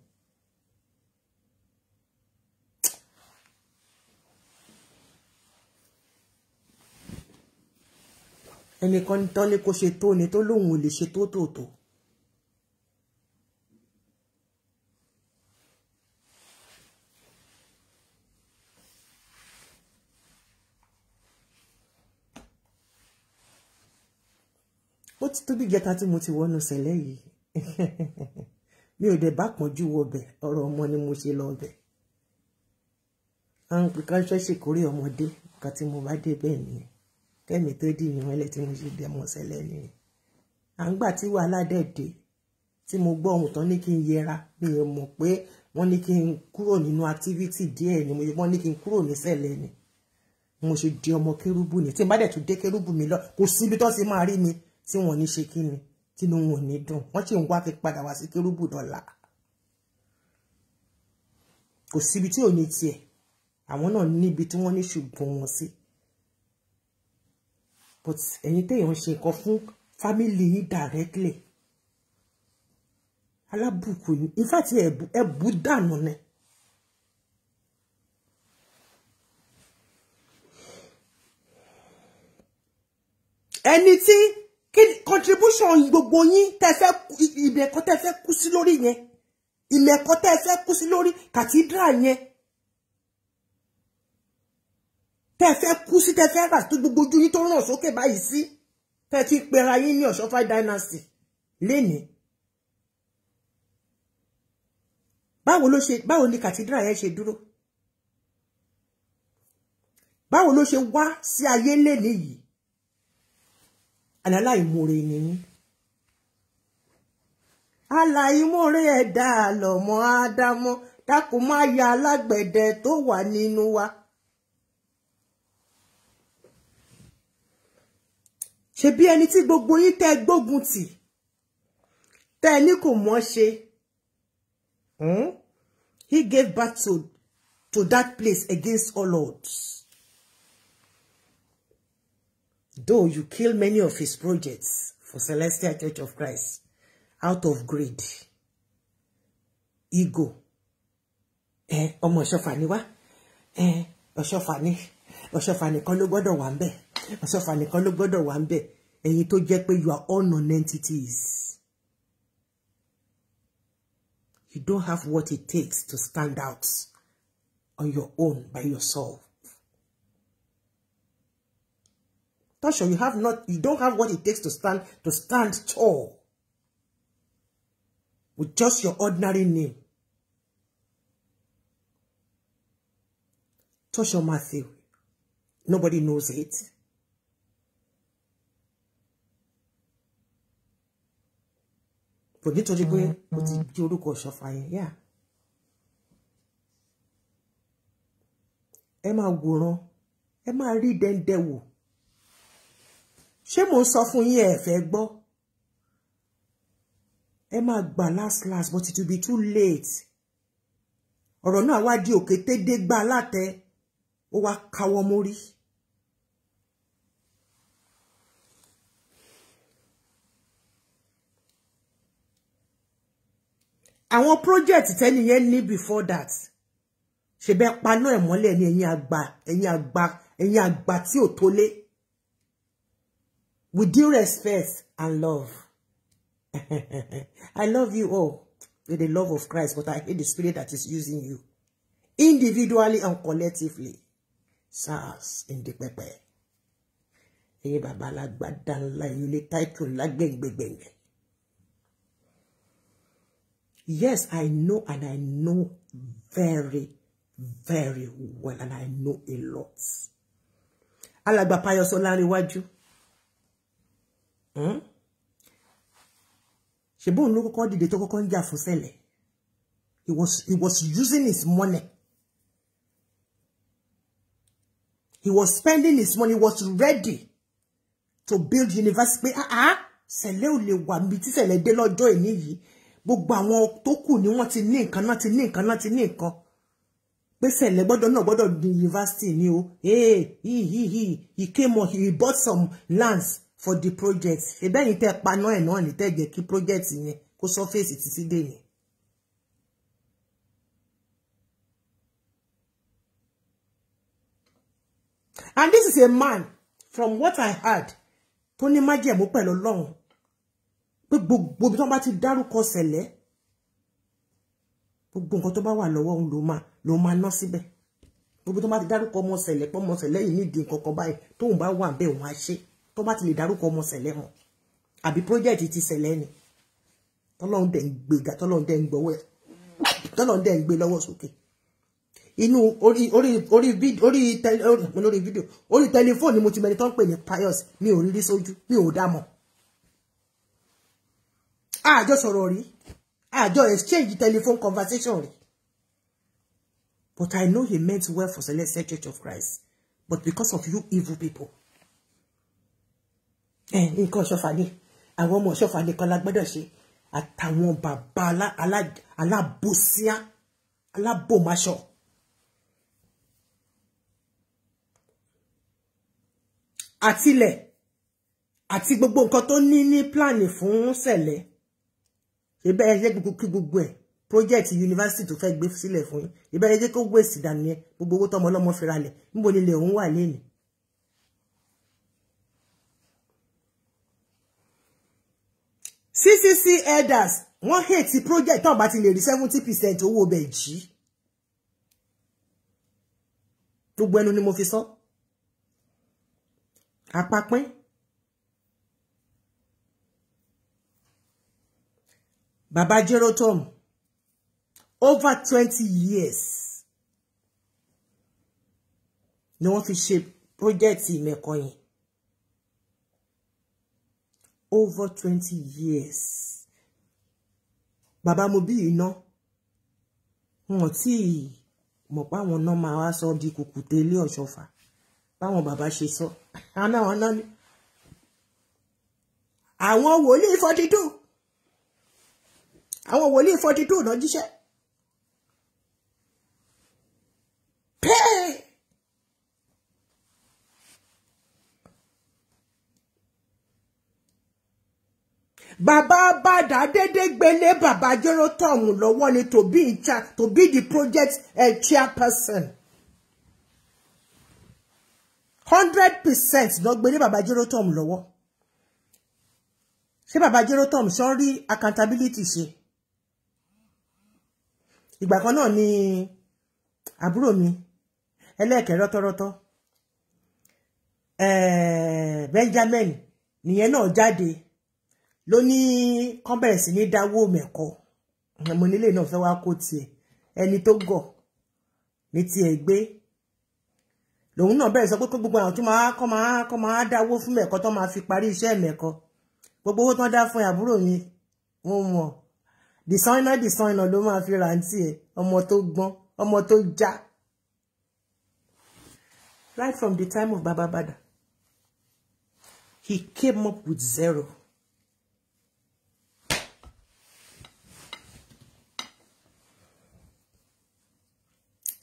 ẹnìkan tán ní kó ṣe tó ni tó lóun ò lè ṣe tó tòótò. ó ti tó bí gẹta tí mo ti wọnú sẹlẹ yìí mi ò dẹ̀ bá pọnjú wọbẹ̀ ọ̀rọ̀ ọmọ ni mo ṣe lọ bẹ̀ à ń ṣẹṣẹ kórè ọmọdé kàtí mo bá dé bẹ́ẹ̀ nìyẹn kẹ́mi tó dì mí mọ́lẹ̀ tí mo ṣe dẹmọ sẹ́lẹ̀ nìyẹn à ń gbà tí wàhálà dẹ̀ dé tí mo gbọ́ ohun tán ní kí n yẹra mi ò mọ̀ pé wọ́n ní kí n kúrò nínú activity díẹ̀ ni wọ́n ní kí n kúrò ní sẹ́lẹ̀ ni mo ṣe di ọmọ kérúbù ni tí n bá dẹ̀ tún dé kérúbù mi lọ kò síbi tó ti máa rí mi tí wọ́n ní ṣe kí ni tínú wọn ní dùn wọ́n ṣì ń wá kí padà wá sí kérúbù dọ́là kò síbi tí ò ní tiẹ̀ àwọn náà níbi tí wọ́n ní ṣùgbọ́n wọn sí but ẹ̀yin téèyàn ń ṣe nǹkan fún family yín directly alábùkù yín in fact ẹ̀bù ẹ̀bù dànù ni. ẹni tí contribution gbogbo yín tẹ́ fẹ́ ìmẹ̀kọ́ tẹ́ fẹ́ kú sí lórí yẹn ìmẹ̀kọ́ tẹ́ fẹ́ kú sí lórí cathedral yẹn tẹ́ fẹ́ kú sí tẹ́ fẹ́ rà tó gbogbo ojú yín tó ràn sókè báyìí sí tẹ́ ti pera yín ní Ọ̀ṣọ́fà dynasty lénìí. báwo ló ṣe báwo ni cathedral yẹn ṣe dúró báwo ló ṣe wá sí ayé lénìí yìí aláìmoore ni yín aláìmoore ẹ̀dá lọmọ ádámọ̀ dákun má ya alágbẹ̀dẹ tó wà nínú wa. ṣe bí ẹni tí gbogbo yín tẹ́ gbógun tì tẹ́ ní kò mọ̀ ṣe hmm? he gave battle to that place against all odds though you kill many of his projects for Celestial Church of Christ out of greed ego eh, ọmọ eh, ọ̀ṣọ́fà ni wá eh, ọ̀ṣọ́fà eh, ni ọ̀ṣọ́fà nìkan ló gbọ́dọ̀ wà ń bẹ́ẹ̀ àsọfà nìkan ló gbọ́dọ̀ wà ń bẹ̀ ẹ̀yin tó jẹ́ pé you are all non-entities you don't have what it takes to stand out on your own by yourself Tasha you have not you don't have what it takes to stand to stand tall with just your ordinary name Tasha Matthew nobody knows it. but nítorí pé mm, o ti mm. di orúkọ ṣọfà yẹn yá ẹ máa wòran ẹ máa rí dẹ́ndẹ́ wò ṣé mo sọ fún yín ẹ fẹ́ gbọ́ ẹ máa gbà last last but it will be too late ọ̀rọ̀ náà wá di òkété dé gbà látẹ ó wá káwọ́ mórí. àwọn project tẹ́niyẹn ní before that ṣe bẹ́ẹ̀ paná ẹ̀ mọ́lẹ̀ ní ẹ̀yin àgbà ẹ̀yin àgbà ẹ̀yin àgbà tí ò tó lé with due respect and love I love you all with the love of Christ but I hate the spirit that is using you individually and collectively SARS ndepẹpẹ ẹ̀yin bàbá alágbádá ńlá ẹ̀yin ilé táìtù ńlá Yes, I know and I know very, very well and I know a lot. Alàgbà Payoso waju. Hmm? bóun ló kọ́kọ́ dìde tó kọ́kọ́ ń jà fún Sẹ́lẹ̀? He was, he was using his money. He was spending his money, he was ready to build university. Ah, ah, Sẹ̀lẹ̀ ò lè wà níbi tí Sẹ̀lẹ̀ dé lọ́jọ́ ìní yìí gbogbo àwọn tó kù ni wọ́n ti ní nǹkan náà ti ní nǹkan náà ti ní nǹkan gbèsè lẹ gbọ́dọ̀ náà gbọ́dọ̀ di university ni o ee eh, he he he he came on he bought some lands for the project ebe yìí tẹ paná ẹ náà ní tẹ jẹ kí project yẹn kó surface títí dé yẹn. and this is a man from what I heard tó ní májẹ̀mú pẹ̀lú ọlọ́run pé gbogbo ibi tí wọ́n bá ti dárúkọ Sẹ̀lẹ̀ gbogbo nǹkan tó bá wà lọ́wọ́ òun ló máa ló máa ná síbẹ̀ gbogbo tó bá ti dárúkọ ọmọ Sẹ̀lẹ̀ pọ́ ọmọ Sẹ̀lẹ̀ yìí nídìí nǹkan kan báyìí tóun bá wà bẹ́ẹ̀ òun á ṣe tó bá ti lè dárúkọ ọmọ Sẹ̀lẹ̀ mọ́ àbí project ti Sẹ̀lẹ̀ ni tọ́lọ́run dẹ̀ ń gbéga tọ́lọ́run dẹ̀ ń gbọ́wọ́ ẹ̀ tọ́lọ́run dẹ̀ ń gbé lọ́wọ́ sókè inú orí orí orí orí orí tẹlifóònù ni mo ti mẹ́ni tó ń pè ní mi ò rírí sójú mi ò dá mọ̀ àjọ sọ̀rọ̀ rí àjọ exchange telephone conversation rí but I know he meant well for Celestial Church of Christ but because of you evil people nǹkan ṣọfàdé àwọn ọmọ ṣọfàdé kan la gbọ́dọ̀ ṣe àtàwọn bàbá alábòsíá alábòmáṣọ. àtilẹ̀ àti gbogbo nǹkan tó ní ní pílánì fún sẹ̀lẹ̀ ìbẹ̀rẹ̀ jẹ́ gbogbo kí gbogbo ẹ̀ project university tó fẹ́ gbé sílẹ̀ fún yín ìbẹ̀rẹ̀ jẹ́ kó wèsì dànù yẹn gbogbo owó tọmọ ọlọ́mọ fi ralẹ̀ níbo nílé òun wà léèní. ccc elders wọ́n hate project tó bá ti lè rí seventy percent owó ọbẹ̀ jì í gbogbo ẹnu ni mo fi sọ àpapín. Baba Jerotom, over 20 years no wọ́n fi ṣe project Ìmẹ̀kọ yẹn. Over 20 years. Baba Mobi iná. mo ti mo pa àwọn náà máa wá sọ di kùkùté ilé Ọ̀ṣọ́fà. Báwọn bàbá Baba sọ. Àwọn náà wọ́n náà ni. Àwọn wòlíì 42 àwọn wòlíì forty two náà jíṣẹ́ pay bàbá dede, dédé baba, bàbá jọrọ tọ̀hún lọ́wọ́ ni to be in charge to be the project uh, chairperson hundred percent lọ gbélé bàbá jọrọ tọ̀hún lọ́wọ́ ṣé bàbá jọrọ tọ̀hún sọ rí accountability ṣe ìgbà kan náà ni àbúrò mi ẹlẹ́ẹ̀kẹ́ rọ́tọ́rọ́tọ́ eh, Benjamin nìyẹn náà jáde ló ní kán bẹ̀rẹ̀ sí ní dáwó mẹ́kọ ọmọ nílé náà fẹ́ wá kó tiẹ̀ ẹni tó gọ̀ ní tiẹ̀ gbé lòun náà bẹ̀rẹ̀ sọ pé kó gbogbo àwọn tó máa kọ́ máa kọ́ máa dáwó fún mẹ́kọ tó máa fi parí iṣẹ́ mẹ́kọ gbogbo owó tó dá fún àbúrò mi wọ́n mọ̀ dìsáínà dìsáínà ló máa fi rántí ẹ ọmọ tó gbọ́n ọmọ tó já right from the time of Baba Bada he came up with zero.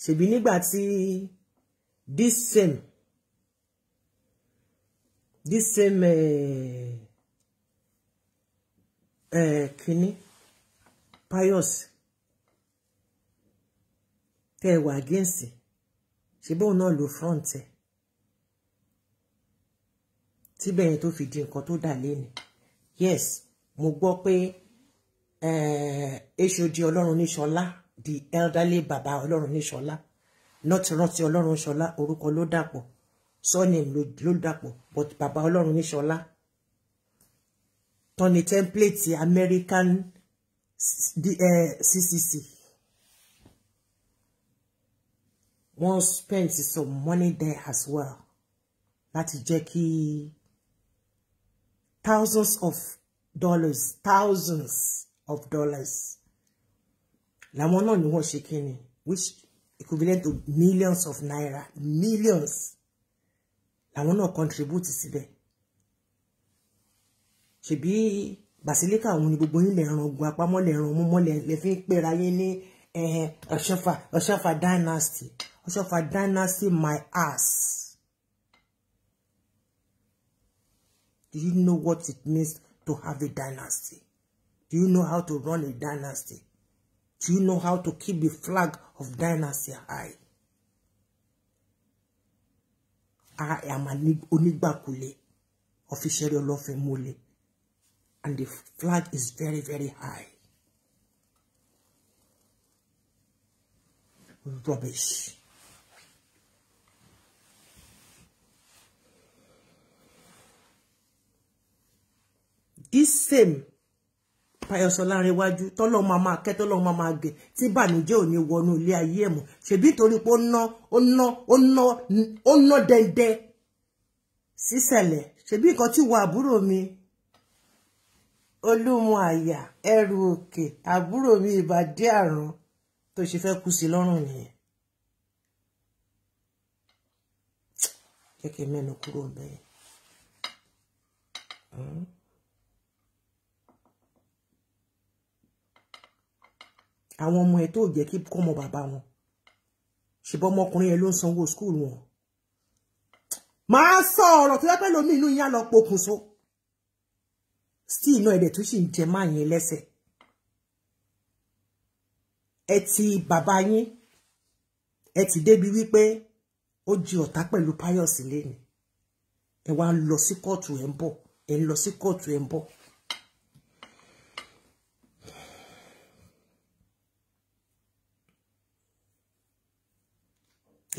ṣèbí nígbà tí this same this same uh, eh, uh, eh, kìíní pius tẹ́ ẹ wà against ṣe bóun náà ló front ẹ̀ síbẹ̀ yẹn tó fi di nǹkan tó dà léni yes mo gbọ́ pé hod eh, ọlọ́run níṣọlá the elderly baba ọlọ́run níṣọlá not rántí ọlọ́run ṣọlá orúkọ ló dàpọ̀ surname ló dàpọ̀ but baba ọlọ́run níṣọlá tọ́ni template american the uh, CCC. One spends some money there as well. That is Jackie. thousands of dollars, thousands of dollars. Làwọn náà ni wọ́n ṣe kí ni, which equivalent to millions of naira, millions. Làwọn náà contribute to She be bàsílíkà òun ni gbogbo yín lè ran ogun apámọ́ lè ran mú mọ́ lè fi ń pera yín ní ọ̀ṣọ́fà ọ̀ṣọ́fà dynasty ọ̀ṣọ́fà dynasty my ass. Do you know what it means to have a dynasty? Do you know how to run a dynasty? Do you know how to keep the flag of dynasty high? I am an onígbàkulẹ̀ ọ̀fíṣẹ́rẹ́ ọlọ́fẹ́ mọ́lẹ̀ and the flag is very, very high. Rubbish. This same Pius Ọlárẹ̀wájú tọ́lọ́ máa máa kẹ́ tọ́lọ́ máa máa gbé tí bànújẹ́ ò ní wọnú ilé ayé ẹ̀ mọ́ ṣèbí torí pé ó ná ó ná ó ná ó ná dẹ́ndẹ́ sísẹ̀lẹ̀ ṣèbí nǹkan tí mi olúmọ àyà ẹrù òkè àbúrò mi ìbàdí àrùn tó ṣe fẹ́ kú sí lọ́rùn nìyẹn kẹ̀kẹ́ mẹ́nu kúrò bẹ́ẹ̀. Hmm. àwọn ọmọ ẹ tó jẹ́ kí kọ́ mọ bàbá wọn ṣùgbọ́n ọmọkùnrin yẹn ló ń sanwó skul wọn máa sọ ọ̀rọ̀ tó yẹ pé lómi inú yín á lọ pokùnso still no, ẹ̀dẹ̀ tó sì ń jẹ máa yín lẹ́sẹ̀ ẹ ti bàbá yín ẹ ti débi wípé ó jí ọ̀tá pẹ̀lú pius lẹ́nu ẹ wá ń lọ sí kóòtù ẹ̀ ń bọ̀ ẹ̀ ń lọ sí kóòtù ẹ̀ ń bọ̀.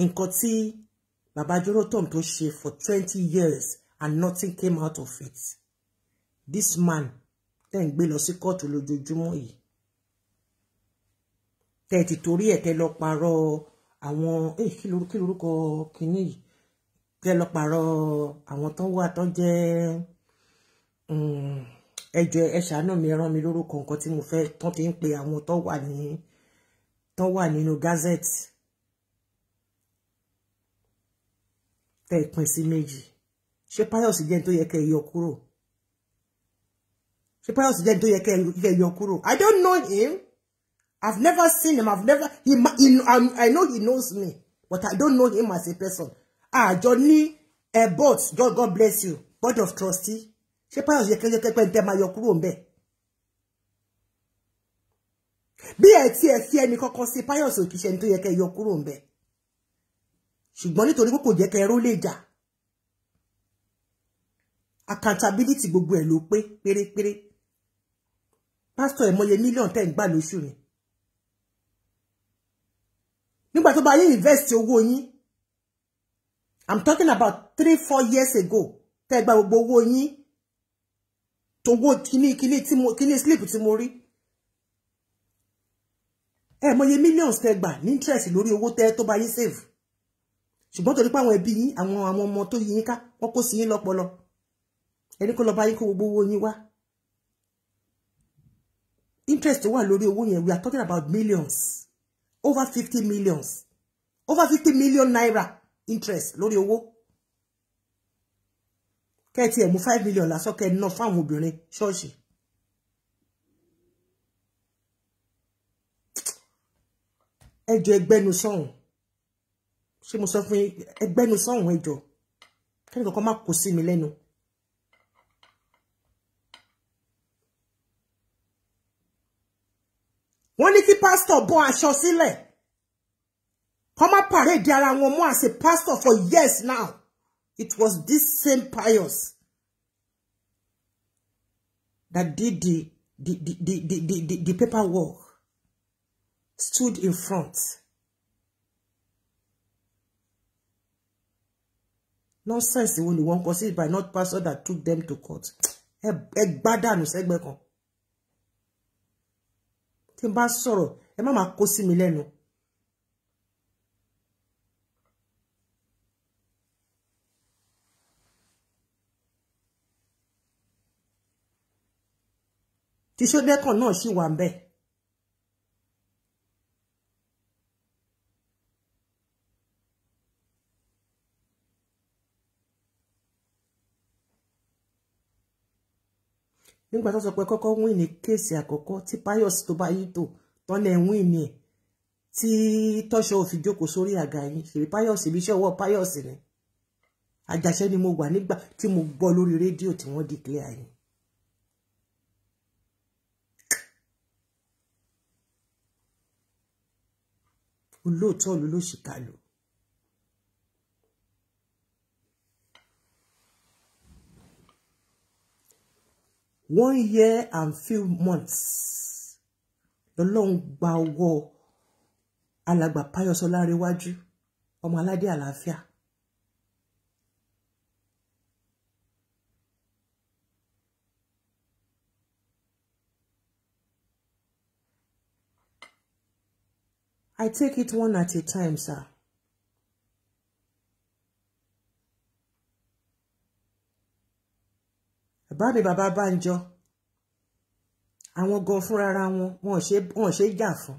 nǹkan tí bàbá Jorotom tó for twenty years and nothing came out of it this man tẹ́ ń gbé lọ sí kóòtù lójoojúmọ́ yìí tẹ́ ti torí ẹ̀ tẹ́ lọ parọ́ àwọn eh, kí lorúkọ kínní yìí tẹ́ lọ parọ́ àwọn tó ń wá tó ń jẹ́ mm, ẹjọ́ ẹ ṣàánú mi rán mi lórúkọ nǹkan tí mo fẹ́ tán ti ń pe àwọn tó wà ní tó wà nínú gazette tẹ́ pín sí méjì ṣé pius jẹ́ tó yẹ kẹ́ yọ kúrò ṣé Pius jẹ́ tó yẹ kẹ́ yọ kúrò I don't know him I've never seen him I've never he, he, I'm, um, I know he knows me but I don't know him as a person Ah, Johnny, a airport God God bless you board of trustee ṣé Pius yẹ kẹ́ pẹ́ tẹ́ máa yọ kúrò ń bẹ̀ bí ẹ tí ẹ fi ẹni kankan sí Pius òkìṣẹ́ ní tó yẹ kẹ́ yọ kúrò ń bẹ̀ ṣùgbọ́n nítorí pé kò jẹ́ kẹ́ ró lè jà accountability gbogbo ẹ̀ pásítọ̀ ẹ̀mọye mílíọ̀n tẹ́ ń gbà lóṣù yẹn nígbà tó bá yín invest owó yín i'm talking about three four years ago tẹ́ gba gbogbo owó yín tó wó kíní kíní tí mo kíní sleep tí mo rí ẹ̀mọye millions tẹ́ gbà ní interest lórí owó tẹ́ tó bá yín save ṣùgbọ́n torí pé àwọn ẹbí yín àwọn àwọn ọmọ tó yí yín ká wọ́n kó sí yín lọ́pọlọ ẹni kó lọ bá yín kó gbogbo owó yín wá interest tó wà lórí owó yẹn we are talking about millions over fifty millions over fifty million naira interest lórí owó kẹ́ẹ̀tì ẹ̀ mú five million lásán kẹ́ẹ̀ ná fáwọn obìnrin ṣọ́ọ̀ṣì. ẹjọ ẹgbẹnu sọhùn ṣé mo sọ fún ẹgbẹnu sọhùn ẹjọ kẹ́nìkan kan má kó sí mi lẹ́nu. tí pásítọ̀ bọ́ aṣọ sílẹ̀ kọ́ má pàrédé ara wọn mọ́ as a pastor for years now it was this same pious that did the the the the the the, paperwork stood in front. nonsense wo ni wọ́n kọ sí by not pastor that took them to court ẹ gbádànù sẹ́gbẹ́ kan tí n bá sọ̀rọ̀ ẹ má máa kó sí mi lẹ́nu. tí náà sì wà ń bẹ́ẹ̀. nígbà tó sọ pé kọ́kọ́ win ní kéèsì àkọ́kọ́ tí pius tó bá yìí tò tọ́lẹ̀ win ni ẹ̀ tí tọ́ṣọ òfin jókòó sórí àga yín ṣèbí pius ibi iṣẹ́ ọwọ́ pius ni àjàṣẹ́ ni mo wà nígbà tí mo gbọ́ lórí rédíò tí wọ́n declare yín. olóòótọ́ ló lóṣìkà lò one year and few months lọ́lọ́run gba ọwọ́ alàgbà Fáyọsọ Láréwájú ọmọ aládé àlàáfíà. I take it one at a time, sir. bàbá mi bàbá Bánjọ àwọn gan fúnra ra wọn wọn ṣe wọn ṣe jà fún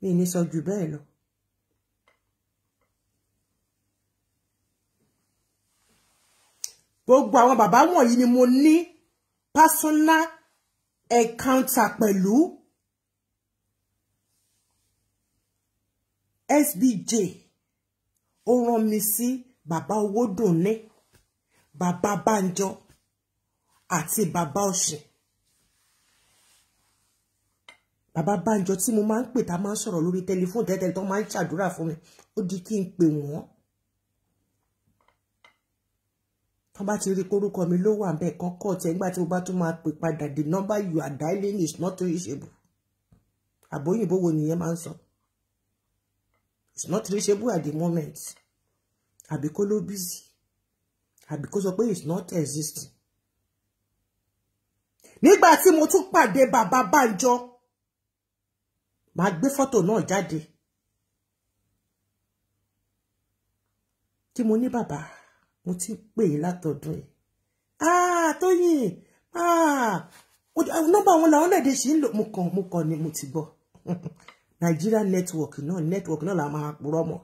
mi ní sọ jù bẹ́ẹ̀ lọ. gbogbo àwọn bàbá wọ̀nyí ni mo ní personal encounter pẹ̀lú SBJ ó rán mi sí bàbá owó dùn ní bàbá Bánjọ àti bàbá ọ̀sìn bàbá bánjọ tí mo máa ń pè tá a máa ń sọ̀rọ̀ lórí tẹlifóònù tẹ́tẹ́ tó máa ń ṣàdúrà fún mi ó di kí n pè wọ́n tó bá ti rí kórúkọ mi ló wà bẹ́ẹ̀ kọ́kọ́ tẹ̀ nígbà tí mo bá tún máa pè padà the number you are dialing is not reachable àbóyìnbó wo nìyẹn máa ń sọ it's not reachable at the moment àbí kó ló busy àbí kó sọ pé it's not existing nígbà tí mo tún pàdé bàbá Bánjọ màá gbé fọ́tò náà jáde tí mo ní bàbá mo ti pè é látọ̀dún yìí ah Tóyìn ah, ah nọ́mbà wọn làwọn lẹdẹ ṣì ń lò mo kàn mo kàn ni mo ti gbọ́ Nigeria network náà network náà la máa purọ́ mọ́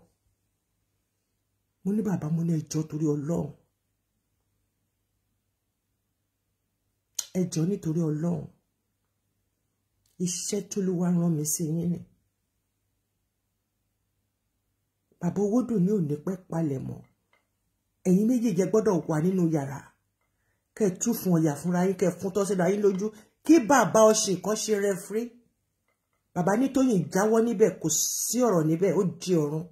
mo ní bàbá mo ní ẹjọ́ torí Ọlọ́run ẹ jọ̀ọ́ nítorí Ọlọ́run iṣẹ́ t'Olúwa rán mi sí yín ni bàbá owódùn ní òní pẹ́ palẹ̀ mọ́ ẹ̀yin méjèèjì ẹ gbọ́dọ̀ wà nínú yàrá kẹ́ ẹ tú fún ọ̀yà fúnra yín kẹ́ ẹ fún tọ́sílẹ̀ ayé lójú kí bàbá ọ̀sìn kan ṣe rẹfúrí bàbá nítòyìn jáwọ́ níbẹ̀ kò sí ọ̀rọ̀ níbẹ̀ ó di ọ̀run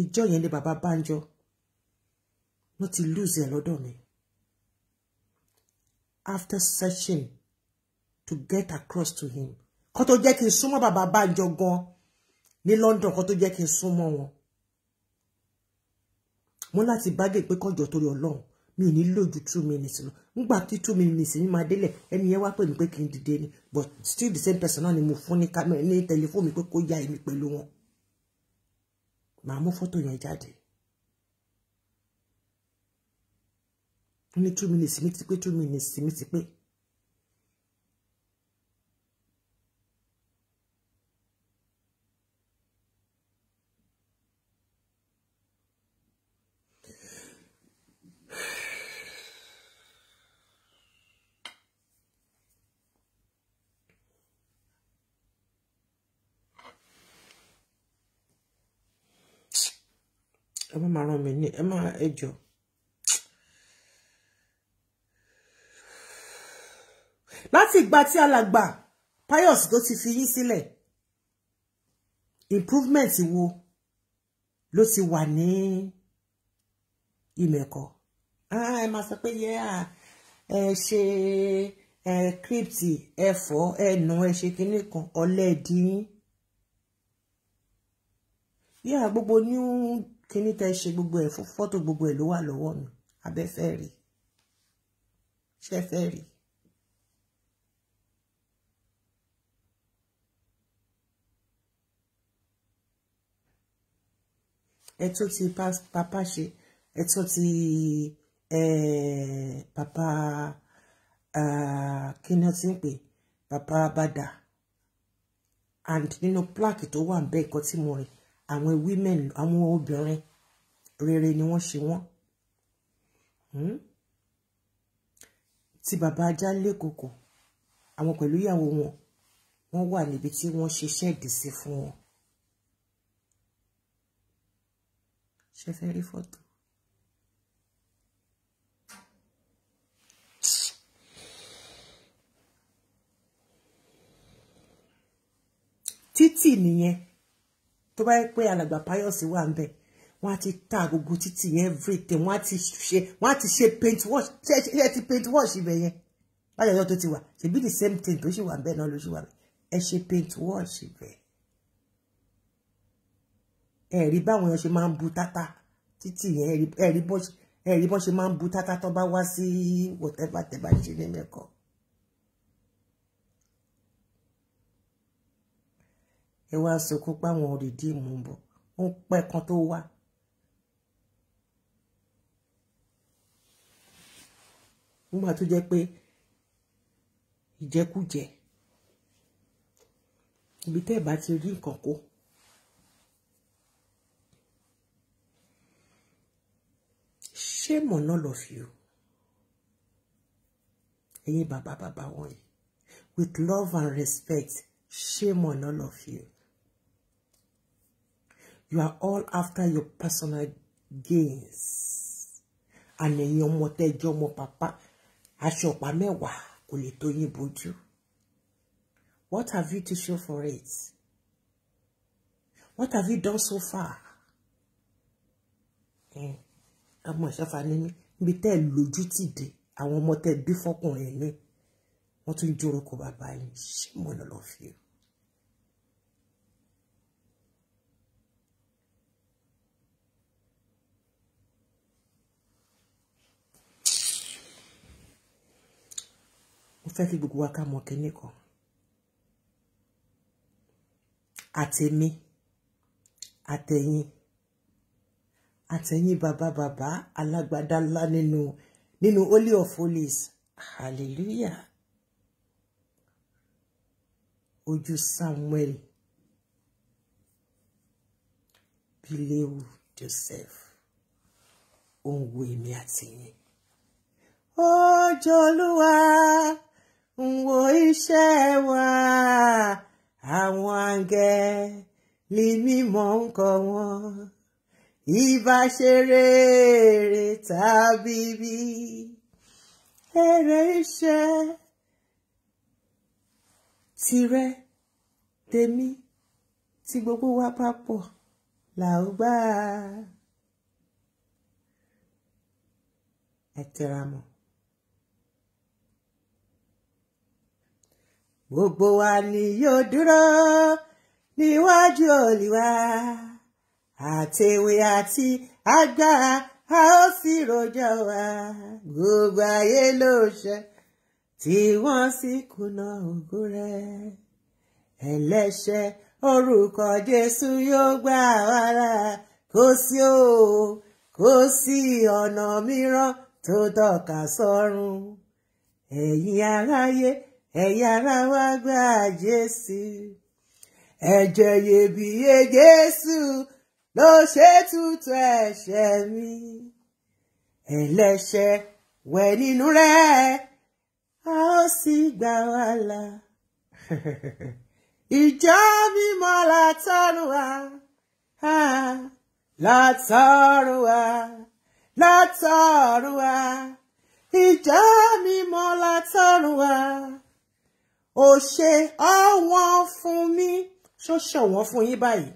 ìjọ yẹn ni bàbá Bánjọ wọ́n ti lùzẹ̀ lọ́dọ̀ mi after searching to get across to him kó tó jẹ́ kí n súnmọ́ bàbá Bánjọ gan ní London kó tó jẹ́ kí n súnmọ́ wọn mo láti bágè pé kọjọ torí Ọlọ́run mi ò ní lò two minutes lọ ngbà tí two minutes mi máa délẹ̀ ẹni yẹn wá pè mí pé kí n ni but still the same person náà ni mo fún ní tẹlifóònù mi pé kó ya èmi pẹ̀lú wọn màá mú fọ́tò yẹn jáde ní two minutes mi ti pé two minutes mi ti pé. ẹ má máa rán mi ní ẹ má ẹjọ. E láti ìgbà tí alàgbà Pius tó ti fi yín sílẹ̀ improvement wo ló ti wà ní ìmẹ̀kọ ah, ẹ máa sọ pé yẹ ẹ ṣe ẹ kíríptì ẹ fọ ẹ nà ẹ ṣe kinní kan ọlẹ dín yíyá gbogbo new kinní tẹ ṣe gbogbo ẹ fọ́tò gbogbo ẹ ló wà lọ́wọ́ mi abẹ́fẹ́ rí ṣẹ́fẹ́ rí ẹ tún ti papa ṣe ẹ tún ti papa kíni ó ti ń pè papa bada and nínú plaque tó wà bẹ́ẹ̀ nǹkan tí mo rìn àwọn women àwọn obìnrin rere ni wọ́n ṣe wọ́n hmm? tí bàbá ajá lẹ́kọ̀ọ̀kọ̀ àwọn pẹ̀lú ìyàwó wọn wọ́n wà níbi tí wọ́n ṣe ṣẹ́ẹ̀dì sí fún wọn ṣe fẹ́ rí fọ́tò. títì nìyẹn tó bá yẹ pé alàgbà Páyọ̀sí wà ń bẹ̀ wọ́n á ti ta gbogbo títì yẹn everything wọ́n á ti ṣe wọ́n á ti ṣe paint wash ṣe ṣe ti paint wash ibẹ̀ yẹn láyọ̀ yọ̀ tó ti wà ṣèbí the same thing tó ṣì wà ń bẹ̀ náà ló ṣì wà ń bẹ̀ paint wash ibẹ̀ ẹ̀rí báwọn èèyàn ṣe máa ń bu tata títì yẹn ẹ̀rí bọ́n ṣe máa ń bu tata tó bá wá sí whatever tẹ́ bá ṣe ní mẹ́kọ̀ọ́. ẹ wá sunkún páwọn òrìdí mú bọ̀ ó ń pẹ́ kan tó wá. nígbà tó jẹ́ pé ìjẹkújẹ ibi tẹ́ ẹ̀ bá ti rí nǹkan kó. Shame on all of you. Ẹ̀yin bàbá bàbá wọ̀nyí. With love and respect, shame on all of you. You are all after your personal gains. And ẹ̀yin ọmọ tẹ́jọ́ ọmọ pàpá aṣọ ọ̀pá mẹ́wàá kò lè tó What have you to show for it? What have you done so far? Mm ọmọ ìṣàfà ni mí níbi tẹ́ ẹ̀ lójú tì dé àwọn ọmọ tẹ́ ẹ bí fọkùnrin mi wọ́n tún jórókò bàbá yín ṣé mo lọ lọ fi o. mo fẹ́ kí gbogbo wa ká mọ kinní kan àtèmi àtẹ̀yìn àtẹ̀yìn bàbá bàbá alágbádá ńlá nínú nínú holy of holies hallelujah ojú Samuel Bíléwù Joseph ó ń wo èmi àtẹ̀yìn ojú Olúwa ń wo iṣẹ́ wa àwọn àǹgẹ́lì mímọ́ ń kọ́ wọn ìbáṣeré tàbí bí èrè iṣẹ́ tirẹ̀ tèmi tí gbogbo wa papọ̀ là ó gbà ẹ tẹra gbogbo wa ni yóò dúró níwájú Olúwa àtèwe àti agbára a ó sì rojọ́ wa gbogbo ayé ló ṣe tí wọ́n sì kùnà ògo rẹ ẹlẹ́ṣẹ̀ orúkọ Jésù yóò gbà wàrà kò sí o kò sí ọ̀nà mìíràn tó tọ́ka sọ́run ẹ̀yin aráyé ẹ̀yin ará wa gbà Jésù ẹ̀jẹ̀ yèbíye Jésù ló ṣètùtù ẹ̀ṣẹ̀ mi ẹlẹ́ṣẹ̀ wẹ̀ nínú rẹ̀ a ó sì gbà wá là ìjọ mímọ́ látọ̀run wá látọ̀run wá látọ̀run wá ìjọ mímọ́ látọ̀run wá ó ṣe ọ̀wọ́n fún mi ṣó ṣọ̀wọ́n fún yín báyìí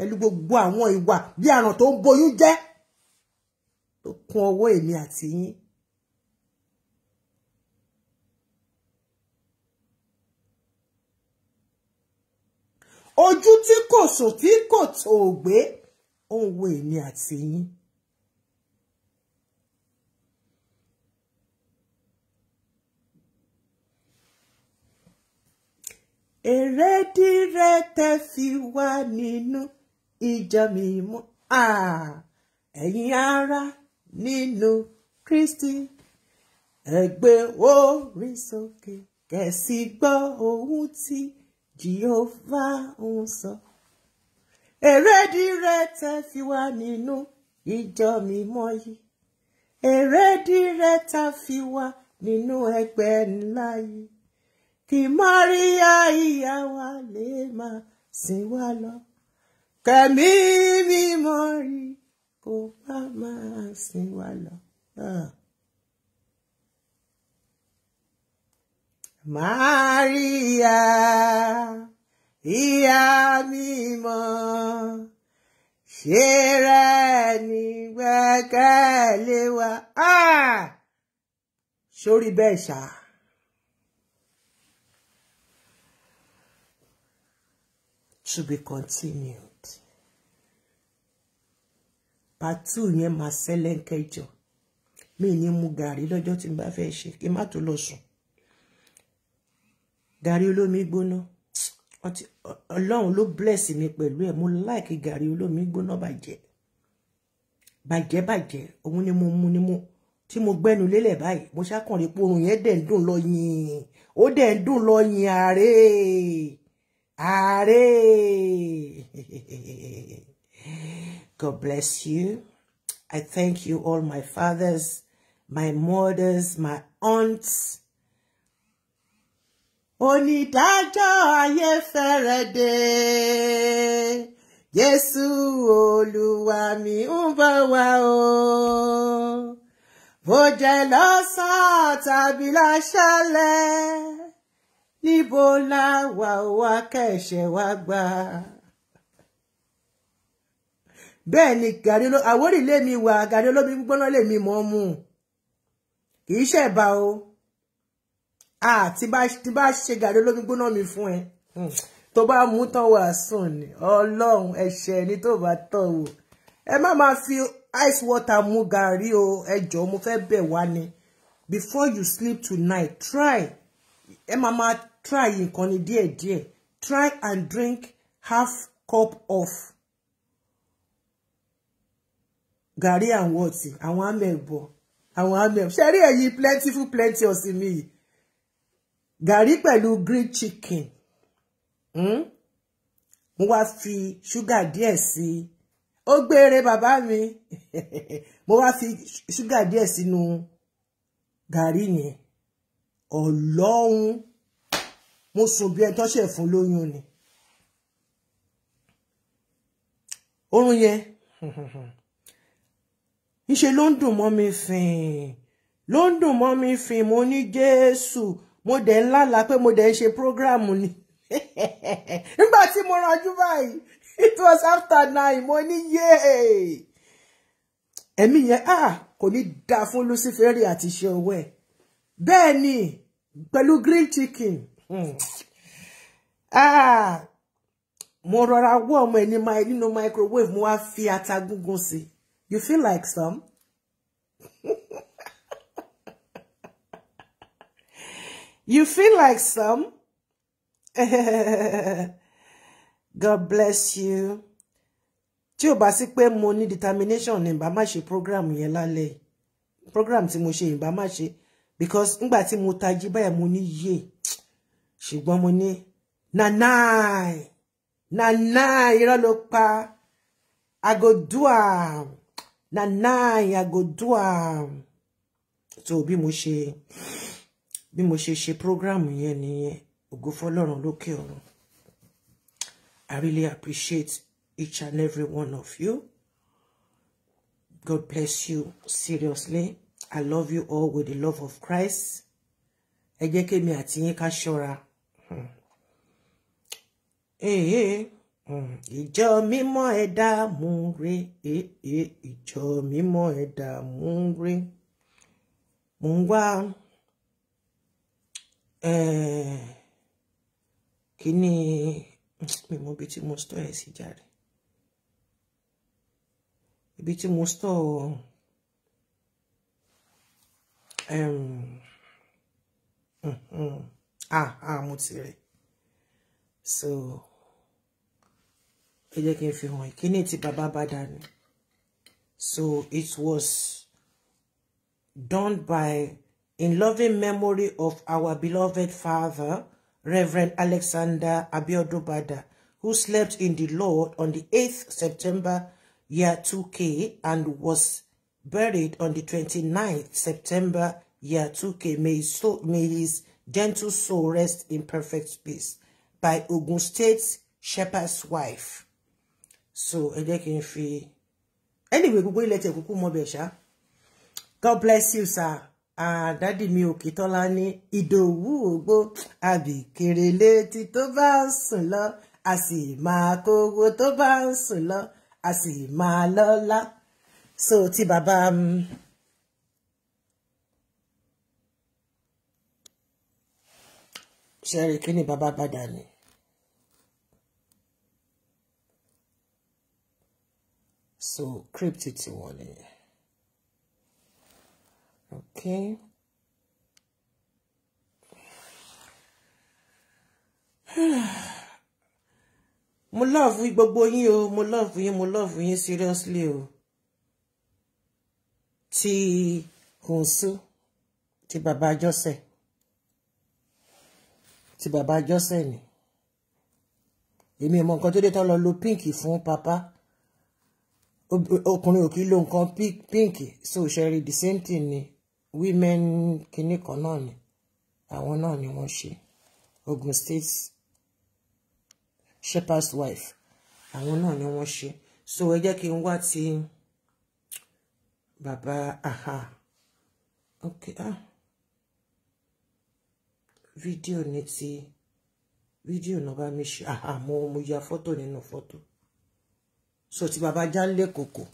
pẹ̀lú gbogbo àwọn ìwà bí àràn tó ń boyún jẹ́ tó kún ọwọ́ èmi àti yín. ojú tí kò sò tí kò tòògbé ó ń wo èmi àti yín. èrèdí rẹ fi wá nínú ìjọ mímú ẹ̀yin ará nínú Kristi ẹ gbé orí sókè kẹ̀sì gbọ́ ohun tí Jèhófà ń sọ. Èrèdí rẹ̀ tẹ́ fi wá nínú ìjọ mímọ́ yìí. Èrèdí rẹ̀ ta fi wá nínú ẹgbẹ́ ńlá yìí. Kí Máríà ìyá wa lè máa sìn wá lọ kẹ̀mí mímọ́ rí kó bá máa sìn wá lọ. Ah. Maria, ìyá mímọ́, ṣe rẹ̀ ní gbẹ́kẹ̀lé wa. Ah. Sórí bẹ́ẹ̀ ṣáà. to be continued. Patu two yẹn máa ṣẹlẹ̀ mi ni mu gàrí lọ́jọ́ tí n bá fẹ́ ṣe kí n má tó lọ sùn gàrí olómi gbóná ọlọ́run bless mi pẹ̀lú ẹ̀ mo like gàrí olómi gbóná bàjẹ́ bàjẹ́ bàjẹ́ òun ni mo mu ni mo tí mo gbẹ́nu lélẹ̀ báyìí mo ṣàkàn rí pé oorun yẹn dẹ̀ den dùn lo yìn o den ń lo lọ are, are. God bless you. I thank you, all my fathers, my mothers, my aunts. Onídájọ́ ayé fẹ́rẹ̀ dé, Jésù Olúwa mi ń bọ̀ wá o. Bó jẹ́ tabila tàbí láṣálẹ́, wà ó wá kẹ̀ṣẹ̀ wá bẹ́ẹ̀ ni gàrí àwórì lèmi wà gàrí olómi gbígbóná lèmi mọ́ mu kì í ṣẹ̀bà o àti tí bá ṣe gàrí olómi gbígbóná mi fún ẹ hmm, tó bá mú tán wà sùn ni ọlọ́run ẹ̀ṣẹ̀ ni tó bá tọ̀ wò ẹ má máa fi ice water mu gàrí o ẹ jọ̀ọ́ mo fẹ́ bẹ̀ wá ni before you sleep tonight try ẹ má máa try nǹkan ni díẹ̀díẹ̀ try and drink half cup of and àwọn ọtí àwọn amẹ̀bọ àwọn amẹ̀bọ ṣe rí ẹ̀yin plentiful plenty ọ̀sìn mi yìí gàrí green chicken hmm? mo wá fi ṣúgà díẹ̀ sí i ó gbére bàbá mi mo wá fi ṣúgà díẹ̀ sínú gàrí yẹn ọlọ́run mo sùn bí ẹni tó ṣe fún lóyún ni oorun yẹn ńṣe ló ń dùn mọ́ mi fìn ló ń dùn mọ́ mi fìn mo ní Jésù mo dẹ̀ ń lálàá pé mo dẹ̀ ń ṣe prógráàmù ni nígbà tí mo ranjú báyìí it was after nine mo ní yéè ẹ̀mí yẹn ah kò ní da fún Lucifere àti iṣẹ́ ọwọ́ ẹ̀ bẹ́ẹ̀ ni pẹ̀lú green chicken mm. ah mo rọra wọ́ ọmọ ẹ̀ nínú microwave mo wá fi ata gúngún sí i. You feel like some? you feel like some? God bless you. Tí o bá sí pé mo ní determination ni bá má ṣe program yẹn lálẹ́. Program tí mo ṣe yìí bá má ṣe because ńgbà tí mo tají báyìí mo ní yé. Ṣùgbọ́n mo ní na nanai irọ́ ló pa. I go do am na nine I go do am so bí mo ṣe bí mo ṣe ṣe program yẹn nìyẹn ògo fọ́lọ́run lókè ọ̀run I really appreciate each and every one of you God bless you seriously I love you all with the love of Christ ẹ jẹ́ kémi àti yín ká ṣọ́ra. Hmm. Hey, hey. Hmm. ìjọ mímọ́ ẹ̀dá múre e, e, ìjọ mímọ́ ẹ̀dá múre mo ń wá eh, kíní mi mọ ibi tí mo stọ ẹ sí jàre ibi tí mo stọ hmm, hmm. ah ah mo ti rẹ so ẹ jẹ́ kí n fi hàn ìkíní tí bàbá bá dànù so it was done by in loving memory of our beloved father Reverend Alexander Abiodun who slept in the Lord on the 8th September year 2k and was buried on the 29th September year 2k may his, soul, may his gentle soul rest in perfect peace by Ogun State shepherd's wife so ẹ jẹ́ kí n fi anyway gbogbo ilẹ̀ tẹ̀ kúkú mọ́ bẹ̀ ṣá god bless you sir àdádì mi òkè tọ́lá ní ìdòwú ògbó àbíkèrè létí tó bá ń sùn lọ a sì máa kówó tó bá ń sùn lọ a sì máa lọ́lá so ti bàbá mm, ṣẹ́rí kí ni bàbá bàdà ni so cryptic ti okay. mo love yín gbogbo yín o mo love yín mo love yín seriously o ti kunsu, ti bàbá jose, ti bàbá jose ni Emi ò mọ nǹkan tó dé tán lo pink fún papa ọkùnrin ò kí lo nǹkan pink so ṣẹ́rí the same thing ni women kinní kan náà ni àwọn náà ni wọ́n ṣe Ogun State shepherd's wife àwọn náà ni wọ́n ṣe so ẹ jẹ́ kí n wá ti bàbá aha okay ah fídíò ní ti fídíò náà bá mi ṣe aha mo mo ya fọ́tò nínú fọ́tò. No so ti bàbá Jánlé Kòkò.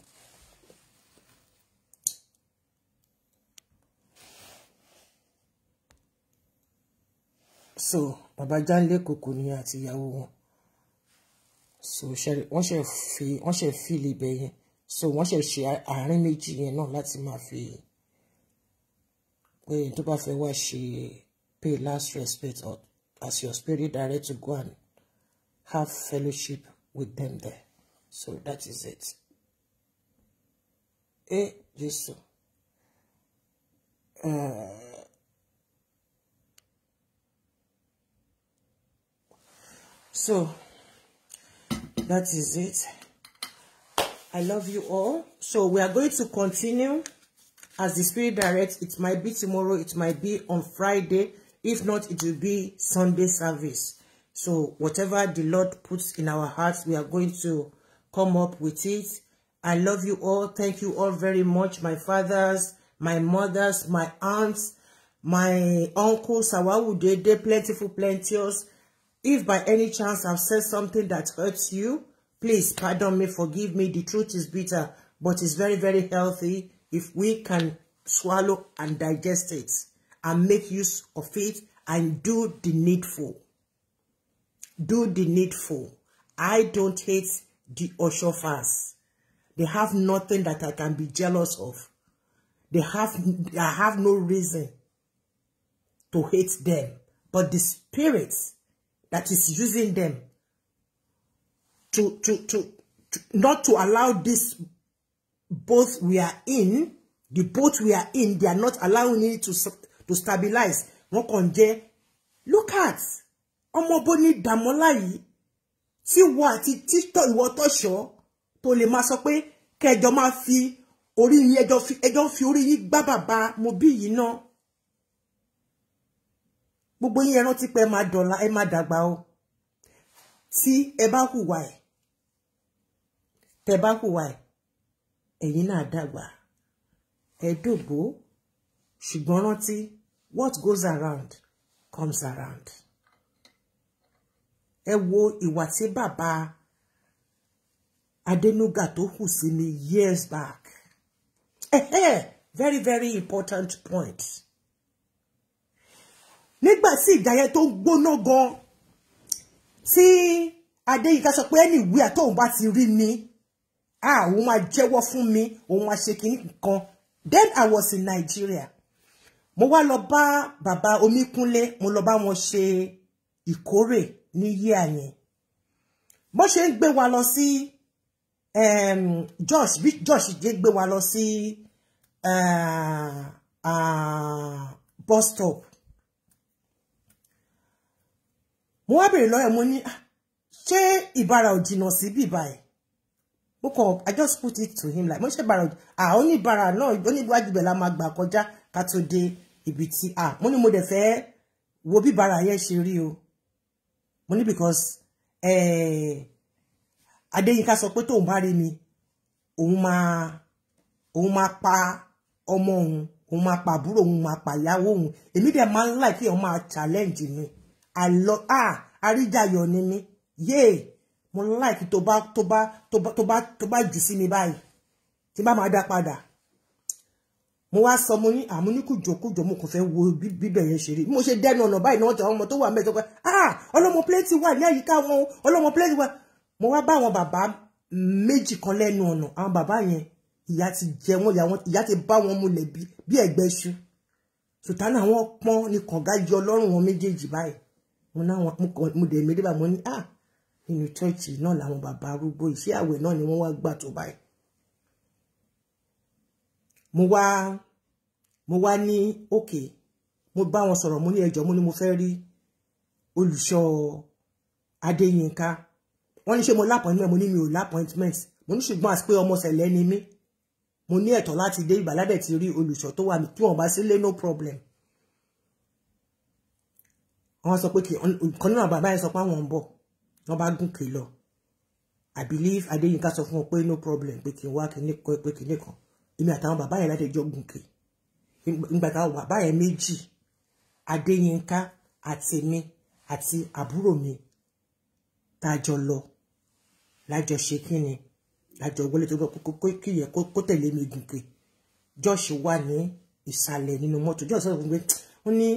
so Baba bàbá Jánlé Kòkò ni àti ìyàwó wọn so wọ́n ṣe fi wọ́n ṣe fìlì ibẹ̀ yẹn so wọ́n ṣe ṣe àárín méjì yẹn náà láti máa fi pé tó bá fẹ́ wá ṣe pay last respect or as your spirit direct to go and have fellowship with them there. So that is it. Hey, Jésus. Euh, so that is it. I love you all. So we are going to continue as the spirit directs. It might be tomorrow. It might be on Friday. If not, it will be Sunday service. So whatever the Lord puts in our hearts, we are going to come up with it. I love you all. Thank you all very much. My fathers, my mothers, my aunts, my uncles, they're plentiful, plenteous. If by any chance I've said something that hurts you, please pardon me, forgive me. The truth is bitter, but it's very, very healthy if we can swallow and digest it and make use of it and do the needful. Do the needful. I don't hate the Osho fans. They have nothing that I can be jealous of. They have, I have no reason to hate them. But the spirit that is using them to, to, to, to not to allow this boat we are in, the boat we are in, they are not allowing it to, to stabilize. Wọ́n kàn jẹ́, look at, ọmọ Damolai tí wọ àti títọ ìwọ tọṣọ tó lè máa sọ pé kẹjọ máa fi orí yín ẹjọ fi ẹjọ fi orí yín gbá bàbá Mohbad yìí náà gbogbo yín ẹ rántí pé ẹ máa dọ̀la ẹ máa dàgbà o tí ẹ bá hùwà ẹ tẹ bá hùwà ẹ ẹ̀yin náà dàgbà ẹ dògbó ṣùgbọ́n rántí what goes around comes around ẹ wo ìwà tí bàbá Adenuga tó hù sí mi years back eh, eh, very very important point nígbà tí ìjà yẹn tó ń gbóná gan tí Adéyínká sọ pé ẹnì ìwé àtọ̀hún bá ti rí ni àwọn máa jẹ́wọ́ fún mi òun máa ṣe kìíní kan then I was in Nigeria mo wá lọ bá bàbá Omíkúnlé mo lọ bá wọn ṣe ìkórè ní yíà yẹn bó ṣe ń gbé wa lọ sí um, Josh bí Josh jẹ́ gbé wa lọ sí uh, uh, bus stop mo wá bèrè lọ́yọ̀ mo ní ah, ṣé ìbára ò jìnnà sí bíbá mo kàn i just put it to him like mo ṣe bàrà ah oníbàrà náà oníwájú bẹ̀ la máa gbà kọjá ká tó dé ibi ah mo ní mo dẹ̀ fẹ́ wo bíbára yẹn ṣe rí o mo ní because eh, Adéyínká sọ pé tóun bá rí mi òun máa òun máa pa ọmọ òun òun máa pa àbúrò òun máa pa ìyàwó òun èmi dẹ̀ máa ń láì kí òun máa challenge mi àlọ ah àríjàyọ̀ ni mi yéè mo láì kí tó bá tó bá tó bá tó bá jù sí mi báyìí tí bá máa dá padà mo wá sọ mo ní àmúníkùjọkùjọ ah, mo kò fẹ́ wo bíbẹ̀ yẹn ṣe rí mo ṣe dẹnu ọ̀nà báyìí náà ọmọ tó wà mẹ́jọ pé ah ọlọ́mọ pléètì wà ní àyíká wọn ọlọ́mọ pléètì wà mo wá bá àwọn bàbá méjì kan lẹ́nu ọ̀nà àwọn bàbá yẹn ìyá ti jẹ wọn ìyá ti bá wọn mulẹ̀ bí ẹ̀gbẹ́ ṣu sùtánà wọn pọ́n ní kànga yọ lọ́rùn wọn méjèèjì báyìí mo náwọn mo dẹ̀ méjì báyìí mo ní ah nínú chọ́ọ̀chì náà làwọn bàbá arúgbó ìṣe àwẹ̀ náà ni wọ́n wá gbà tó báyìí mo wá mo wá ní òkè mo bá wọn sọ̀rọ̀ mo ní ẹjọ́ mo ní mo fẹ́ rí olùṣọ́ adéyínká wọ́n ní ṣé mo lápọ̀ntmẹ́ǹt mo ní mi ò lápọ̀ntmẹ́ǹt mo ní ṣùgbọ́n àti pé ọmọ ṣẹlẹ̀ ni mí mo ní ẹ̀tọ́ láti dé ìgbàládẹ̀ ti rí olùṣọ́ tó wà mí tí wọ́n bá sílé no problem wọ́n sọ pé kan nínú bàbá yẹn sọ pé àwọn ń bọ̀ wọ́n bá gùn kè lọ I believe Adéyínká sọ fún wọn pé no problem pé kì í wá kì í ní kan pé kì í ní kan èmi àtàwọn bàbá yẹn ládẹjọ gùnkè ìgbà táwọn bàbá yẹn méjì Adéyínká àti mi àti àbúrò mi tájọ lọ lájọ ṣe kíni lájọ wọlé tó gbọ́ kó kí yẹ kó tẹ̀lé mi gùnkè Josh wà ní ìsàlẹ̀ nínú mọ́tò Josh sọ fún mi ó ní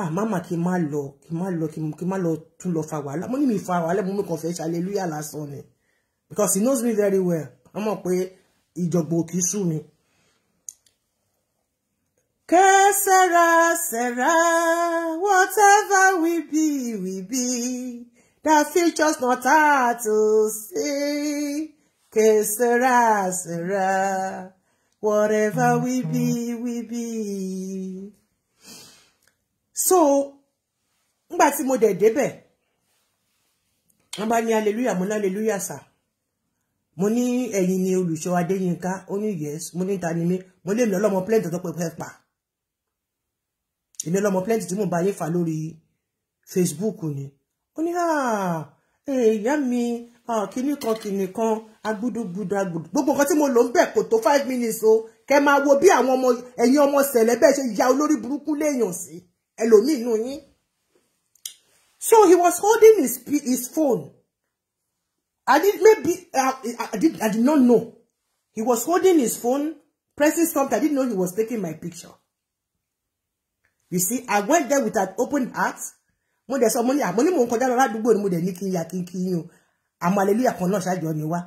ah mama kí má lọ kí má lọ kí má lọ tún lọ fa wàhálà mo ní mi fa wàhálà mo mú kàn fẹ́ ṣàlélúyà lásán ni because he knows me very well ọmọ pé ìjọgbò kì í sú mi Kesara, Sarah, whatever we be, we be. The future's not hard to see. Kesara, Sarah, whatever we be, we be. So, ngbà tí mo de débẹ̀, wọ́n bá ní hallelujah, mo ní hallelujah sir mo ní ẹ̀yin ni olùṣọ́ Adéyínká ó ní yes mo ní ta ni mí mo lè lọ́lọ́mọ plẹ́ǹtì tó pẹ́ pẹ́ pa èmi ọlọ́mọ plenty tí mò ń bá ayé fà lórí Facebook ni ó ní ah, eh, ìyá mi ah, kíní kan kíní kan agbúdúgbúdú agbúdú gbogbo nǹkan tí mo lò ń bẹ̀ kò tó five minutes o kẹ máa wo bí àwọn ọmọ ẹ̀yin ọmọ sẹ̀lẹ̀ bẹ́ẹ̀ ṣe ya olórí burúkú léèyàn sí ẹlòmíì inú yín so he was holding his, his phone I did maybe uh, I, did, I did not know he was holding his phone pressing something I didn't know he was taking my picture You see, I went there with an open heart. Mo dẹ̀ sọ mo ní àmọ́ ah, ní mò ń kọjá lọ ládùúgbò ni mo dẹ̀ ní kí n ya kí n kí yín o. Àmọ́ hallelujah kan náà ṣáájú ọ̀nì wa.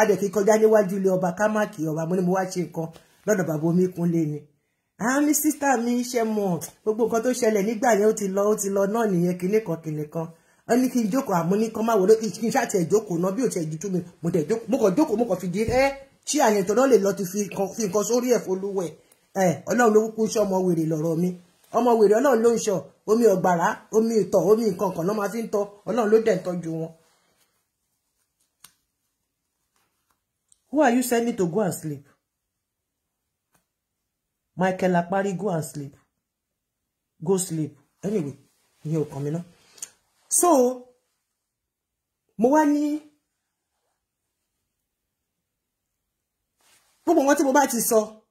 Adẹ̀ kí kọjá níwájú ilé ọba ká má kí ọba mo ní mo wá ṣe nǹkan lọ́dọ̀ bàbá omi kúnlé ni. Àmì sísá mi ṣe mọ̀ gbogbo nǹkan tó ṣẹlẹ̀ nígbà yẹn ó ti lọ ó ti lọ náà nìyẹn kinní kan kinní kan. Wọ́n ní kí n jókòó àmọ́ ní kán má wọlé kí n ṣáà tiẹ̀ jókòó náà bí ò tiẹ̀ ju tú mi mo kàn jókòó mo kàn fi di ẹ́ tí àyẹ̀tọ̀ náà lè lọ ti fi nǹkan sórí ẹ̀fọ́ olúwẹ̀ ẹ ọlọ́run ló kúkú ṣe ọmọ wèrè lọ́rọ̀ mi ọmọ wèrè ọlọ́run ló ń ṣọ omi ọ̀gbàrá omi ìtọ̀ omi nǹkan kan ló máa fi ń tọ́ ọlọ́run ló dẹ̀ ń tọ́jú wọn. Who are you sending to go and sleep? Michael Apari go and sleep. Go sleep. Anyway, ìyẹn ò kàn mí ná. So, mo wá ní gbogbo wọn tí mo bá ti sọ. So,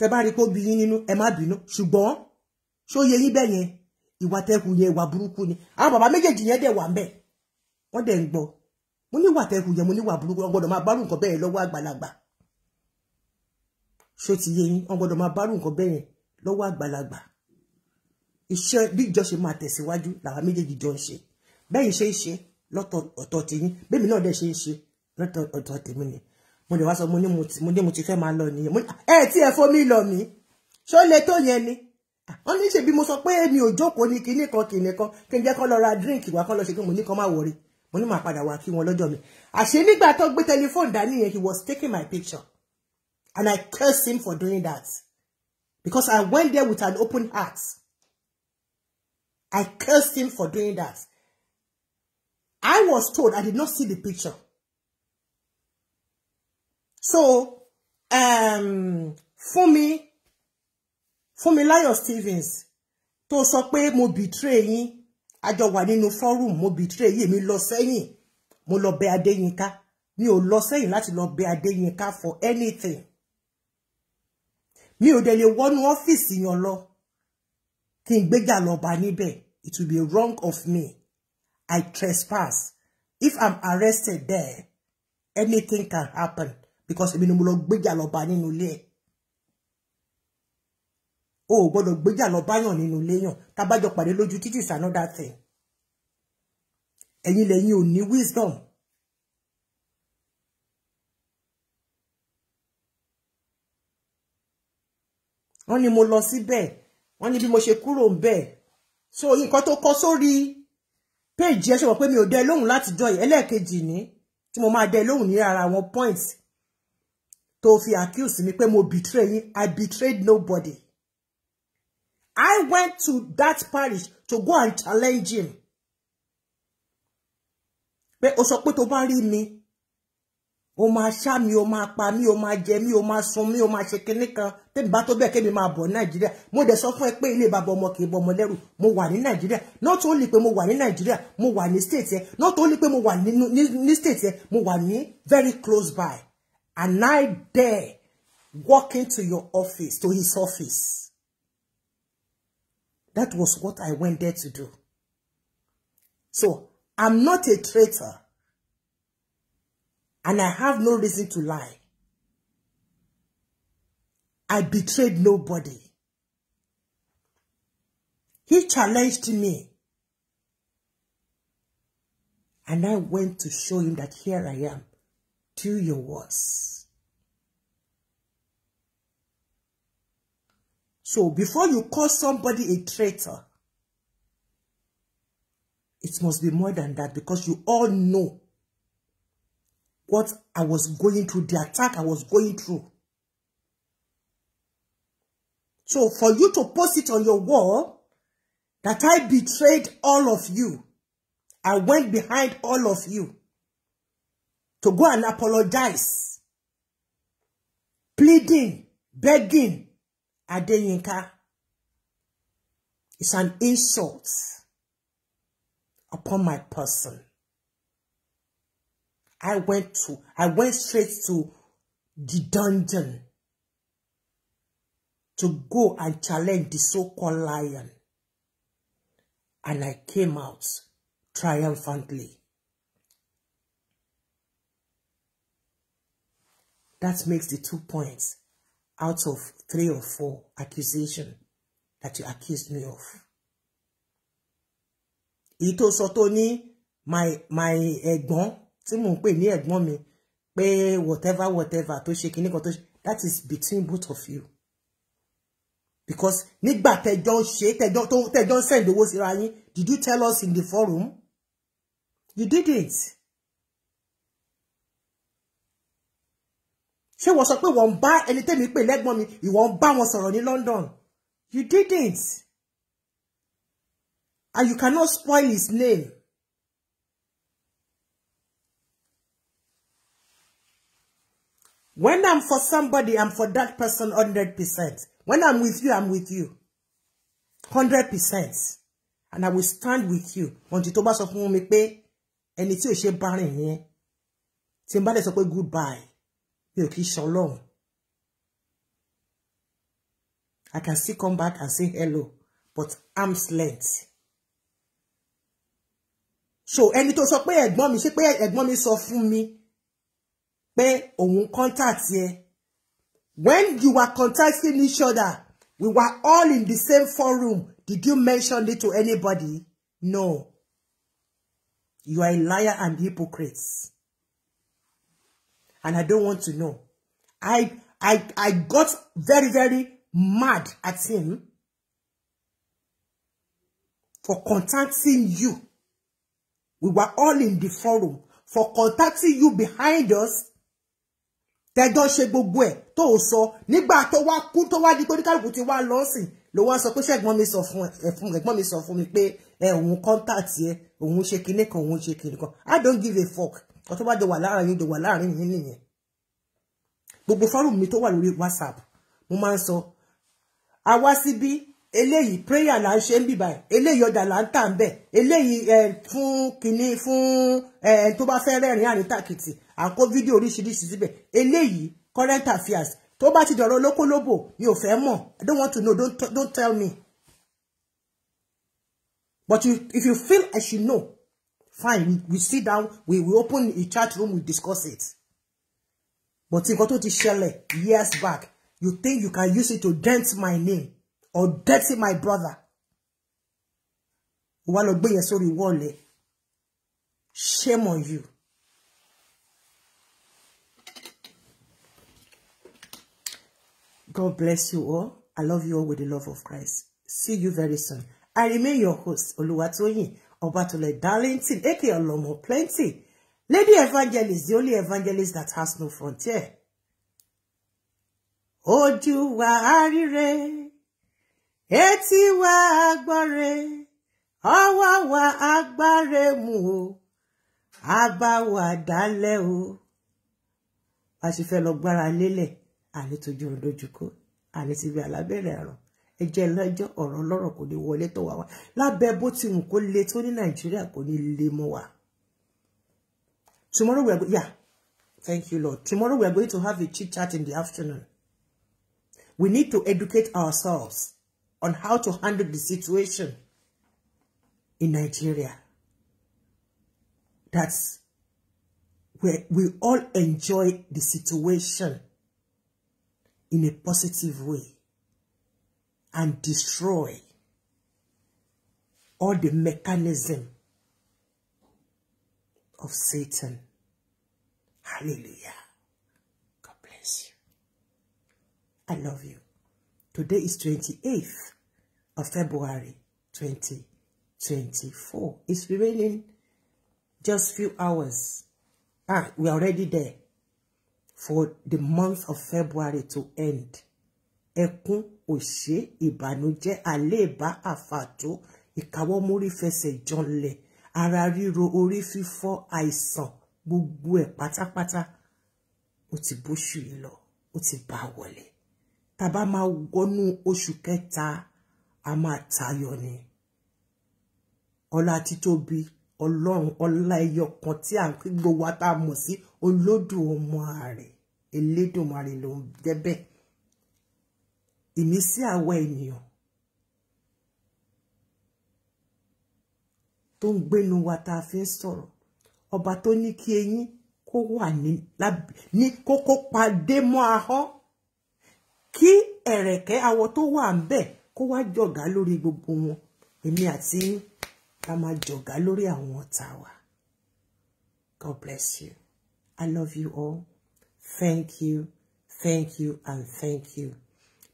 tẹ́ bá rí pé ó bí yín nínú ẹ má bínú ṣùgbọ́n ṣó yẹ yín bẹ́ẹ̀ yẹn ìwà tẹ́kù yẹn ìwà burúkú ni àwọn bàbá méjèèjì yẹn dẹ̀ wà ń bẹ̀ wọ́n dẹ̀ ń gbọ́ mo níwà tẹ́kù yẹn mo níwà burúkú wọn gbọ́dọ̀ máa bárù nǹkan bẹ́ẹ̀ lọ́wọ́ àgbàlagbà ṣó ti yẹ yín wọn gbọ́dọ̀ máa bárù nǹkan bẹ́ẹ̀ lọ́wọ́ àgbàlagbà iṣẹ́ bí ìjọ ṣe máa tẹ̀síwájú làwọn méjèèjì jọ ń ṣe bẹ́ẹ̀ ṣe ń ṣe lọ́tọ̀ ọ̀tọ̀ tèyín bẹ́ẹ̀ mi náà dẹ̀ ṣe ń ṣe lọ́tọ̀ ọ̀tọ̀ tèmi ni mo lè wá sọ mo ní mo ní mo ti fẹ́ máa lọ nìyẹn mo ní ẹ tí ẹ fomi lọ mí le tó yẹn ni wọ́n ní ṣe bí mo sọ pé mi ò jókòó ní kinní kan kinní kan kí n jẹ́ kó ra drink wá kó lọ ṣe pé mo ní kó má wọrí mo ní màá padà wá kí wọn lọ́jọ́ mi àṣé nígbà tó gbé tẹlifóònù dání yẹn he was taking my picture and I cursed him for doing that because I went there with an open heart I cursed him for doing that I was told I did not see the picture so um, Fúnmi Fúnmiláyọ̀ Stevens to sọ pé mo betray yín a jọ wà nínú forum mo betray yín mi lọ sẹ́yìn mo lọ bẹ Adéyínká mi ò lọ sẹ́yìn be lọ bẹ Adéyínká for anything mi ò dẹ̀ lè wọnú ọ́fíìsì yan lọ kí n gbéjà lọ bá níbẹ̀ it will be wrong of me I trespass if I'm arrested there anything can happen because èmi ni mo lọ gbéjà lọ bá nínú ilé ẹ̀ o ò gbọ́dọ̀ gbéjà lọ báyàn nínú ilé yàn tábàjọ pàdé lójú títì is another thing ẹ̀yin lẹ́yìn ò ní wisdom. wọ́n ní mo lọ síbẹ̀ wọ́n ní bí mo ṣe kúrò ń bẹ̀ so nǹkan tó kọ sórí péèjì ẹ ṣe mo pé mi ò dẹ lóhùn látijọ́ yìí ẹlẹ́ẹ̀kejì ní tí mo máa dẹ lóhùn ní ara àwọn points tó fi accuse mi pé mo betray yín I betrayed nobody I went to that parish to go and challenge him pé o sọ pé tó bá rí mi o máa ṣá mi o máa pa mi o máa jẹ mi o máa sun mi o máa ṣe kinní kan tèmi bá tó bẹ́ẹ̀ kémi máa bọ̀ nàìjíríà mo de sọ fún ẹ pé ilé bàbá ọmọ kì í bọ ọmọ mo wà ní nàìjíríà not only pe mo wà ní nàìjíríà mo wà ní state ẹ not only pe mo wà ni state ẹ mo wà ní very close by And I dare walk into your office, to his office. That was what I went there to do. So, I'm not a traitor. And I have no reason to lie. I betrayed nobody. He challenged me. And I went to show him that here I am do your worst. So before you call somebody a traitor, it must be more than that because you all know what I was going through, the attack I was going through. So for you to post it on your wall that I betrayed all of you, I went behind all of you, to go and apologize, pleading, begging Adeyinka its an insult upon my person. I went to, I went straight to the dungeon to go and challenge the so-called lion. And I came out triumphantly. That makes the two points out of three or four accusation that you accused me of. Èyí tó sọ tó my my ẹ̀gbọ́n tí mò ń pè ní ẹ̀gbọ́n mi pé whatever whatever to ṣe kíní kan tó that is between both of you. Because te nígbà tẹjọ́ ṣe tẹjọ́ te tẹjọ́ send owó síra yín did you tell us in the forum? You did it. ṣé wọ́n sọ pé wọ́n ń bá ẹni tẹ́mi pè lẹ́gbọ́n mi ìwọ ń bá wọn sọ̀rọ̀ ní London you didn't and you cannot spoil his name. When I'm for somebody, I'm for that person 100%. When I'm with you, I'm with you. 100%. And I will stand with you. Until tó bá sọ fún mi pé ẹni tí ò ṣe bá rìn yẹn. goodbye. You ò kì í I can still come back and say hello but arm's length so ẹni tó sọ pé ẹ̀gbọ́n mi ṣé a ẹ̀gbọ́n So sọ me, mi pé won't contact ye. when you were contacting each other we were all in the same forum did you mention it to anybody no you are a liar and hypocrites and I don't want to know. I I I got very very mad at him for contacting you. We were all in the forum for contacting you behind us. They don't shake ẹ̀ To o sọ nígbà wa wá kú tó di kodi kalu ti wa lọ́sìn Lo wa sọ pé ṣẹ́gbọ́n mi sọ fún ẹ̀gbọ́n mi sọ fún mi pé ẹ̀ òun kọ́ńtàtì ẹ̀ òun ṣe kinní kan òun ṣe kinní kan I don't give a fuck kan tó bá jọ wà láàrin jọ wà láàrin yìí nìyẹn gbogbo fọ́rùn mi tó wà lórí whatsapp mo máa ń sọ a wá síbí eléyìí prayer là ń ṣe ń bì báyìí eléyìí ọjà là ń tà ń bẹ̀ eléyìí fún kínní fún tó bá fẹ́ rẹ́rìn àrìn tàkìtì à ń kó current affairs tó bá ti doro lokolobo mi ò fẹ́ mọ̀ i don't want to know don't, don't tell me but you, if you feel i should know fine we, we sit down we, we open a chat room we discuss it but nǹkan tó ti ṣẹlẹ̀ years back you think you can use it to dent my name or dirty my brother wà lọ gbé yẹn sórí wọ́ọ̀lẹ̀ shame on you. God bless you all. I love you all with the love of Christ. See you very soon. I remain your host, Oluwatoyin. Obatule Darlington, aka Olomo Plenty. Lady Evangelist, the only evangelist that has no frontier. Ojú wa arire, Eti wa agbare. ọwọ́ wa agbare mu Aba wa dale o. A sì fẹ́ lọ gbára lélẹ̀, àní tójú ọdójúkó, àní ti bí ẹ jẹ́ ọ̀rọ̀ ọlọ́rọ̀ kò ní wọlé tó wà wá lábẹ́ bó ti kó le tó ní kò ní le mọ́ wa. tomorrow we are yeah thank you lord tomorrow we are going to have a chit chat in the afternoon we need to educate ourselves on how to handle the situation in nigeria That's where we all enjoy the situation in a positive way and destroy all the mechanism of Satan. Hallelujah. God bless you. I love you. Today is 28th of February 2024. It's remaining just few hours. Ah, we're already there for the month of February to end. ẹkún òṣè ìbànújẹ́ àléèbá àfàtó ìkáwọ́ mórí fẹsẹ̀ janlẹ̀ ara ríro orí fífọ́ àìsàn gbogbo ẹ̀ pátápátá ó ti bóṣù yìí lọ ó ti bá wọlé tàbá máa wọnú oṣù kẹta a máa tayọ ni ọlá títóbi ọlọ́run ọlá ẹyọ tí à ń pín gbowó tá a mọ̀ sí olódùmarè elédùmarè ló ń jẹ́ bẹ́ẹ̀ ìmísí àwa ènìyàn tó ń gbénu wa tá a fi ń sọ̀rọ̀ ọba tó ní kí eyín kó wà ní kókó padé mọ́ ahọ́ kí ẹ̀rẹ̀kẹ́ awọ tó wà ń bẹ̀ kó wá jọ̀gá lórí gbogbo wọn èmi àti ká máa jọ̀gá lórí àwọn ọ̀tá wa God bless you I love you all thank you thank you and thank you.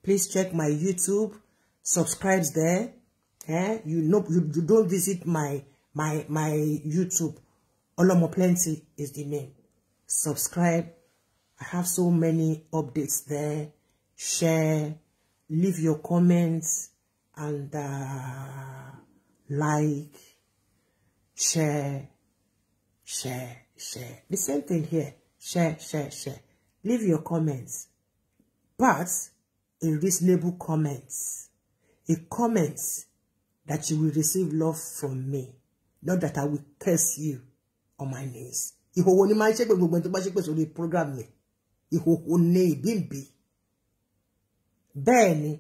Please check my YouTube. Subscribe there. Eh? You know you, you don't visit my my my YouTube. Olomo Plenty is the name. Subscribe. I have so many updates there. Share, leave your comments, and uh, like, share, share, share. The same thing here. Share, share, share. Leave your comments. But in reasonable comments. A comment that you will receive love from me. Not that I will curse you on my knees. Ìhòhò ni máa ń ṣépè gbogbo ẹni tó bá ṣépè sórí program mi. Ìhòhò ni ìbíǹbí. Bẹ́ẹ̀ ni,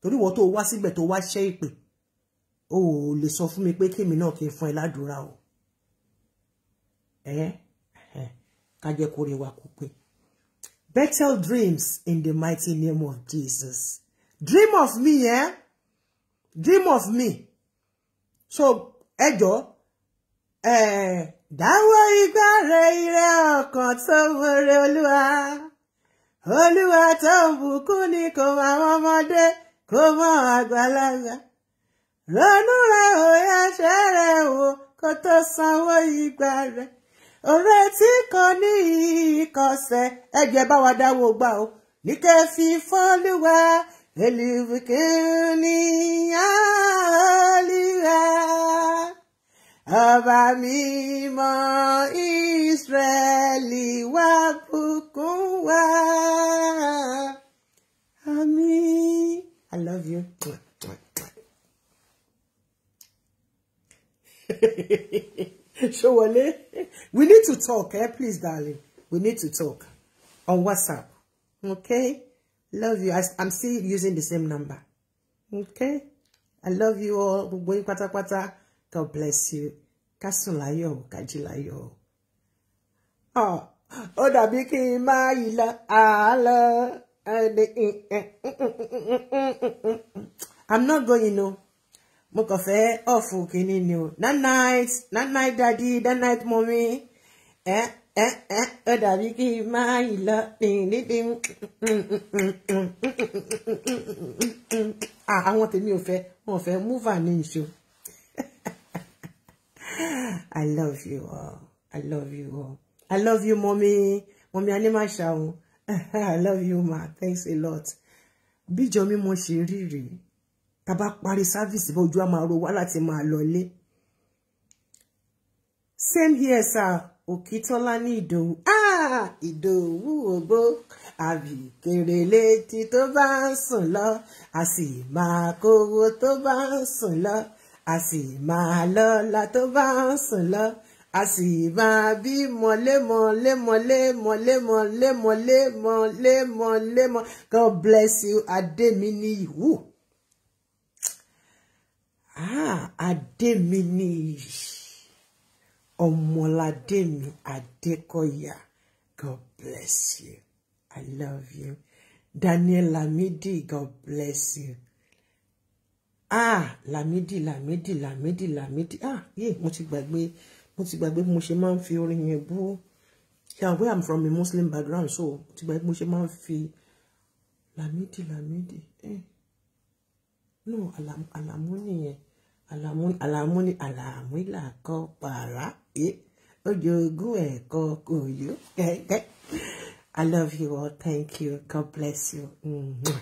torí wọ́n tó wá síbẹ̀ tó wá ṣẹ́ ìpè, o ò lè sọ mi pé kémi náà kí n fún ẹ ládùúrà o. Ẹ ẹ ká jẹ́ kó rẹwà kó Bethel dreams in the mighty name of Jesus. Dream of me, eh? Dream of me. So, ẹjọ́, eh, dáwọ́ ìgbàre ire ọkàn tó mọ̀rẹ́ olúwa. Olúwa tó ń bùkún ni kò mọ àwọn ọmọdé, kò mọ àgbàlagbà. Ronú rẹ̀ òye ọ̀rẹ́ tí kan ní ìkọsẹ̀ ẹ̀jẹ̀ bá wa dáwọ́ gbà ó ní kẹ́ fi fọ́lùwà èlùkìnní àlùwà ọba mímọ́ ìsírẹ́lì wá bùkún wá. Àmín. I love you. Hehehehe Ṣowọlé, we need to talk, eh? Please, darling. We need to talk on WhatsApp. Okay? Love you. I, I'm still using the same number. Okay? I love you all. Gbogbo yín pátápátá. God bless you. Ká sùn láyọ̀, ká jí Oh, da biki ma ila máa I'm not going, no mo kàn fẹ́ ọ̀fù kìíní ni o that night that night daddy that night mommy ẹ ẹ ẹ ó dàbí kí n máa yìí lọ nídìí àwọn tèmi ò fẹ́ wọn ò fẹ́ mover ní ìṣó I love you all I love you all I love you mommy mommy animasha o I love you ma thanks a lot bíjọ mi mo ṣe rí rèé tá a bá parí sáfíìsì bó ojú á máa ro wá láti máa same here sir Òkítọ́láni Ìdòwú ah Ìdòwú ògbó àbíkèrèlé tí tó bá ń sùn lọ a sì máa Asi ma bá ń sùn lọ a sì máa lọ́lá tó mole mole mole mole mole. sì máa bí mọ̀lémọ̀lémọ̀lémọ̀lémọ̀lémọ̀lémọ̀lémọ̀ God bless you Ademini. wù adémini ọmọládémi Adekoya. god bless you i love you daniel lamidi god bless you ah lamidi lamidi lamidi lamidi ah yé mo ti gbàgbé mo ti gbàgbé mo ṣe máa ń fi orin yẹn bú yeah where i'm from a muslim background so mo ti gbàgbé mo ṣe máa ń fi lamidi lamidi eh no alamu alamu nìyẹn àlàmúni àlàmúlà kọ pààrà yé ojoogun ẹkọ kò yó kẹkẹ I love you all thank you God bless you. Mm -hmm.